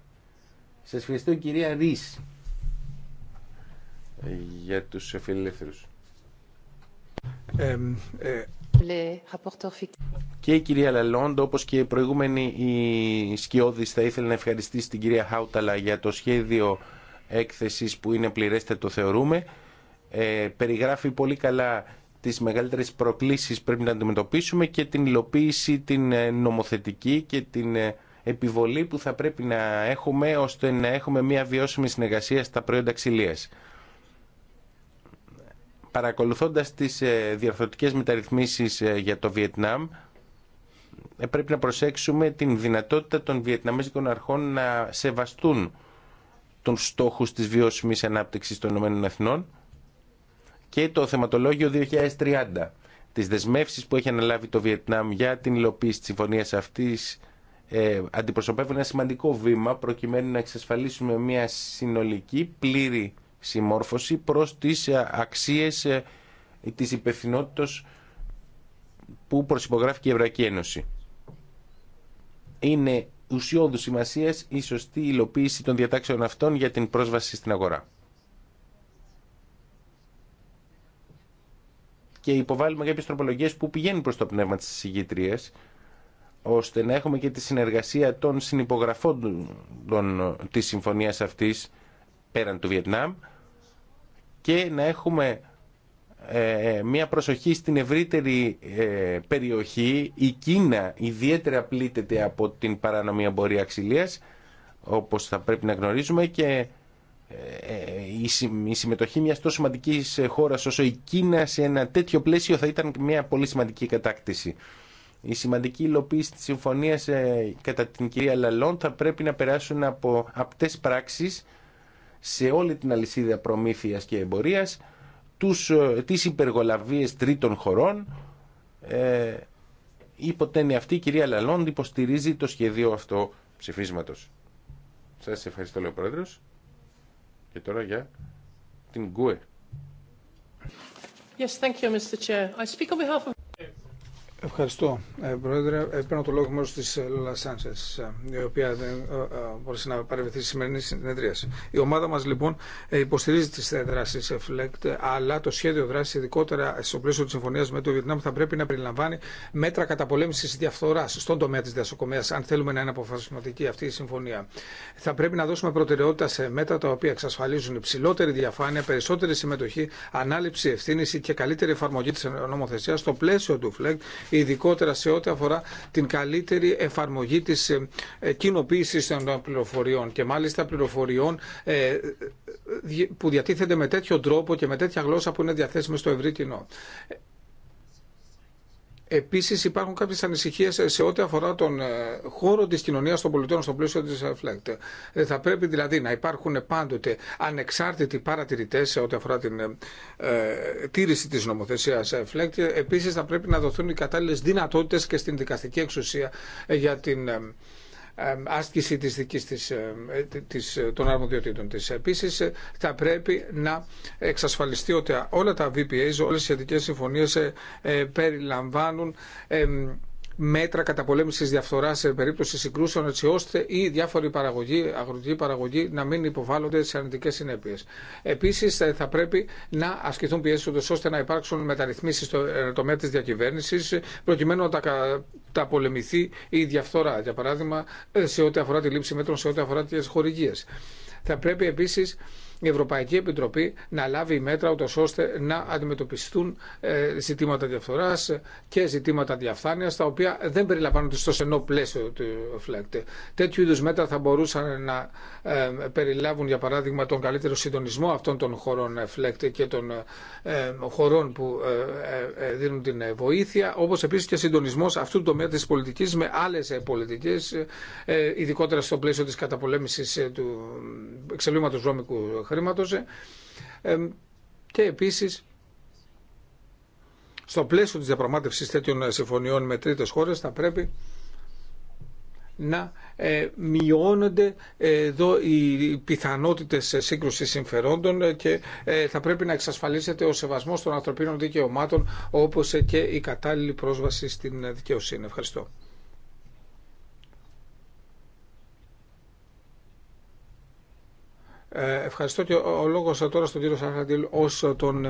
B: Σας ευχαριστώ κυρία Ρίς ε, για τους φιλελεύθερους. Ε, και η κυρία Λαλόντ, όπως και η προηγούμενη η Σκιώδης, θα ήθελε να ευχαριστήσει την κυρία Χάουταλα για το σχέδιο έκθεσης που είναι πληρέστε το θεωρούμε. Ε, περιγράφει πολύ καλά τις μεγαλύτερες προκλήσεις πρέπει να αντιμετωπίσουμε και την υλοποίηση την ε, νομοθετική και την ε, επιβολή που θα πρέπει να έχουμε ώστε να έχουμε μια βιώσιμη συνεργασία στα προϊόντα ξυλίας παρακολουθώντας τις ε, διαρθρωτικές μεταρρυθμίσεις ε, για το Βιετνάμ, ε, πρέπει να προσέξουμε την δυνατότητα των βιετναμέζικων αρχών να σεβαστούν τον στόχους της βιώσιμης ανάπτυξης των ΗΠΑ και το θεματολόγιο 2030 τις δεσμεύσεις που έχει αναλάβει το Βιετνάμ για την υλοποίηση της συμφωνίας αυτής ε, αντιπροσωπεύουν ένα σημαντικό βήμα προκειμένου να εξασφαλίσουμε μια συνολική πλήρη συμμόρφωση προς τις ε, αξίες ε, της υπευθυνότητα που προσυπογράφει η Ευρωπαϊκή Ένωση. Είναι ουσιώδου σημασία η σωστή υλοποίηση των διατάξεων αυτών για την πρόσβαση στην αγορά. Και υποβάλλουμε κάποιε τροπολογίε που πηγαίνουν προς το πνεύμα τη συγκήτρια, ώστε να έχουμε και τη συνεργασία των συνυπογραφών τη συμφωνία αυτή πέραν του Βιετνάμ και να έχουμε ε, ε, μια προσοχή στην ευρύτερη ε, περιοχή. Η Κίνα ιδιαίτερα πλήττεται από την παρανομία μπορεί ξυλίας, όπως θα πρέπει να γνωρίζουμε και η συμμετοχή μιας τόσο σημαντικής χώρας όσο η Κίνα σε ένα τέτοιο πλαίσιο θα ήταν μια πολύ σημαντική κατάκτηση. Η σημαντική υλοποίηση της συμφωνίας κατά την κυρία Λαλόν θα πρέπει να περάσουν από απτές πράξεις σε όλη την αλυσίδα προμήθειας και εμπορίας τους, ε, τις υπεργολαβίες τρίτων χωρών ε, υποτένει αυτή η κυρία Λαλόντ υποστηρίζει το σχεδίο αυτό ψηφίσματος. Σας ευχαριστώ λέω Πρόεδρος και τώρα για την ΚΟΕ. Yes, thank you, Mr. Chair. I speak on behalf of...
A: Ευχαριστώ, ε, Πρόεδρε. Ε, παίρνω το λόγο μέρο τη ε, Λόλα Σάντσε, η οποία δεν μπορούσε να παρευρεθεί στη σημερινή συνεδρίαση. Η ομάδα μα, λοιπόν, υποστηρίζει τι δράσει ΕΦΛΕΚΤ, e αλλά το σχέδιο δράση, ειδικότερα στο πλαίσιο τη συμφωνία με το Βιετνάμ, θα πρέπει να περιλαμβάνει μέτρα καταπολέμηση διαφθορά στον τομέα τη διασωκομεία, αν θέλουμε να είναι αποφασισματική αυτή η συμφωνία. Θα πρέπει να δώσουμε προτεραιότητα σε μέτρα τα οποία εξασφαλίζουν υψηλότερη διαφάνεια, περισσότερη συμμετοχή, ανάληψη ευθύνη και καλύτερη εφαρμογή τη νομοθεσία στο πλαίσιο του ΦΛΕΚΤ ειδικότερα σε ό,τι αφορά την καλύτερη εφαρμογή της ε, ε, κοινοποίηση των πληροφοριών και μάλιστα πληροφοριών ε, που διατίθενται με τέτοιο τρόπο και με τέτοια γλώσσα που είναι διαθέσιμη στο ευρύ κοινό. Επίσης υπάρχουν κάποιες ανησυχίες σε ό,τι αφορά τον ε, χώρο της κοινωνία των πολιτών στο πλαίσιο της FLECT. Ε, ε, θα πρέπει δηλαδή να υπάρχουν πάντοτε ανεξάρτητοι παρατηρητέ σε ό,τι αφορά την ε, τήρηση της νομοθεσίας FLECT. Επίσης θα πρέπει να δοθούν οι κατάλληλες δυνατότητες και στην δικαστική εξουσία για την άσκηση της δικής της, ε, ε, των αρμοδιοτήτων της. Επίσης ε, θα πρέπει να εξασφαλιστεί ότι όλα τα VPAs, όλες οι σχετικές συμφωνίες περιλαμβάνουν μέτρα καταπολέμηση διαφθορά σε περίπτωση συγκρούσεων, έτσι ώστε οι διάφοροι παραγωγοί, αγροτικοί παραγωγοί, να μην υποβάλλονται σε αρνητικέ συνέπειε. Επίση, θα πρέπει να ασκηθούν πιέσει ώστε να υπάρξουν μεταρρυθμίσει στο ε, τομέα τη διακυβέρνηση, προκειμένου να τα καταπολεμηθεί η διαφθορά. Για παράδειγμα, ε, σε ό,τι αφορά τη λήψη μέτρων, σε ό,τι αφορά τι χορηγίε. Θα πρέπει επίση η Ευρωπαϊκή Επιτροπή να λάβει μέτρα ούτως ώστε να αντιμετωπιστούν ε, ζητήματα διαφθοράς και ζητήματα διαφθάνειας τα οποία δεν περιλαμβάνονται στο σενό πλαίσιο του FLECT. Τέτοιου είδους μέτρα θα μπορούσαν να ε, περιλάβουν για παράδειγμα τον καλύτερο συντονισμό αυτών των χωρών FLECT ε, και των χωρών που δίνουν την βοήθεια όπως επίσης και συντονισμός αυτού του τομέα της πολιτικής με άλλες πολιτικές ειδικότερα στο πλαίσιο της καταπολέμησης του εξελίγματος βρώμικου ε, και επίσης στο πλαίσιο της διαπραγμάτευσης τέτοιων ε, συμφωνιών με τρίτες χώρες θα πρέπει να ε, μειώνονται εδώ οι πιθανότητες σύγκρουσης συμφερόντων και θα πρέπει να εξασφαλίσετε ο σεβασμός των ανθρωπίνων δικαιωμάτων όπως και η κατάλληλη πρόσβαση στην δικαιοσύνη. Ευχαριστώ. Ε, ευχαριστώ και ο λόγος τώρα στον κύριο Σαχαντήλ ως τον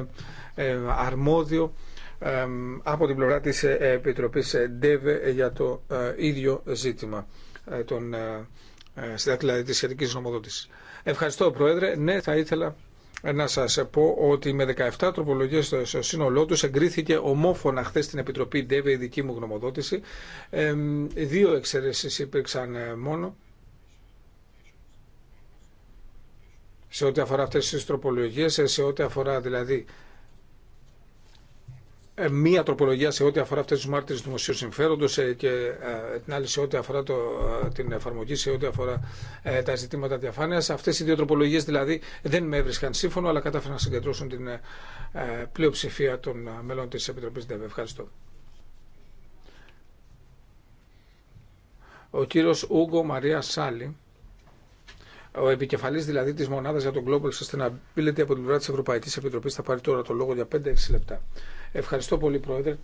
A: ε, αρμόδιο ε, από την πλευρά της Επιτροπής ΔΕΒΕ για το ίδιο ζήτημα των δηλαδή της σχετικής νομοδότησης. Ευχαριστώ Πρόεδρε. Ναι, θα ήθελα να σας πω ότι με 17 τροπολογίες στο σύνολό τους εγκρίθηκε ομόφωνα χθες στην Επιτροπή ΔΕΒΕ η δική μου γνωμοδότηση. δύο εξαιρέσεις υπήρξαν μόνο σε ό,τι αφορά αυτές τις τροπολογίες, ε, σε ό,τι αφορά δηλαδή ε, μία τροπολογία σε ό,τι αφορά αυτές τις μάρτυρες του δημοσίου συμφέροντος ε, και την άλλη σε ό,τι αφορά το, την εφαρμογή, σε ό,τι αφορά τα ζητήματα διαφάνειας. Αυτές οι δύο τροπολογίες δηλαδή δεν με έβρισκαν σύμφωνο, αλλά κατάφεραν να συγκεντρώσουν την πλειοψηφία των μελών της Επιτροπής Ευχαριστώ. Ο κύριος Ούγκο Μαρία Σάλι. Ο επικεφαλής δηλαδή της μονάδας για τον Global Sustainability από την πλευρά της Ευρωπαϊκής Επιτροπής θα πάρει τώρα το λόγο για 5-6 λεπτά. Ευχαριστώ πολύ Πρόεδρε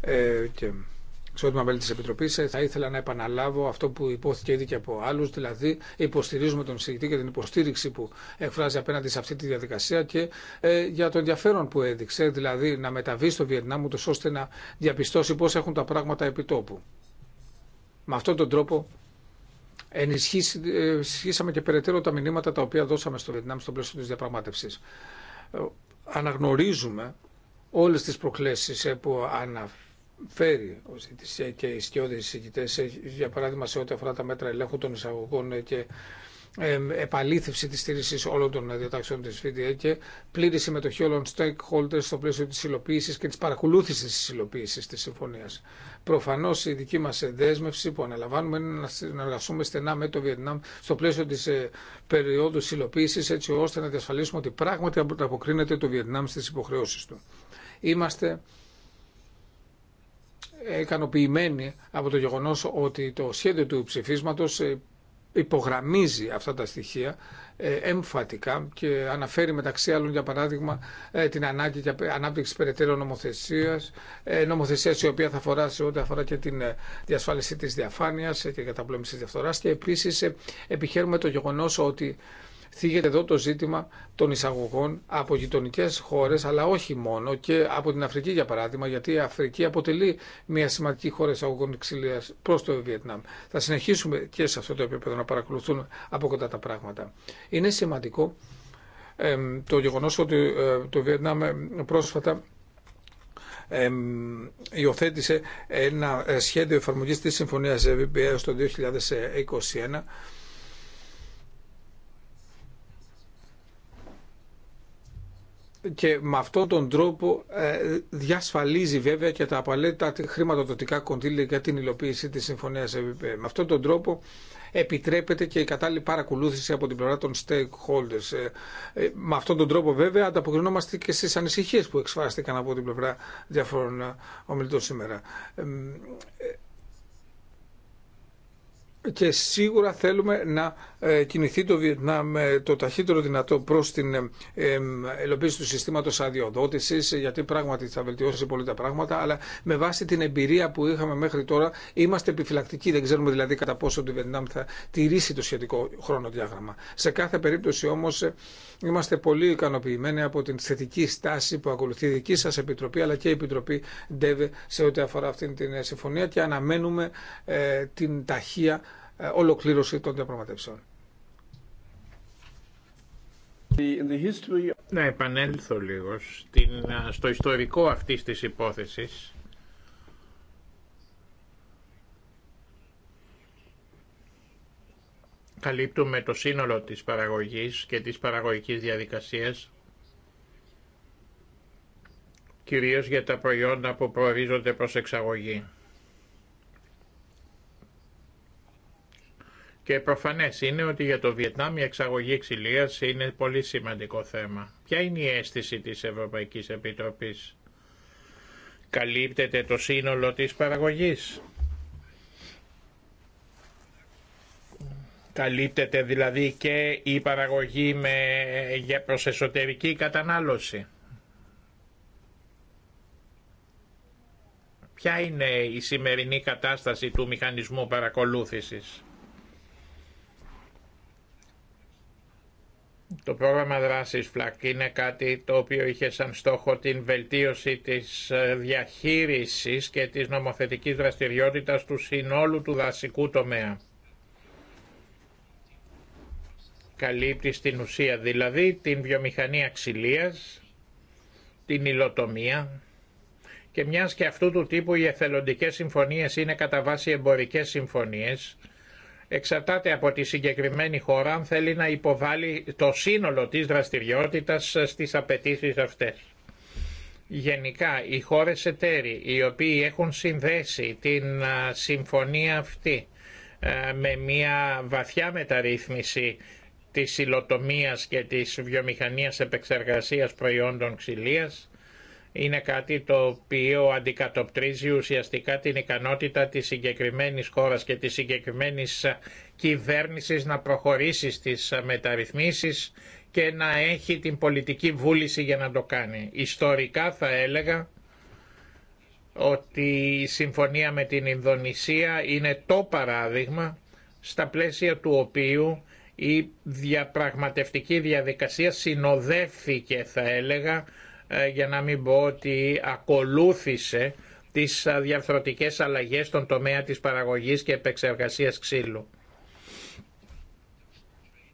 A: ε, και εξότιμα μέλη της Επιτροπής. Ε, θα ήθελα να επαναλάβω αυτό που υπόθηκε ήδη και από άλλους, δηλαδή υποστηρίζουμε τον συγκεκριτή και την υποστήριξη που εκφράζει απέναντι σε αυτή τη διαδικασία και ε, για το ενδιαφέρον που έδειξε, δηλαδή να μεταβεί στο Βιετνάμ ούτως ώστε να διαπιστώσει πώς έχουν τα πράγματα επί Με αυτόν τον τρόπο ενισχύσαμε και περαιτέρω τα μηνύματα τα οποία δώσαμε στο Βιετνάμ στο πλαίσιο της διαπραγμάτευσης. Ε, αναγνωρίζουμε όλες τις προκλήσεις ε, που αναφέρει ο ε, και οι σκιώδεις συγκητές, για παράδειγμα σε ό,τι αφορά τα μέτρα ελέγχου των εισαγωγών και επαλήθευση της στήριξη όλων των διατάξεων της ΦΔΕ και πλήρη συμμετοχή όλων stakeholders στο πλαίσιο της υλοποίησης και της παρακολούθηση της υλοποίησης της συμφωνίας. Προφανώς η δική μας δέσμευση που αναλαμβάνουμε είναι να συνεργαστούμε στενά με το Βιετνάμ στο πλαίσιο της ε, περίοδου υλοποίησης έτσι ώστε να διασφαλίσουμε ότι πράγματι αποκρίνεται το Βιετνάμ στις υποχρεώσεις του. Είμαστε ικανοποιημένοι από το γεγονός ότι το σχέδιο του ψηφίσματος ε, υπογραμμίζει αυτά τα στοιχεία ε, εμφατικά και αναφέρει μεταξύ άλλων για παράδειγμα ε, την ανάγκη για ανάπτυξη περαιτέρω νομοθεσίας, ε, νομοθεσίας η οποία θα αφορά σε ό,τι αφορά και την διασφάλιση της διαφάνειας και καταπλέμησης διαφθοράς και επίσης επιχαίρουμε το γεγονός ότι θίγεται εδώ το ζήτημα των εισαγωγών από γειτονικέ χώρε, αλλά όχι μόνο και από την Αφρική για παράδειγμα, γιατί η Αφρική αποτελεί μια σημαντική χώρα εισαγωγών ξυλία προ το Βιετνάμ. Θα συνεχίσουμε και σε αυτό το επίπεδο να παρακολουθούν από κοντά τα πράγματα. Είναι σημαντικό ε, το γεγονό ότι το Βιετνάμ ε, πρόσφατα υιοθέτησε ένα ε, σχέδιο εφαρμογής της Συμφωνίας ΕΒΠΕ στο 2021 και με αυτόν τον τρόπο ε, διασφαλίζει βέβαια και τα απαραίτητα χρηματοδοτικά κονδύλια για την υλοποίηση της συμφωνίας ΕΒΠ. Με αυτόν τον τρόπο επιτρέπεται και η κατάλληλη παρακολούθηση από την πλευρά των stakeholders. Ε, ε, με αυτόν τον τρόπο βέβαια ανταποκρινόμαστε και στις ανησυχίες που εξφράστηκαν από την πλευρά διαφόρων ομιλητών σήμερα και σίγουρα θέλουμε να ε, κινηθεί το Βιετνάμ ε, το ταχύτερο δυνατό προς την ελοπίση ε, του συστήματος αδειοδότησης γιατί πράγματι θα βελτιώσει πολύ τα πράγματα αλλά με βάση την εμπειρία που είχαμε μέχρι τώρα είμαστε επιφυλακτικοί δεν ξέρουμε δηλαδή κατά πόσο το Βιετνάμ θα τηρήσει το σχετικό χρονοδιάγραμμα. Σε κάθε περίπτωση όμως Είμαστε πολύ ικανοποιημένοι από την θετική στάση που ακολουθεί η δική σας Επιτροπή αλλά και η Επιτροπή ΝΤΕΒΕ σε ό,τι αφορά αυτήν την ε, συμφωνία και αναμένουμε ε, την ταχεία ε, ολοκλήρωση των διαπραγματεύσεων.
C: Να επανέλθω λίγο στην, στο ιστορικό αυτής της υπόθεσης καλύπτουμε το σύνολο της παραγωγής και της παραγωγικής διαδικασίας, κυρίως για τα προϊόντα που προορίζονται προς εξαγωγή. Και προφανές είναι ότι για το Βιετνάμ η εξαγωγή ξυλίας είναι πολύ σημαντικό θέμα. Ποια είναι η αίσθηση της Ευρωπαϊκής Επιτροπής. Καλύπτεται το σύνολο της παραγωγής. Καλύπτεται δηλαδή και η παραγωγή με, για προς εσωτερική κατανάλωση. Ποια είναι η σημερινή κατάσταση του μηχανισμού παρακολούθησης. Το πρόγραμμα δράσης ΦΛΑΚ είναι κάτι το οποίο είχε σαν στόχο την βελτίωση της ε, διαχείρισης και της νομοθετικής δραστηριότητας του συνόλου του δασικού τομέα. καλύπτει στην ουσία δηλαδή την βιομηχανία ξυλίας, την υλοτομία και μιας και αυτού του τύπου οι εθελοντικές συμφωνίες είναι κατά βάση εμπορικές συμφωνίες, εξαρτάται από τη συγκεκριμένη χώρα αν θέλει να υποβάλει το σύνολο της δραστηριότητας στις απαιτήσει αυτές. Γενικά, οι χώρες εταίροι οι οποίοι έχουν συνδέσει την συμφωνία αυτή με μια βαθιά μεταρρύθμιση της υλοτομίας και της βιομηχανίας επεξεργασίας προϊόντων ξυλίας είναι κάτι το οποίο αντικατοπτρίζει ουσιαστικά την ικανότητα της συγκεκριμένης χώρας και της συγκεκριμένης κυβέρνησης να προχωρήσει στις μεταρρυθμίσεις και να έχει την πολιτική βούληση για να το κάνει. Ιστορικά θα έλεγα ότι η συμφωνία με την Ινδονησία είναι το παράδειγμα στα πλαίσια του οποίου η διαπραγματευτική διαδικασία συνοδεύθηκε θα έλεγα ε, για να μην πω ότι ακολούθησε τις διαρθρωτικές αλλαγές στον τομέα της παραγωγής και επεξεργασίας ξύλου.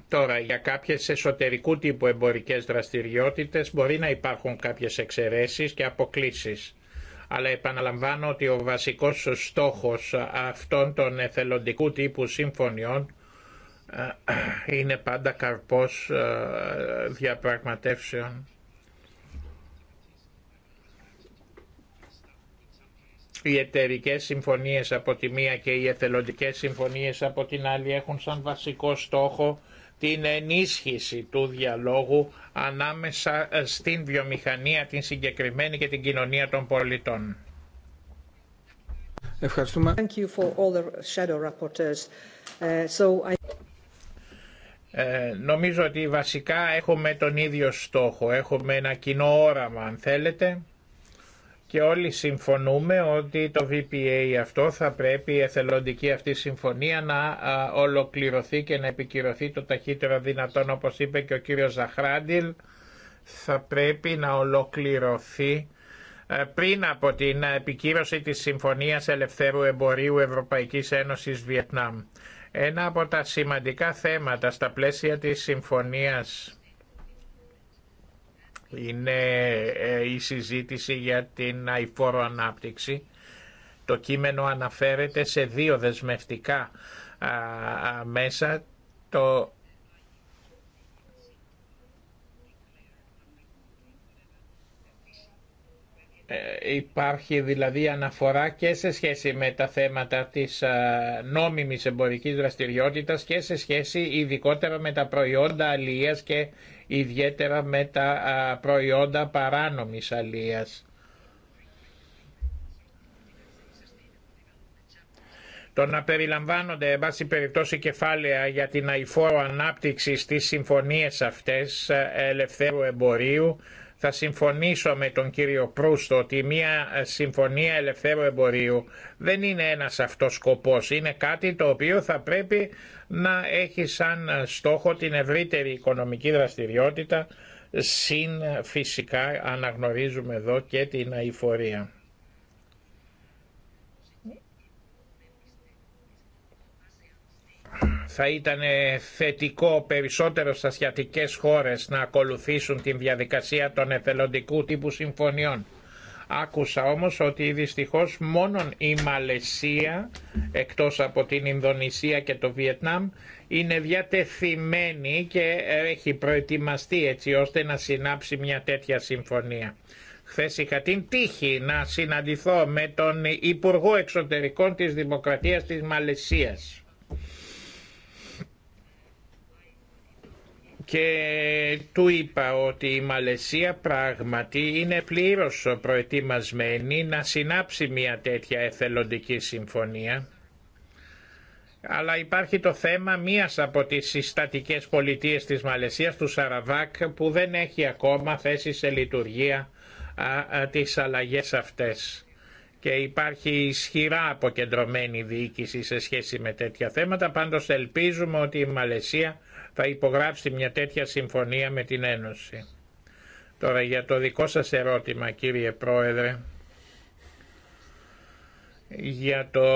C: Τώρα, για κάποιες εσωτερικού τύπου εμπορικές δραστηριότητες μπορεί να υπάρχουν κάποιες εξαιρέσεις και αποκλήσεις. Αλλά επαναλαμβάνω ότι ο βασικός στόχος αυτών των εθελοντικού τύπου συμφωνιών είναι πάντα καρπός ε, διαπραγματεύσεων. Οι εταιρικέ συμφωνίες από τη μία και οι εθελοντικές συμφωνίες από την άλλη έχουν σαν βασικό στόχο την ενίσχυση του διαλόγου ανάμεσα ε, στην βιομηχανία, την συγκεκριμένη και την κοινωνία των πολιτών. Ευχαριστούμε. Ε, νομίζω ότι βασικά έχουμε τον ίδιο στόχο, έχουμε ένα κοινό όραμα αν θέλετε και όλοι συμφωνούμε ότι το VPA αυτό θα πρέπει η εθελοντική αυτή συμφωνία να ολοκληρωθεί και να επικυρωθεί το ταχύτερο δυνατόν όπως είπε και ο κύριος Ζαχράντιλ θα πρέπει να ολοκληρωθεί ε, πριν από την επικύρωση της Συμφωνίας Ελευθέρου Εμπορίου Ευρωπαϊκής Ένωσης Βιετνάμ. Ένα από τα σημαντικά θέματα στα πλαίσια της συμφωνίας είναι ε, η συζήτηση για την αηφόρο ανάπτυξη. Το κείμενο αναφέρεται σε δύο δεσμευτικά μέσα, το Ε, υπάρχει δηλαδή αναφορά και σε σχέση με τα θέματα της ε, νόμιμης εμπορικής δραστηριότητας και σε σχέση ειδικότερα με τα προϊόντα αλίας και ιδιαίτερα με τα προϊόντα παράνομης αλίας. Το να περιλαμβάνονται, εν πάση περιπτώσει, κεφάλαια για την αηφόρο ανάπτυξη στις συμφωνίες αυτές ε, ελευθέρου εμπορίου θα συμφωνήσω με τον κύριο Προύστο ότι μια ε, συμφωνία ελευθέρου εμπορίου δεν είναι ένας αυτός σκοπός. Είναι κάτι το οποίο θα πρέπει να έχει σαν ε, στόχο την ευρύτερη οικονομική δραστηριότητα συν ε, φυσικά αναγνωρίζουμε εδώ και την αηφορία. θα ήταν θετικό περισσότερο στι ασιατικέ χώρες να ακολουθήσουν την διαδικασία των εθελοντικού τύπου συμφωνιών. Άκουσα όμως ότι δυστυχώς μόνο η Μαλαισία, εκτός από την Ινδονησία και το Βιετνάμ, είναι διατεθειμένη και έχει προετοιμαστεί έτσι ώστε να συνάψει μια τέτοια συμφωνία. Χθε είχα την τύχη να συναντηθώ με τον Υπουργό Εξωτερικών της Δημοκρατίας της Μαλαισίας και του είπα ότι η Μαλαισία πράγματι είναι πλήρως προετοιμασμένη να συνάψει μια τέτοια εθελοντική συμφωνία αλλά υπάρχει το θέμα μίας από τις συστατικές πολιτείες της Μαλαισίας, του Σαραβάκ, που δεν έχει ακόμα θέση σε λειτουργία α, α, τις αλλαγές αυτές. Και υπάρχει ισχυρά αποκεντρωμένη διοίκηση σε σχέση με τέτοια θέματα, πάντως ελπίζουμε ότι η Μαλαισία θα υπογράψει μια τέτοια συμφωνία με την Ένωση. Τώρα για το δικό σας ερώτημα κύριε Πρόεδρε, για το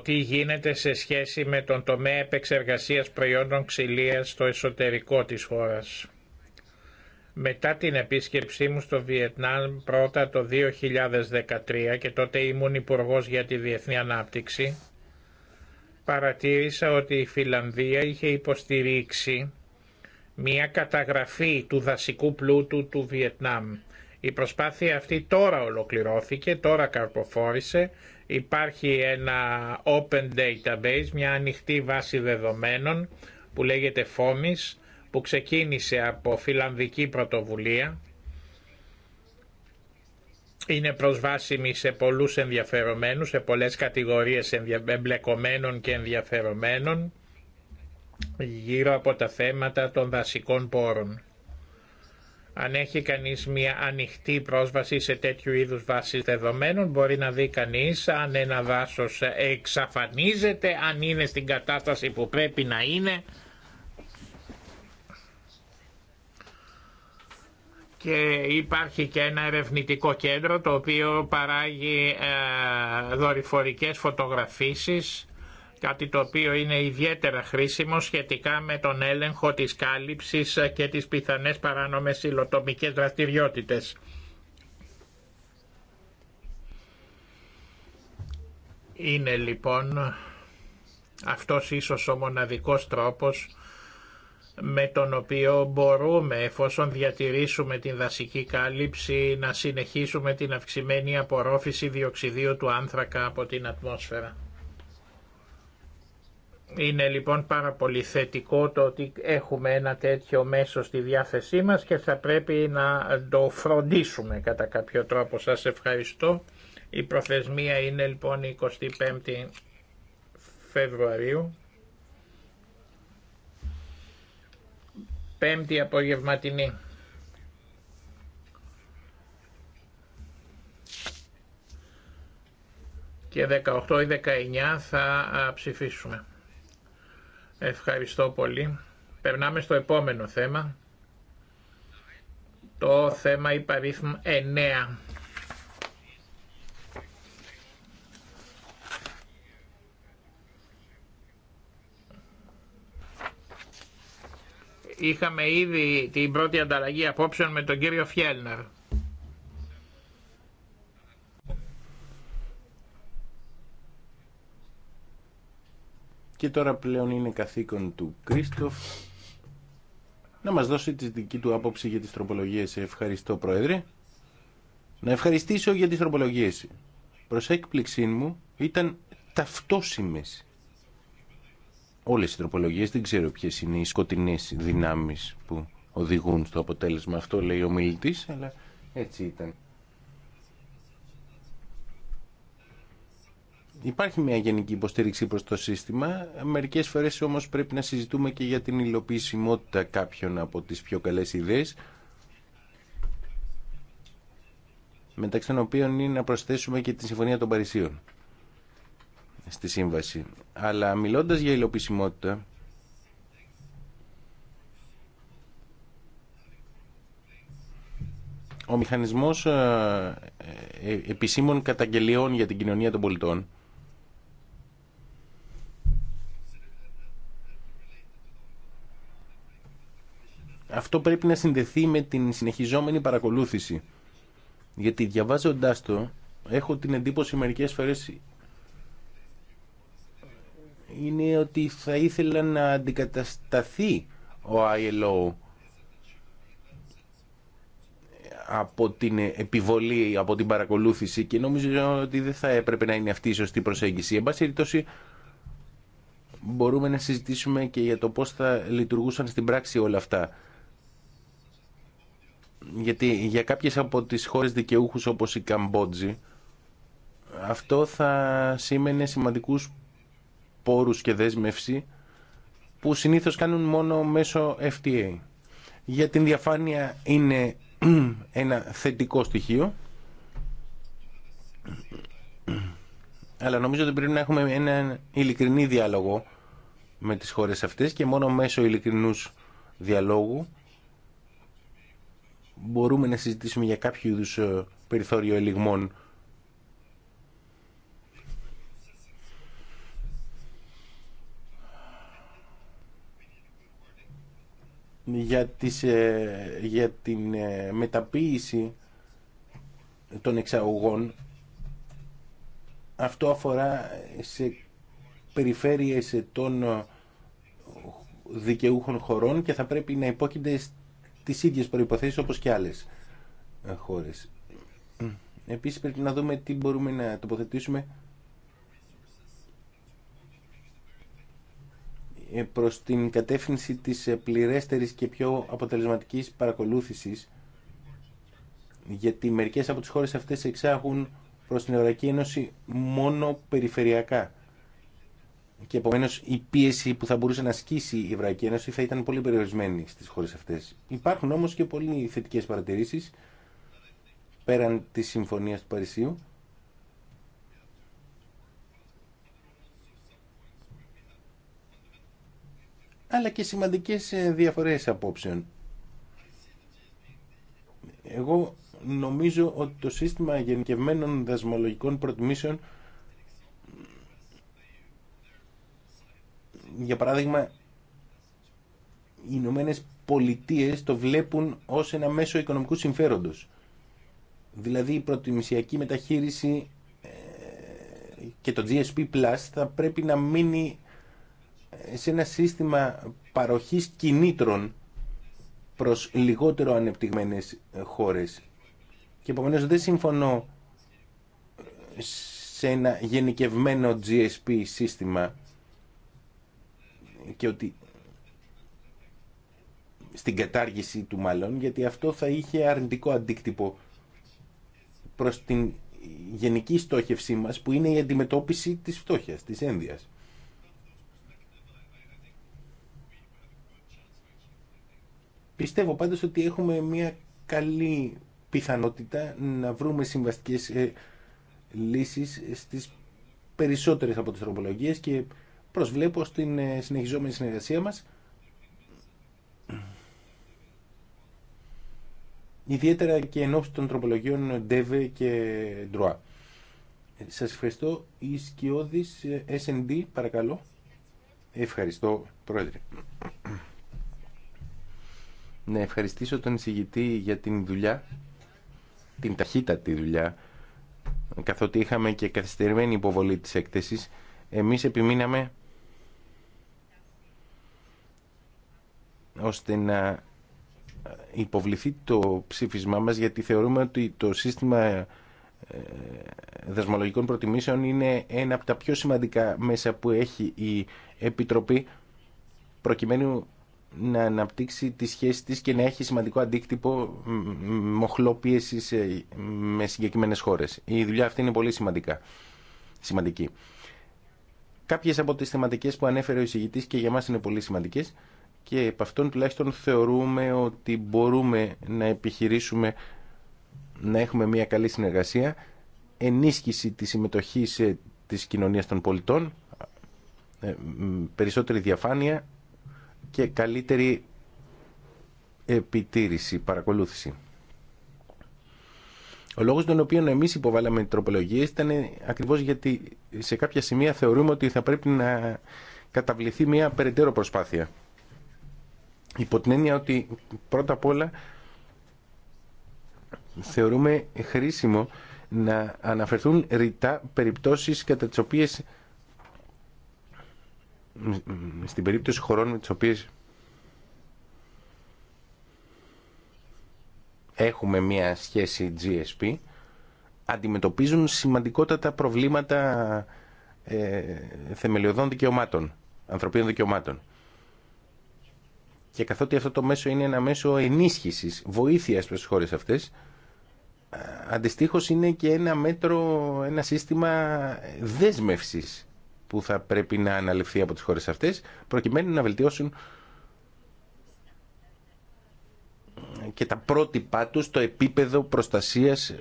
C: τι γίνεται σε σχέση με τον τομέα επεξεργασίας προϊόντων ξυλίας στο εσωτερικό της χώρας. Μετά την επίσκεψή μου στο Βιετνάμ πρώτα το 2013 και τότε ήμουν υπουργό για τη Διεθνή Ανάπτυξη, παρατήρησα ότι η Φιλανδία είχε υποστηρίξει μια καταγραφή του δασικού πλούτου του Βιετνάμ. Η προσπάθεια αυτή τώρα ολοκληρώθηκε, τώρα καρποφόρησε. Υπάρχει ένα open database, μια ανοιχτή βάση δεδομένων που λέγεται FOMIS, που ξεκίνησε από φιλανδική πρωτοβουλία είναι προσβάσιμη σε πολλούς ενδιαφερομένους, σε πολλές κατηγορίες εμπλεκομένων και ενδιαφερομένων γύρω από τα θέματα των δασικών πόρων. Αν έχει κανείς μια ανοιχτή πρόσβαση σε τέτοιου είδους βάσεις δεδομένων, μπορεί να δει κανείς αν ένα δάσος εξαφανίζεται, αν είναι στην κατάσταση που πρέπει να είναι, και υπάρχει και ένα ερευνητικό κέντρο το οποίο παράγει ε, δορυφορικές φωτογραφίσεις κάτι το οποίο είναι ιδιαίτερα χρήσιμο σχετικά με τον έλεγχο της κάλυψης και τις πιθανές παράνομες υλοτομικές δραστηριότητες. Είναι λοιπόν αυτός ίσως ο μοναδικός τρόπος με τον οποίο μπορούμε εφόσον διατηρήσουμε την δασική κάλυψη να συνεχίσουμε την αυξημένη απορρόφηση διοξιδίου του άνθρακα από την ατμόσφαιρα. Είναι λοιπόν πάρα πολύ θετικό το ότι έχουμε ένα τέτοιο μέσο στη διάθεσή μας και θα πρέπει να το φροντίσουμε κατά κάποιο τρόπο. Σας ευχαριστώ. Η προθεσμία είναι λοιπόν 25 Φεβρουαρίου. Πέμπτη απογευματινή. Και 18 ή 19 θα ψηφίσουμε. Ευχαριστώ πολύ. Περνάμε στο επόμενο θέμα. Το θέμα υπαρίθμ 9. Είχαμε ήδη την πρώτη ανταλλαγή απόψεων με τον κύριο Φιέλνερ.
B: Και τώρα πλέον είναι καθήκον του Κρίστοφ να μας δώσει τη δική του άποψη για τις τροπολογίες. Ευχαριστώ Πρόεδρε. Να ευχαριστήσω για τις τροπολογίες. Προς έκπληξή μου ήταν ταυτόσιμες όλες οι τροπολογίε δεν ξέρω ποιε είναι οι σκοτεινέ δυνάμει που οδηγούν στο αποτέλεσμα. Αυτό λέει ο μιλητή, αλλά έτσι ήταν. Υπάρχει μια γενική υποστήριξη προς το σύστημα, μερικές φορές όμως πρέπει να συζητούμε και για την υλοποιησιμότητα κάποιων από τις πιο καλές ιδέες, μεταξύ των οποίων είναι να προσθέσουμε και τη Συμφωνία των Παρισίων στη σύμβαση. Αλλά μιλώντας για υλοποιησιμότητα, ο μηχανισμός ε, ε, επισήμων καταγγελιών για την κοινωνία των πολιτών αυτό πρέπει να συνδεθεί με την συνεχιζόμενη παρακολούθηση. Γιατί διαβάζοντάς το, έχω την εντύπωση μερικές φορές είναι ότι θα ήθελα να αντικατασταθεί ο ILO από την επιβολή, από την παρακολούθηση και νομίζω ότι δεν θα έπρεπε να είναι αυτή η σωστή προσέγγιση. Εν πάση μπορούμε να συζητήσουμε και για το πώς θα λειτουργούσαν στην πράξη όλα αυτά. Γιατί για κάποιες από τις χώρες δικαιούχους όπως η Καμπότζη αυτό θα σήμαινε σημαντικούς πόρους και δέσμευση που συνήθως κάνουν μόνο μέσω FTA. Για την διαφάνεια είναι (clears throat) ένα θετικό στοιχείο αλλά νομίζω ότι πρέπει να έχουμε έναν ειλικρινή διάλογο με τις χώρες αυτές και μόνο μέσω ειλικρινούς διαλόγου μπορούμε να συζητήσουμε για κάποιο είδου ε, περιθώριο ελιγμών για, τις, ε, για την ε, μεταποίηση των εξαγωγών. Αυτό αφορά σε περιφέρειες των ε, δικαιούχων χωρών και θα πρέπει να υπόκεινται στις ίδιες προϋποθέσεις όπως και άλλες χώρες. Επίσης πρέπει να δούμε τι μπορούμε να τοποθετήσουμε Ε, προς την κατεύθυνση της ε, πληρέστερης και πιο αποτελεσματικής παρακολούθησης γιατί μερικές από τις χώρες αυτές εξάγουν προς την Ευρωπαϊκή Ένωση μόνο περιφερειακά και επομένω η πίεση που θα μπορούσε να ασκήσει η Ευρωπαϊκή Ένωση θα ήταν πολύ περιορισμένη στις χώρες αυτές. Υπάρχουν όμως και πολύ θετικές παρατηρήσεις πέραν της Συμφωνίας του Παρισίου αλλά και σημαντικές ε, διαφορές απόψεων. Εγώ νομίζω ότι το σύστημα γενικευμένων δασμολογικών προτιμήσεων για παράδειγμα οι Ηνωμένε Πολιτείε το βλέπουν ως ένα μέσο οικονομικού συμφέροντος. Δηλαδή η προτιμησιακή μεταχείριση ε, και το GSP Plus θα πρέπει να μείνει σε ένα σύστημα παροχής κινήτρων προς λιγότερο ανεπτυγμένες χώρες. Και επομένω δεν συμφωνώ σε ένα γενικευμένο GSP σύστημα και ότι στην κατάργηση του μάλλον, γιατί αυτό θα είχε αρνητικό αντίκτυπο προς την γενική στόχευσή μας που είναι η αντιμετώπιση της φτώχειας, της ένδυας. Πιστεύω πάντως ότι έχουμε μια καλή πιθανότητα να βρούμε συμβαστικές ε, λύσεις στις περισσότερες από τις τροπολογίες και προσβλέπω στην ε, συνεχιζόμενη συνεργασία μας ιδιαίτερα και εν των τροπολογιών Ντεβε και Ντροά. Ε, σας ευχαριστώ. Η Σκιώδης ε, S&D, παρακαλώ. Ευχαριστώ, Πρόεδρε να ευχαριστήσω τον εισηγητή για την δουλειά, την ταχύτατη δουλειά, καθότι είχαμε και καθυστερημένη υποβολή της έκθεσης. Εμείς επιμείναμε ώστε να υποβληθεί το ψήφισμά μας γιατί θεωρούμε ότι το σύστημα ε, δεσμολογικών προτιμήσεων είναι ένα από τα πιο σημαντικά μέσα που έχει η Επιτροπή προκειμένου να αναπτύξει τη σχέση της και να έχει σημαντικό αντίκτυπο μοχλό πίεση ε, με συγκεκριμένες χώρες. Η δουλειά αυτή είναι πολύ σημαντικά. σημαντική. Κάποιες από τις θεματικές που ανέφερε ο εισηγητής και για μας είναι πολύ σημαντικές και από αυτών τουλάχιστον θεωρούμε ότι μπορούμε να επιχειρήσουμε να έχουμε μια καλή συνεργασία, ενίσχυση της συμμετοχής ε, της κοινωνίας των πολιτών, ε, περισσότερη διαφάνεια, και καλύτερη επιτήρηση, παρακολούθηση. Ο λόγος τον οποίο εμείς υποβάλαμε τροπολογίες ήταν ακριβώς γιατί σε κάποια σημεία θεωρούμε ότι θα πρέπει να καταβληθεί μια περαιτέρω προσπάθεια. Υπό την έννοια ότι πρώτα απ' όλα θεωρούμε χρήσιμο να αναφερθούν ρητά περιπτώσεις κατά τις οποίες στην περίπτωση χωρών με τις οποίες έχουμε μία σχέση GSP αντιμετωπίζουν σημαντικότατα προβλήματα ε, θεμελιωδών δικαιωμάτων, ανθρωπίνων δικαιωμάτων. Και καθότι αυτό το μέσο είναι ένα μέσο ενίσχυσης, βοήθειας προς τις χώρες αυτές, ε, αντιστοίχως είναι και ένα μέτρο, ένα σύστημα δέσμευσης που θα πρέπει να αναλυφθεί από τις χώρες αυτές προκειμένου να βελτιώσουν και τα πρότυπά τους στο επίπεδο προστασίας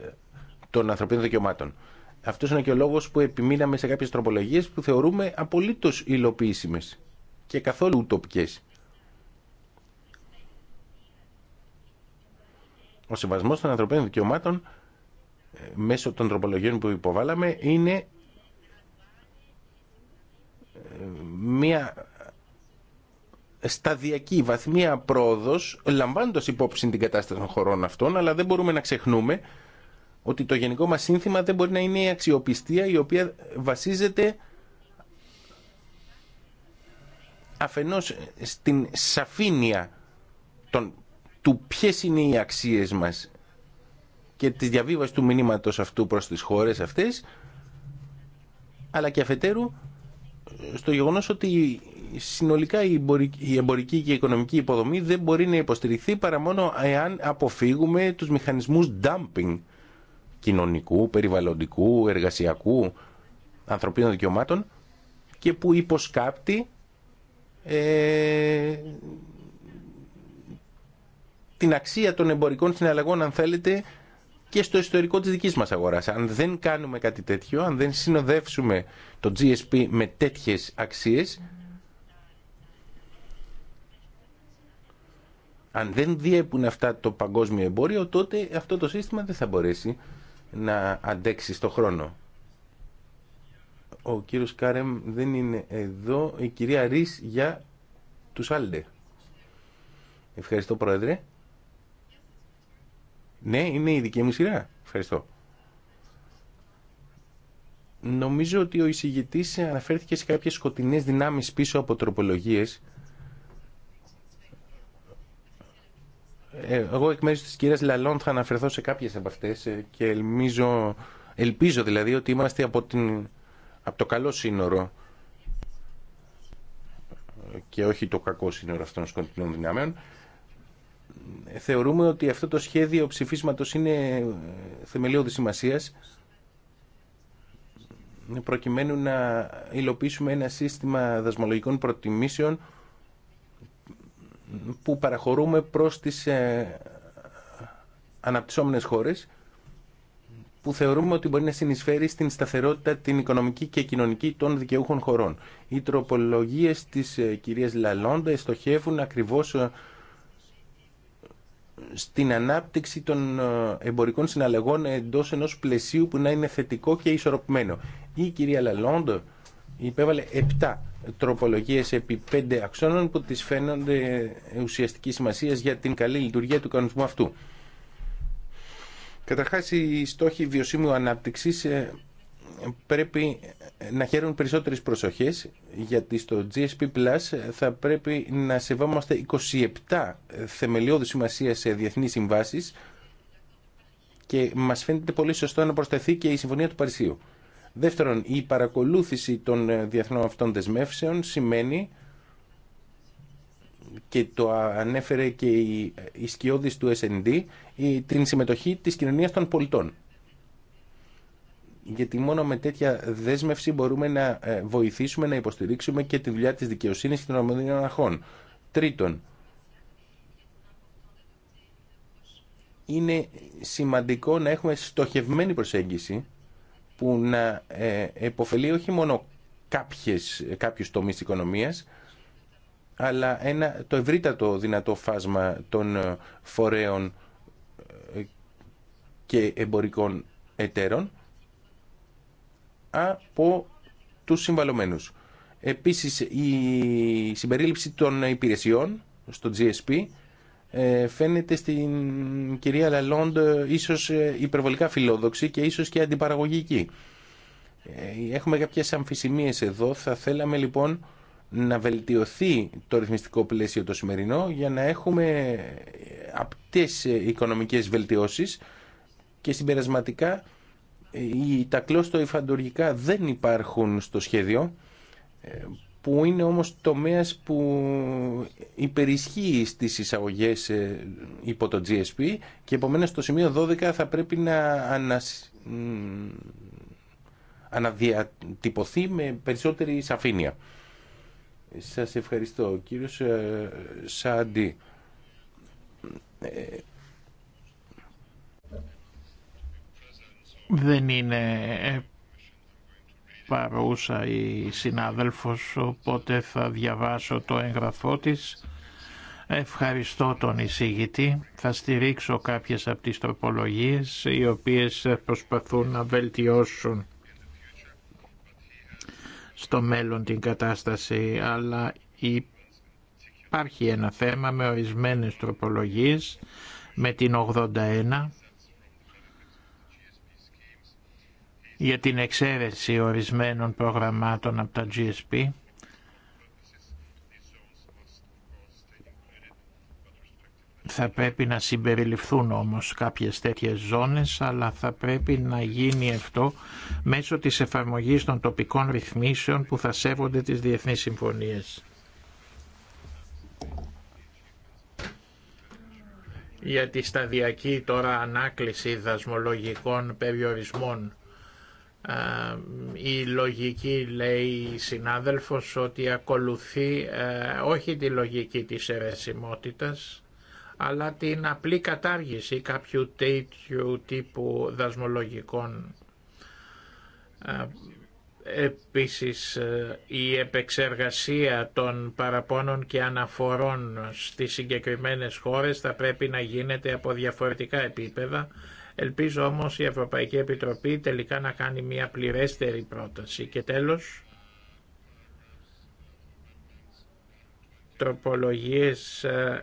B: των ανθρωπίνων δικαιωμάτων. Αυτό είναι και ο λόγος που επιμείναμε σε κάποιες τροπολογίες που θεωρούμε απολύτως υλοποιήσιμες και καθόλου ουτοπικές. Ο σεβασμός των ανθρωπίνων δικαιωμάτων ε, μέσω των τροπολογιών που υποβάλαμε είναι μια σταδιακή βαθμία πρόοδος λαμβάνοντας υπόψη την κατάσταση των χωρών αυτών αλλά δεν μπορούμε να ξεχνούμε ότι το γενικό μας σύνθημα δεν μπορεί να είναι η αξιοπιστία η οποία βασίζεται αφενός στην σαφήνεια των, του ποιε είναι οι αξίες μας και της διαβίβασης του μηνύματος αυτού προς τις χώρες αυτές αλλά και αφετέρου στο γεγονός ότι συνολικά η εμπορική, η εμπορική και η οικονομική υποδομή δεν μπορεί να υποστηριχθεί παρά μόνο εάν αποφύγουμε τους μηχανισμούς dumping κοινωνικού, περιβαλλοντικού, εργασιακού, ανθρωπίνων δικαιωμάτων και που υποσκάπτει ε, την αξία των εμπορικών συναλλαγών αν θέλετε και στο ιστορικό της δικής μας αγοράς. Αν δεν κάνουμε κάτι τέτοιο, αν δεν συνοδεύσουμε το GSP με τέτοιες αξίες, αν δεν διέπουν αυτά το παγκόσμιο εμπόριο, τότε αυτό το σύστημα δεν θα μπορέσει να αντέξει στο χρόνο. Ο κύριος Κάρεμ δεν είναι εδώ. Η κυρία Ρίς για τους Άλντε. Ευχαριστώ Πρόεδρε. Ναι, είναι η δική μου σειρά. Ευχαριστώ. Νομίζω ότι ο εισηγητή αναφέρθηκε σε κάποιες σκοτεινές δυνάμεις πίσω από τροπολογίε. Ε, εγώ εκ μέρου τη κυρία Λαλόν θα αναφερθώ σε κάποιες από αυτέ. Ε, και ελμίζω, ελπίζω δηλαδή ότι είμαστε από, από το καλό σύνορο ε, και όχι το κακό σύνορο αυτών των σκοτεινών δυνάμεων θεωρούμε ότι αυτό το σχέδιο ψηφίσματος είναι ε, θεμελιώδης σημασίας προκειμένου να υλοποιήσουμε ένα σύστημα δασμολογικών προτιμήσεων που παραχωρούμε προς τις ε, αναπτυσσόμενες χώρες που θεωρούμε ότι μπορεί να συνεισφέρει στην σταθερότητα την οικονομική και κοινωνική των δικαιούχων χωρών. Οι τροπολογίες της ε, κυρίας Λαλόντα στοχεύουν ακριβώς στην ανάπτυξη των ε, εμπορικών συναλλαγών εντό ενό πλαισίου που να είναι θετικό και ισορροπημένο. Η κυρία Λαλόντ υπέβαλε 7 τροπολογίες επί 5 αξώνων που τις φαίνονται ουσιαστική σημασία για την καλή λειτουργία του κανονισμού αυτού. Καταρχά, οι στόχοι βιωσίμου ανάπτυξη. Ε, πρέπει να χαίρουν περισσότερες προσοχές γιατί στο GSP Plus θα πρέπει να σεβόμαστε 27 θεμελιώδη σημασία σε διεθνείς συμβάσεις και μας φαίνεται πολύ σωστό να προσθεθεί και η Συμφωνία του Παρισίου. Δεύτερον, η παρακολούθηση των διεθνών αυτών δεσμεύσεων σημαίνει και το ανέφερε και η, η σκιώδης του SND την συμμετοχή της κοινωνίας των πολιτών γιατί μόνο με τέτοια δέσμευση μπορούμε να ε, βοηθήσουμε να υποστηρίξουμε και τη δουλειά της δικαιοσύνης και των ομοδίων αρχών. Τρίτον, είναι σημαντικό να έχουμε στοχευμένη προσέγγιση που να ε, επωφελεί όχι μόνο κάποιες, κάποιους τομείς της οικονομίας, αλλά ένα, το ευρύτατο δυνατό φάσμα των ε, φορέων και εμπορικών εταίρων από του συμβαλωμένου. Επίσης η συμπερίληψη των υπηρεσιών στο GSP ε, φαίνεται στην κυρία Λαλόντ ίσως ε, υπερβολικά φιλόδοξη και ίσως και αντιπαραγωγική. Ε, έχουμε κάποιε αμφισημίες εδώ, θα θέλαμε λοιπόν να βελτιωθεί το ρυθμιστικό πλαίσιο το σημερινό για να έχουμε απτές οικονομικές βελτιώσεις και συμπερασματικά τα κλώστο υφαντουργικά δεν υπάρχουν στο σχέδιο ε, που είναι όμως τομέας που υπερισχύει στις εισαγωγές ε, υπό το GSP και επομένως το σημείο 12 θα πρέπει να ανασ... αναδιατυπωθεί με περισσότερη σαφήνεια. Σας ευχαριστώ. Κύριος ε, Σάντι,
C: Δεν είναι παρούσα η συνάδελφος, οπότε θα διαβάσω το έγγραφό της. Ευχαριστώ τον εισηγητή. Θα στηρίξω κάποιες από τις τροπολογίες οι οποίες προσπαθούν να βελτιώσουν στο μέλλον την κατάσταση, αλλά υπάρχει ένα θέμα με ορισμένες τροπολογίες με την 81 για την εξαίρεση ορισμένων προγραμμάτων από τα GSP. Θα πρέπει να συμπεριληφθούν όμως κάποιες τέτοιες ζώνες, αλλά θα πρέπει να γίνει αυτό μέσω της εφαρμογής των τοπικών ρυθμίσεων που θα σέβονται τις διεθνείς συμφωνίες. Για τη σταδιακή τώρα ανάκληση δασμολογικών περιορισμών ε, η λογική λέει η συνάδελφος ότι ακολουθεί ε, όχι τη λογική της αιρεσιμότητας αλλά την απλή κατάργηση κάποιου τέτοιου τύπου δασμολογικών ε, Επίσης η επεξεργασία των παραπώνων και αναφορών στις συγκεκριμένες χώρες θα πρέπει να γίνεται από διαφορετικά επίπεδα Ελπίζω όμως η Ευρωπαϊκή Επιτροπή τελικά να κάνει μια πληρέστερη πρόταση. Και τέλος, τροπολογίες 122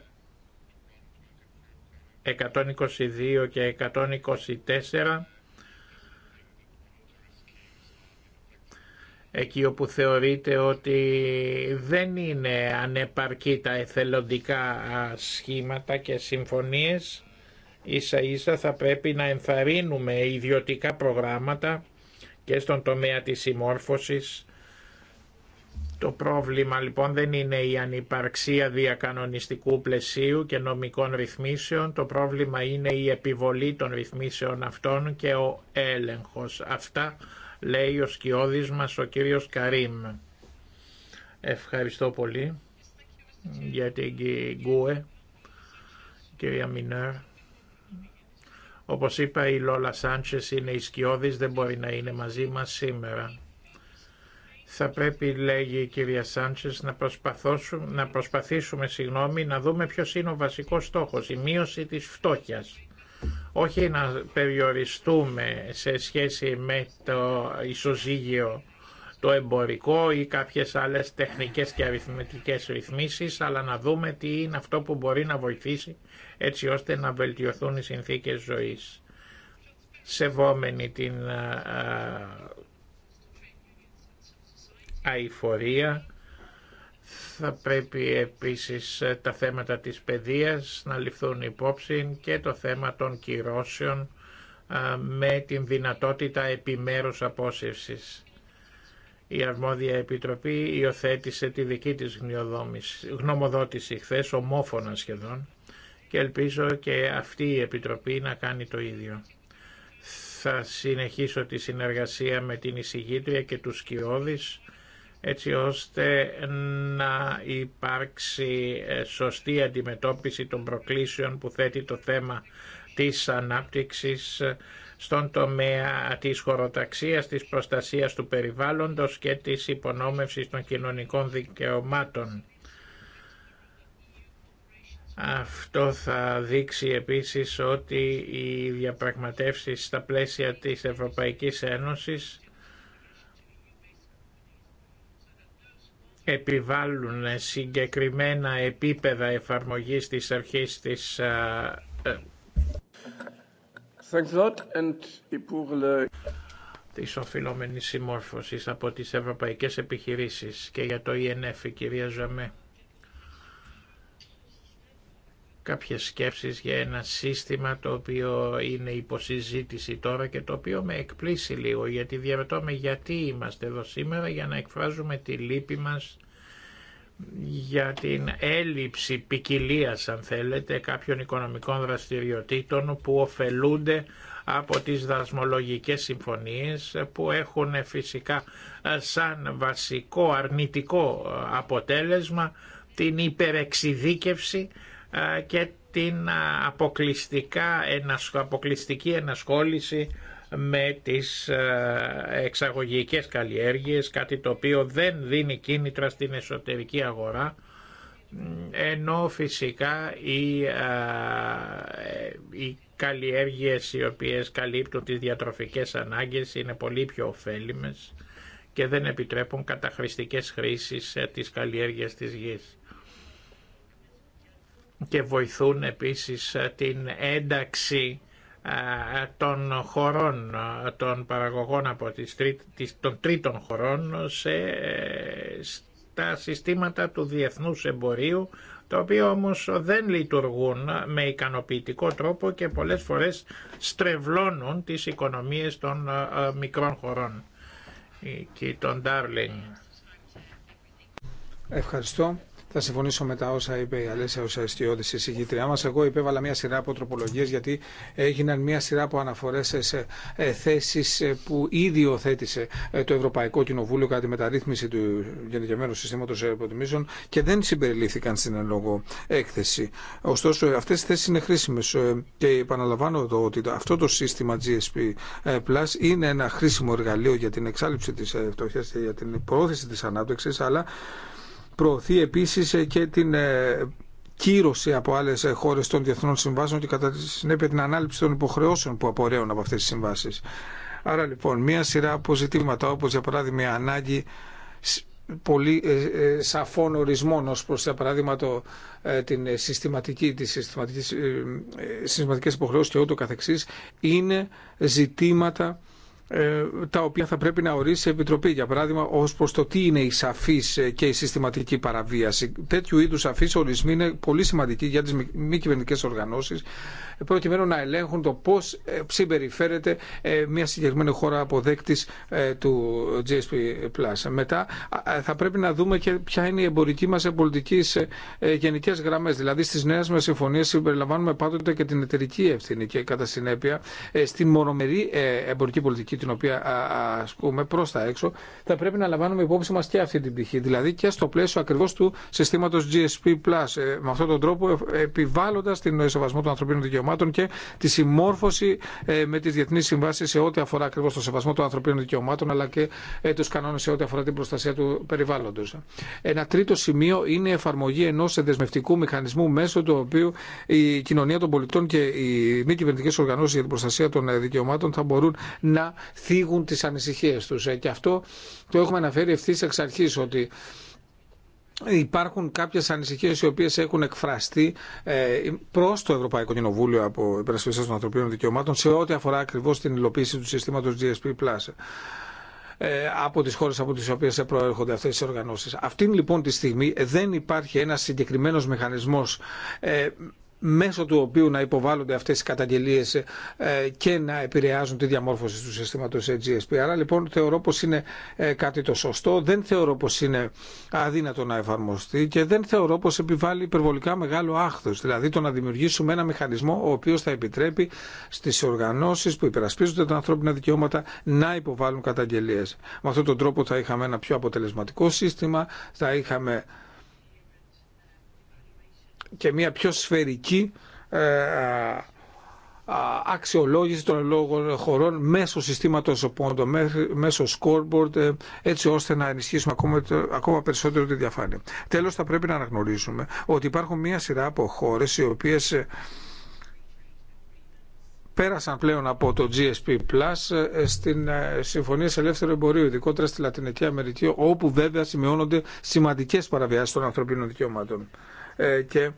C: ε, και 124 εκεί όπου θεωρείται ότι δεν είναι ανεπαρκή τα εθελοντικά σχήματα και συμφωνίες Ίσα ίσα θα πρέπει να ενθαρρύνουμε ιδιωτικά προγράμματα και στον τομέα της συμμόρφωσης. Το πρόβλημα λοιπόν δεν είναι η ανυπαρξία διακανονιστικού πλαισίου και νομικών ρυθμίσεων, το πρόβλημα είναι η επιβολή των ρυθμίσεων αυτών και ο έλεγχος. Αυτά λέει ο σκιώδης μας ο κύριος Καρίμ. Ευχαριστώ πολύ για την κυρία Μινέρ. Όπως είπα η Λόλα Σάντσες είναι ισκιώδης, δεν μπορεί να είναι μαζί μας σήμερα. Θα πρέπει, λέγει η κυρία Σάντσες, να, προσπαθήσουμε, να προσπαθήσουμε συγγνώμη, να δούμε ποιος είναι ο βασικός στόχος, η μείωση της φτώχειας. Όχι να περιοριστούμε σε σχέση με το ισοζύγιο το εμπορικό ή κάποιες άλλες τεχνικές και αριθμητικές ρυθμίσεις, αλλά να δούμε τι είναι αυτό που μπορεί να βοηθήσει έτσι ώστε να βελτιωθούν οι συνθήκες ζωής. Σεβόμενη την αηφορία, θα πρέπει επίσης ε, τα θέματα της παιδείας να ληφθούν υπόψη και το θέμα των κυρώσεων με την δυνατότητα επιμέρους απόσυρσης. Η αρμόδια επιτροπή υιοθέτησε τη δική της γνωμοδότηση χθες, ομόφωνα σχεδόν, και ελπίζω και αυτή η Επιτροπή να κάνει το ίδιο. Θα συνεχίσω τη συνεργασία με την εισηγήτρια και τους σκιώδεις έτσι ώστε να υπάρξει ε, σωστή αντιμετώπιση των προκλήσεων που θέτει το θέμα της ανάπτυξης ε, στον τομέα της χωροταξίας, της προστασίας του περιβάλλοντος και της υπονόμευσης των κοινωνικών δικαιωμάτων. Αυτό θα δείξει επίσης ότι οι διαπραγματεύσεις στα πλαίσια της Ευρωπαϊκής Ένωσης επιβάλλουν συγκεκριμένα επίπεδα εφαρμογής της αρχής της ε, της οφειλόμενης συμμόρφωσης από τις ευρωπαϊκές επιχειρήσεις και για το ΙΕΝΕΦ, κυρία Ζαμέ κάποιες σκέψεις για ένα σύστημα το οποίο είναι υποσυζήτηση τώρα και το οποίο με εκπλήσει λίγο γιατί διαρωτώ γιατί είμαστε εδώ σήμερα για να εκφράζουμε τη λύπη μας για την έλλειψη ποικιλία αν θέλετε κάποιων οικονομικών δραστηριοτήτων που ωφελούνται από τις δασμολογικές συμφωνίες που έχουν φυσικά ε, σαν βασικό αρνητικό ε, αποτέλεσμα την υπερεξειδίκευση και την αποκλειστικά, αποκλειστική ενασχόληση με τις εξαγωγικές καλλιέργειες, κάτι το οποίο δεν δίνει κίνητρα στην εσωτερική αγορά, ενώ φυσικά οι, ε, οι καλλιέργειες οι οποίες καλύπτουν τις διατροφικές ανάγκες είναι πολύ πιο ωφέλιμες και δεν επιτρέπουν καταχρηστικές χρήσεις ε, της καλλιέργειας της γης και βοηθούν επίσης ε, την ένταξη ε, των χωρών, ε, των παραγωγών από τις των τρίτων χωρών σε, στα συστήματα του διεθνούς εμπορίου, το οποία όμως δεν λειτουργούν με ικανοποιητικό τρόπο και πολλές φορές στρεβλώνουν τις οικονομίες των μικρών χωρών και των Darling.
A: Ευχαριστώ. Θα συμφωνήσω με τα όσα είπε η Αλέσσα ω η συζητήτρια μα. Εγώ υπέβαλα μια σειρά από τροπολογίε γιατί έγιναν μια σειρά από αναφορέ σε ε, θέσει ε, που ήδη οθέτησε ε, το Ευρωπαϊκό Κοινοβούλιο κατά τη μεταρρύθμιση του Γενικευμένου Συστήματο Υποτιμήσεων και δεν συμπεριλήφθηκαν στην εν λόγω έκθεση. Ωστόσο, αυτέ οι θέσει είναι χρήσιμε και επαναλαμβάνω εδώ ότι αυτό το σύστημα GSP Plus είναι ένα χρήσιμο εργαλείο για την εξάλληψη τη φτωχία και για την προώθηση τη ανάπτυξη, αλλά προωθεί επίσης ε, και την ε, κύρωση από άλλες ε, χώρες των διεθνών συμβάσεων και κατά τη συνέπεια την ανάληψη των υποχρεώσεων που απορρέουν από αυτές τις συμβάσεις. Άρα λοιπόν μια σειρά από ζητήματα όπως για παράδειγμα η ανάγκη πολύ σαφών ορισμών ως προς για παράδειγμα το, την συστηματική, τις συστηματικές υποχρεώσεις και ούτω καθεξής είναι ζητήματα ε, τα οποία θα πρέπει να ορίσει η Επιτροπή, για παράδειγμα, ω προ το τι είναι η σαφή ε, και η συστηματική παραβίαση. Τέτοιου είδου σαφεί ορισμοί είναι πολύ σημαντικοί για τι μη κυβερνητικέ οργανώσει, προκειμένου να ελέγχουν το πώ ε, συμπεριφέρεται μια συγκεκριμένη χώρα αποδέκτη του GSP. Μετά θα πρέπει να δούμε και ποια είναι η εμπορική μα πολιτική σε γενικέ γραμμέ. Δηλαδή, στι νέε μα συμφωνίε συμπεριλαμβάνουμε πάντοτε και την εταιρική ευθύνη και κατά συνέπεια στην μονομερή εμπορική πολιτική την οποία ασκούμε προ τα έξω, θα πρέπει να λαμβάνουμε υπόψη μα και αυτή την πτυχή. Δηλαδή και στο πλαίσιο ακριβώ του συστήματο GSP, ε, με αυτόν τον τρόπο ε, επιβάλλοντα την ε, σεβασμό των ανθρωπίνων δικαιωμάτων και τη συμμόρφωση με τι διεθνεί συμβάσει σε ό,τι αφορά ακριβώ το σεβασμό των ανθρωπίνων δικαιωμάτων, αλλά και του κανόνε σε ό,τι αφορά την προστασία του περιβάλλοντο. Ένα τρίτο σημείο είναι η εφαρμογή ενό δεσμευτικού μηχανισμού μέσω του οποίου η κοινωνία των πολιτών και οι μη κυβερνητικέ οργανώσει για την προστασία των δικαιωμάτων θα μπορούν να θίγουν τις ανησυχίες τους. Ε, και αυτό το έχουμε αναφέρει ευθύ εξ αρχής ότι Υπάρχουν κάποιε ανησυχίε οι οποίε έχουν εκφραστεί ε, προ το Ευρωπαϊκό Κοινοβούλιο από υπερασπιστέ των ανθρωπίνων δικαιωμάτων σε ό,τι αφορά ακριβώ την υλοποίηση του συστήματο GSP ε, από τι χώρε από τι οποίε προέρχονται αυτέ οι οργανώσει. Αυτή λοιπόν τη στιγμή δεν υπάρχει ένα συγκεκριμένο μηχανισμό μέσω του οποίου να υποβάλλονται αυτές οι καταγγελίες ε, και να επηρεάζουν τη διαμόρφωση του συστήματος GSP. Άρα λοιπόν θεωρώ πως είναι ε, κάτι το σωστό, δεν θεωρώ πως είναι αδύνατο να εφαρμοστεί και δεν θεωρώ πως επιβάλλει υπερβολικά μεγάλο άχθος, δηλαδή το να δημιουργήσουμε ένα μηχανισμό ο οποίος θα επιτρέπει στις οργανώσεις που υπερασπίζονται τα ανθρώπινα δικαιώματα να υποβάλλουν καταγγελίες. Με αυτόν τον τρόπο θα είχαμε ένα πιο αποτελεσματικό σύστημα, θα είχαμε και μια πιο σφαιρική ε, αξιολόγηση των λόγων χωρών μέσω συστήματος οπόντο, μέσω scoreboard, ε, έτσι ώστε να ενισχύσουμε ακόμα, ακόμα περισσότερο τη διαφάνεια. Τέλος, θα πρέπει να αναγνωρίσουμε ότι υπάρχουν μια σειρά από χώρες οι οποίες ε, πέρασαν πλέον από το GSP Plus στην Συμφωνία σε Ελεύθερο εμπορίο ειδικότερα στη Λατινική Αμερική, όπου βέβαια σημειώνονται σημαντικές παραβιάσεις των ανθρωπίνων δικαιωμάτων. Ε, και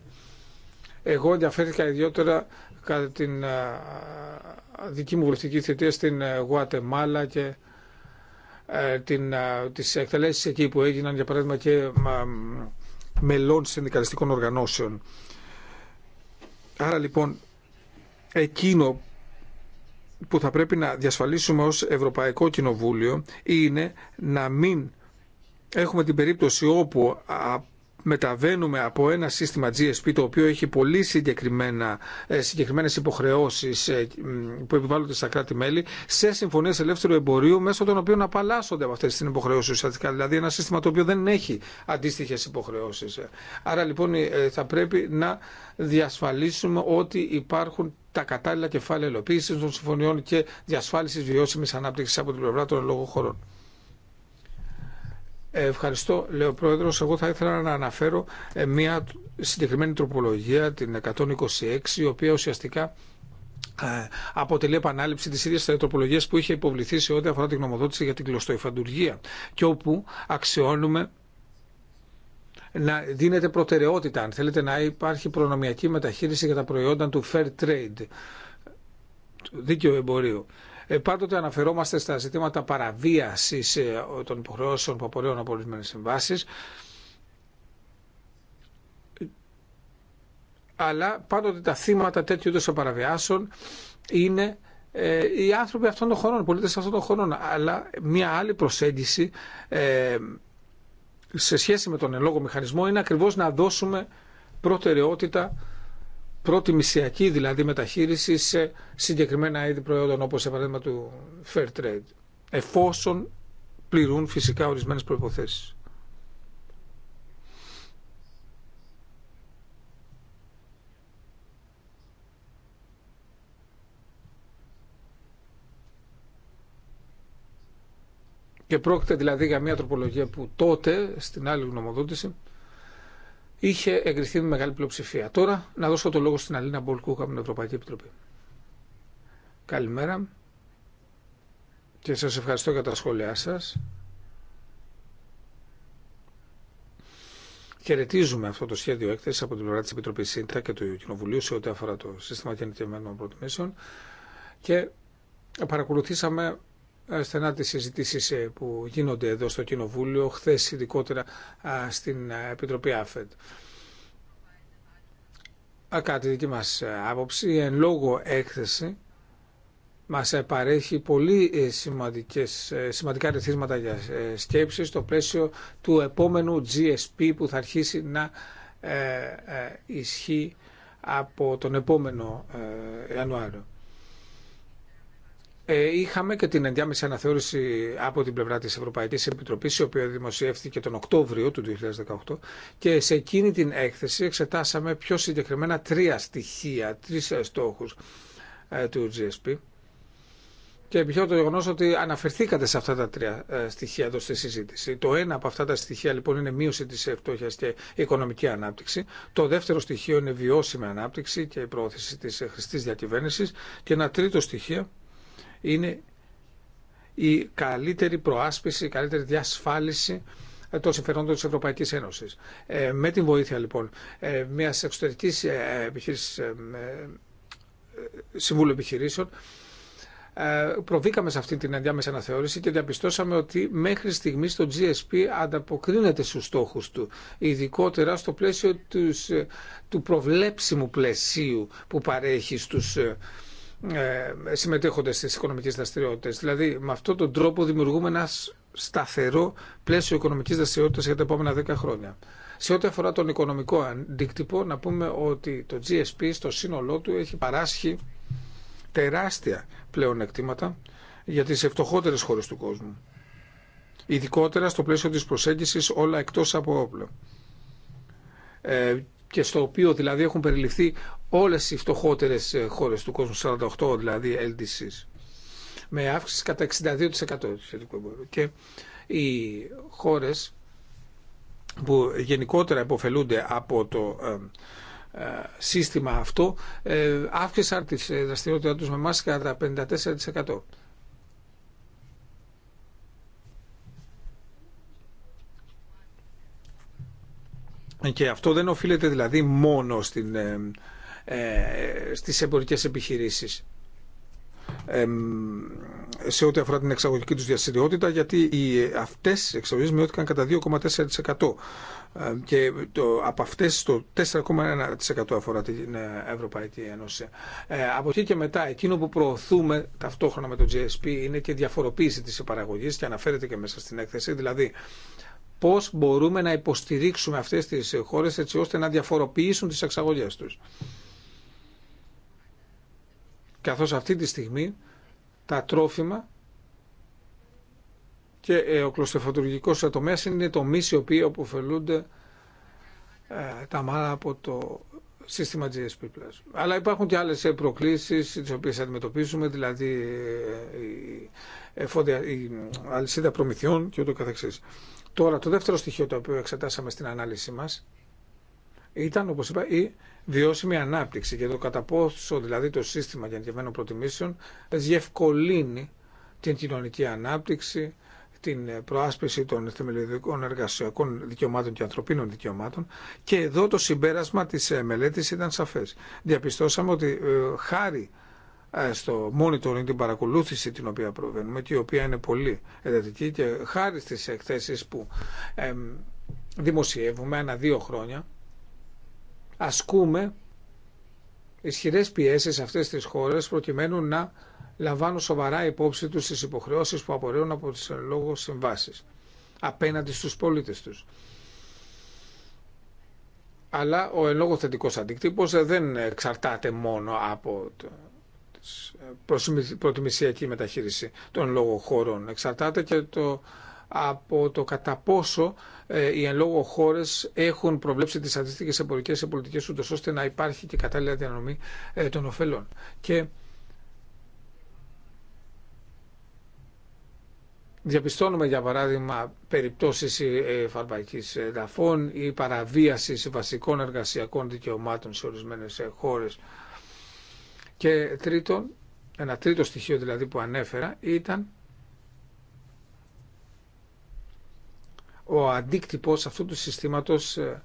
A: εγώ ενδιαφέρθηκα ιδιότερα κατά την δική μου βουλευτική θητεία στην ε, Γουατεμάλα και ε, την, τις εκτελέσεις εκεί που έγιναν για παράδειγμα και μελών συνδικαλιστικών οργανώσεων. Άρα λοιπόν εκείνο που θα πρέπει να διασφαλίσουμε ως Ευρωπαϊκό Κοινοβούλιο είναι να μην έχουμε την περίπτωση όπου μεταβαίνουμε από ένα σύστημα GSP το οποίο έχει πολύ συγκεκριμένα, ε, συγκεκριμένες υποχρεώσεις ε, που επιβάλλονται στα κράτη-μέλη σε συμφωνίες ελεύθερου εμπορίου μέσω των οποίων απαλλάσσονται από αυτές τις υποχρεώσεις ουσιαστικά. Δηλαδή ένα σύστημα το οποίο δεν έχει αντίστοιχες υποχρεώσεις. Άρα λοιπόν ε, θα πρέπει να διασφαλίσουμε ότι υπάρχουν τα κατάλληλα κεφάλαια ελοποίηση των συμφωνιών και διασφάλισης βιώσιμης ανάπτυξης από την πλευρά των λόγω χωρών. Ευχαριστώ, λέω πρόεδρο. Εγώ θα ήθελα να αναφέρω ε, μια συγκεκριμένη τροπολογία, την 126, η οποία ουσιαστικά ε, αποτελεί επανάληψη τη ίδια τροπολογία που είχε υποβληθεί σε ό,τι αφορά την γνωμοδότηση για την κλωστοϊφαντουργία και όπου αξιώνουμε να δίνεται προτεραιότητα, αν θέλετε, να υπάρχει προνομιακή μεταχείριση για τα προϊόντα του fair trade, του δίκαιου εμπορίου. Ε, πάντοτε αναφερόμαστε στα ζητήματα παραβίασης ε, των υποχρεώσεων που απορρέουν από ορισμένε συμβάσει. Αλλά πάντοτε τα θύματα τέτοιου είδου παραβιάσεων είναι ε, οι άνθρωποι αυτών των χωρών, οι πολίτες αυτών των χωρών. Αλλά μια άλλη προσέγγιση σε σχέση με τον ελόγο μηχανισμό είναι ακριβώς να δώσουμε προτεραιότητα πρώτη μισιακή δηλαδή μεταχείριση σε συγκεκριμένα είδη προϊόντων όπως σε παράδειγμα του fair trade εφόσον πληρούν φυσικά ορισμένες προϋποθέσεις. Και πρόκειται δηλαδή για μια τροπολογία που τότε στην άλλη γνωμοδότηση είχε εγκριθεί με μεγάλη πλειοψηφία. Τώρα να δώσω το λόγο στην Αλίνα Μπολκούχα από την Ευρωπαϊκή Επιτροπή. Καλημέρα και σας ευχαριστώ για τα σχόλιά σας. Χαιρετίζουμε αυτό το σχέδιο έκθεση από την πλευρά τη Επιτροπή ΣΥΝΤΑ και του Κοινοβουλίου σε ό,τι αφορά το σύστημα γενικευμένων προτιμήσεων και παρακολουθήσαμε ε, στενά τις συζητήσεις ε, που γίνονται εδώ στο Κοινοβούλιο, χθε ειδικότερα στην ε, Επιτροπή ΑΦΕΤ. Κάτι δική μας άποψη, εν λόγω έκθεση, μας παρέχει πολύ σημαντικές, σημαντικά ρεθίσματα για σκέψη στο πλαίσιο του επόμενου GSP που θα αρχίσει να ε, ισχύει από τον επόμενο Ιανουάριο. Ε, είχαμε και την ενδιάμεση αναθεώρηση από την πλευρά της Ευρωπαϊκής Επιτροπής, η οποία δημοσιεύθηκε τον Οκτώβριο του 2018 και σε εκείνη την έκθεση εξετάσαμε πιο συγκεκριμένα τρία στοιχεία, τρεις ε, στόχους ε, του GSP. Και επιχειρώ το γεγονό ότι αναφερθήκατε σε αυτά τα τρία στοιχεία εδώ στη συζήτηση. Το ένα από αυτά τα στοιχεία λοιπόν είναι μείωση τη φτώχεια και οικονομική ανάπτυξη. Το δεύτερο στοιχείο είναι βιώσιμη ανάπτυξη και η πρόθεση τη χρηστή διακυβέρνηση. Και ένα τρίτο στοιχείο είναι η καλύτερη προάσπιση, η καλύτερη διασφάλιση των συμφερόντων της Ευρωπαϊκής Ένωσης. Ε, με την βοήθεια λοιπόν ε, μιας εξωτερικής ε, επιχείρησης, ε, συμβούλου επιχειρήσεων, προβήκαμε σε αυτή την ενδιάμεση αναθεώρηση και διαπιστώσαμε ότι μέχρι στιγμής το GSP ανταποκρίνεται στους στόχους του, ειδικότερα στο πλαίσιο του προβλέψιμου πλαισίου που παρέχει στους ε, συμμετέχονται στις οικονομικές δραστηριότητες. Δηλαδή με αυτόν τον τρόπο δημιουργούμε ένα σταθερό πλαίσιο οικονομικής δραστηριότητας για τα επόμενα 10 χρόνια. Σε ό,τι αφορά τον οικονομικό αντίκτυπο, να πούμε ότι το GSP στο σύνολό του έχει παράσχει τεράστια πλέον εκτήματα για τις ευτοχότερες χώρες του κόσμου. Ειδικότερα στο πλαίσιο της προσέγγισης όλα εκτός από όπλο. Ε, και στο οποίο δηλαδή έχουν περιληφθεί όλες οι φτωχότερες ε, χώρες του κόσμου, 48 δηλαδή LDCs, με αύξηση κατά 62% του σχετικού Και οι χώρες που γενικότερα υποφελούνται από το ε, ε, σύστημα αυτό αύξησαν τη δραστηριότητά τους με μάσκα κατά 54%. Και αυτό δεν οφείλεται δηλαδή μόνο στην ε, στις εμπορικές επιχειρήσεις σε ό,τι αφορά την εξαγωγική τους διαστηριότητα γιατί οι, αυτές οι εξαγωγές μειώθηκαν κατά 2,4% και το, από αυτές το 4,1% αφορά την ε, Ευρωπαϊκή Ένωση. Ε, από εκεί και μετά εκείνο που προωθούμε ταυτόχρονα με το GSP είναι και διαφοροποίηση της παραγωγής και αναφέρεται και μέσα στην έκθεση δηλαδή πώς μπορούμε να υποστηρίξουμε αυτές τις χώρες έτσι ώστε να διαφοροποιήσουν τις εξαγωγές τους καθώς αυτή τη στιγμή τα τρόφιμα και ε, ο κλωστεφατουργικός τομέας είναι το οι οποίοι αποφελούνται ε, τα μάνα από το σύστημα GSP+. Αλλά υπάρχουν και άλλες ε, προκλήσεις τις οποίες αντιμετωπίζουμε, δηλαδή η, η αλυσίδα προμηθειών και ούτω καθεξής. Τώρα, το δεύτερο στοιχείο το οποίο εξετάσαμε στην ανάλυση μας ήταν, όπως είπα, βιώσιμη ανάπτυξη και το κατά πόσο δηλαδή το σύστημα γενικευμένων προτιμήσεων διευκολύνει την κοινωνική ανάπτυξη, την προάσπιση των θεμελιωδικών εργασιακών δικαιωμάτων και ανθρωπίνων δικαιωμάτων και εδώ το συμπέρασμα της ε, μελέτης ήταν σαφές. Διαπιστώσαμε ότι ε, χάρη ε, στο monitoring, την παρακολούθηση την οποία προβαίνουμε και η οποία είναι πολύ εντατική και χάρη στις εκθέσεις που δημοσιεύουμε ένα-δύο χρόνια ασκούμε ισχυρές πιέσεις σε αυτές τις χώρες προκειμένου να λαμβάνουν σοβαρά υπόψη τους τις υποχρεώσεις που απορρέουν από τις λόγω συμβάσεις απέναντι στους πολίτες τους. Αλλά ο εν λόγω θετικός αντίκτυπος δεν εξαρτάται μόνο από την προτιμησιακή μεταχείριση των λόγω χωρών. Εξαρτάται και το από το κατά πόσο ε, οι εν λόγω χώρε έχουν προβλέψει τι αντίστοιχε εμπορικέ πολιτικέ ούτω ώστε να υπάρχει και κατάλληλη διανομή ε, των ωφελών. Και Διαπιστώνουμε για παράδειγμα περιπτώσεις ε, φαρμακής εδαφών ή παραβίασης βασικών εργασιακών δικαιωμάτων σε ορισμένες χώρες. Και τρίτον, ένα τρίτο στοιχείο δηλαδή που ανέφερα ήταν ο αντίκτυπος αυτού του συστήματος ε,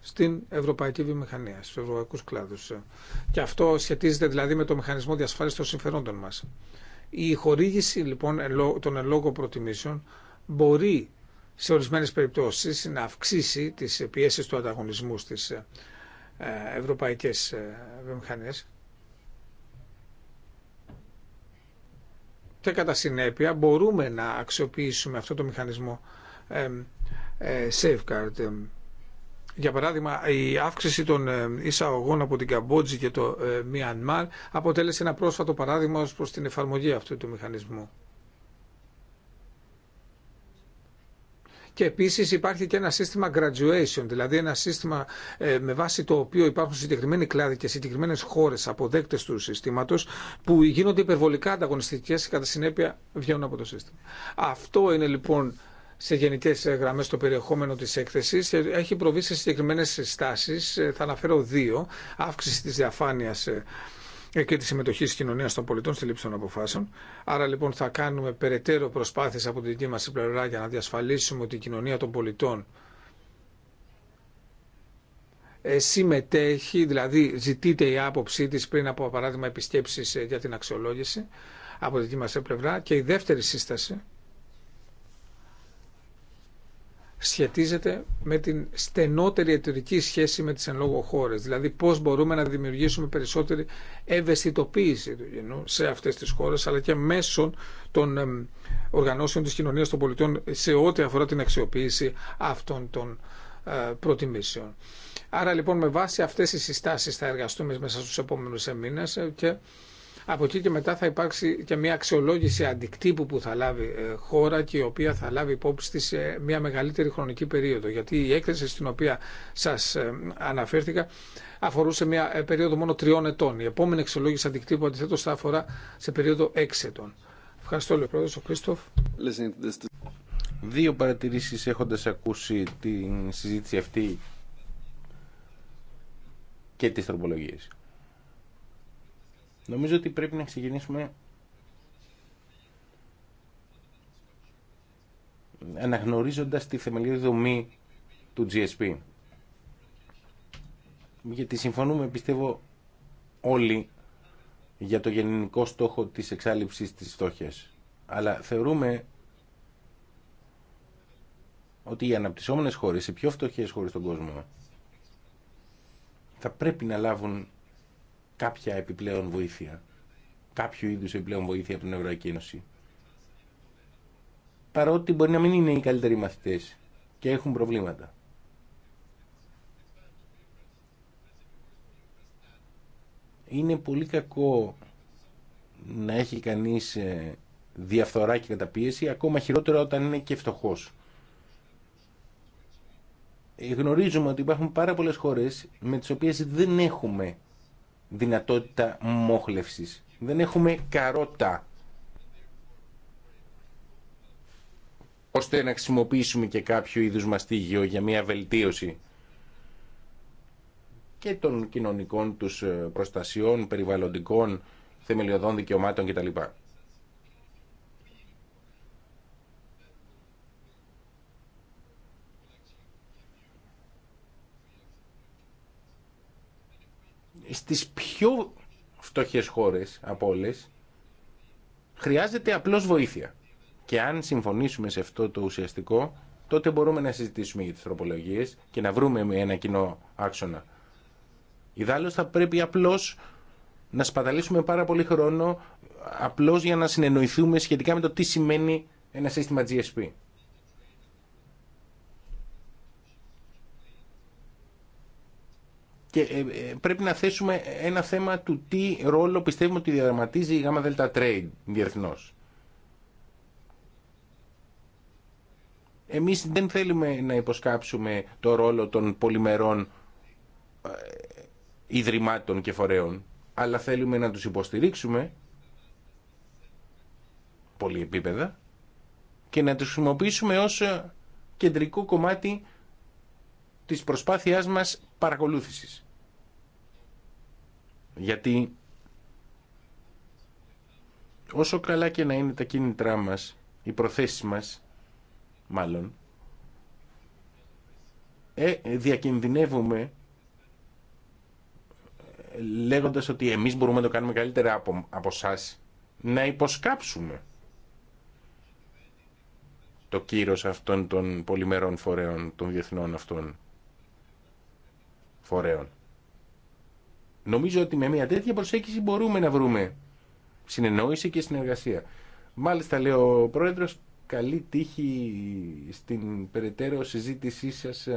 A: στην ευρωπαϊκή βιομηχανία, στους ευρωπαϊκούς κλάδους. Ε, και αυτό σχετίζεται δηλαδή με το μηχανισμό διασφάλισης των συμφερόντων μας. Η χορήγηση λοιπόν των ελόγω προτιμήσεων μπορεί σε ορισμένες περιπτώσεις να αυξήσει τις πιέσεις του ανταγωνισμού στις ε, ευρωπαϊκές βιομηχανίες και κατά συνέπεια μπορούμε να αξιοποιήσουμε αυτό το μηχανισμό ε, safeguard. Ε, για παράδειγμα, η αύξηση των ε, εισαγωγών από την Καμπότζη και το Μιανμάρ αποτέλεσε ένα πρόσφατο παράδειγμα ως προς την εφαρμογή αυτού του μηχανισμού. Και επίσης υπάρχει και ένα σύστημα graduation, δηλαδή ένα σύστημα με βάση το οποίο υπάρχουν συγκεκριμένοι κλάδοι και συγκεκριμένες χώρες αποδέκτες του συστήματος που γίνονται υπερβολικά ανταγωνιστικές και κατά συνέπεια βγαίνουν από το σύστημα. Αυτό είναι λοιπόν σε γενικέ ε, γραμμέ το περιεχόμενο τη έκθεση ε, έχει προβεί σε συγκεκριμένε συστάσει. Ε, θα αναφέρω δύο. Αύξηση τη διαφάνεια και τη συμμετοχή τη κοινωνία των πολιτών στη λήψη των αποφάσεων. Άρα λοιπόν θα κάνουμε περαιτέρω προσπάθειε από την δική μα πλευρά για να διασφαλίσουμε ότι η κοινωνία των πολιτών συμμετέχει, δηλαδή ζητείται η άποψή της πριν από παράδειγμα επισκέψεις για την αξιολόγηση από την δική μας πλευρά και η δεύτερη σύσταση σχετίζεται με την στενότερη εταιρική σχέση με τις εν λόγω χώρες. Δηλαδή πώς μπορούμε να δημιουργήσουμε περισσότερη ευαισθητοποίηση του γενού σε αυτές τις χώρες αλλά και μέσω των οργανώσεων της κοινωνίας των πολιτών σε ό,τι αφορά την αξιοποίηση αυτών των ε, προτιμήσεων. Άρα λοιπόν με βάση αυτές τις συστάσεις θα εργαστούμε μέσα στους επόμενους μήνες και από εκεί και μετά θα υπάρξει και μια αξιολόγηση αντικτύπου που θα λάβει ε, χώρα και η οποία θα λάβει υπόψη σε μια μεγαλύτερη χρονική περίοδο. Γιατί η έκθεση στην οποία σας ε, αναφέρθηκα αφορούσε μια ε, περίοδο μόνο τριών ετών. Η επόμενη αξιολόγηση αντικτύπου αντιθέτω θα αφορά σε περίοδο έξι ετών. Ευχαριστώ, πρόεδρος, ο Κρίστοφ.
B: Δύο παρατηρήσεις έχοντας ακούσει την συζήτηση αυτή και τις τροπολογίες. Νομίζω ότι πρέπει να ξεκινήσουμε αναγνωρίζοντας τη θεμελιώδη δομή του GSP. Γιατί συμφωνούμε, πιστεύω, όλοι για το γενικό στόχο της εξάλληψης της φτώχειας. Αλλά θεωρούμε ότι οι αναπτυσσόμενες χώρες, οι πιο φτωχές χώρες στον κόσμο, θα πρέπει να λάβουν κάποια επιπλέον βοήθεια, κάποιο είδου επιπλέον βοήθεια από την Ευρωπαϊκή Παρότι μπορεί να μην είναι οι καλύτεροι μαθητέ και έχουν προβλήματα. Είναι πολύ κακό να έχει κανείς ε, διαφθορά και καταπίεση, ακόμα χειρότερα όταν είναι και φτωχός. Ε, γνωρίζουμε ότι υπάρχουν πάρα πολλές χώρες με τις οποίες δεν έχουμε δυνατότητα μόχλευσης. Δεν έχουμε καρότα ώστε να χρησιμοποιήσουμε και κάποιο είδους μαστίγιο για μια βελτίωση και των κοινωνικών τους ε, προστασιών, περιβαλλοντικών, θεμελιωδών δικαιωμάτων κτλ. στις πιο φτωχές χώρες από όλες χρειάζεται απλώς βοήθεια. Και αν συμφωνήσουμε σε αυτό το ουσιαστικό, τότε μπορούμε να συζητήσουμε για τις τροπολογίες και να βρούμε ένα κοινό άξονα. Ιδάλλως θα πρέπει απλώς να σπαταλήσουμε πάρα πολύ χρόνο απλώς για να συνεννοηθούμε σχετικά με το τι σημαίνει ένα σύστημα GSP. Και ε, ε, πρέπει να θέσουμε ένα θέμα του τι ρόλο πιστεύουμε ότι διαδραματίζει η ΓΑΜΑ ΔΕΛΤΑ Trade διεθνώς. Εμείς δεν θέλουμε να υποσκάψουμε το ρόλο των πολυμερών ε, ιδρυμάτων και φορέων, αλλά θέλουμε να τους υποστηρίξουμε επίπεδα και να τους χρησιμοποιήσουμε ως κεντρικό κομμάτι της προσπάθειάς μας παρακολούθησης. Γιατί όσο καλά και να είναι τα κίνητρά μας, οι προθέσεις μας, μάλλον, ε, διακινδυνεύουμε ε, λέγοντας ότι εμείς μπορούμε να το κάνουμε καλύτερα από, από σας, να υποσκάψουμε το κύρος αυτών των πολυμερών φορέων, των διεθνών αυτών φορέων. Νομίζω ότι με μια τέτοια προσέγγιση μπορούμε να βρούμε συνεννόηση και συνεργασία. Μάλιστα, λέει ο Πρόεδρος, καλή τύχη στην περαιτέρω συζήτησή σας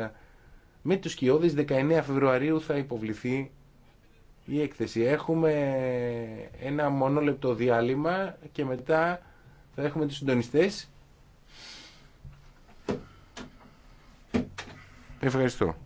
B: με τους κοιόδες. 19 Φεβρουαρίου θα υποβληθεί η έκθεση. Έχουμε ένα μονόλεπτο διάλειμμα και μετά θα έχουμε τους συντονιστές. Ευχαριστώ.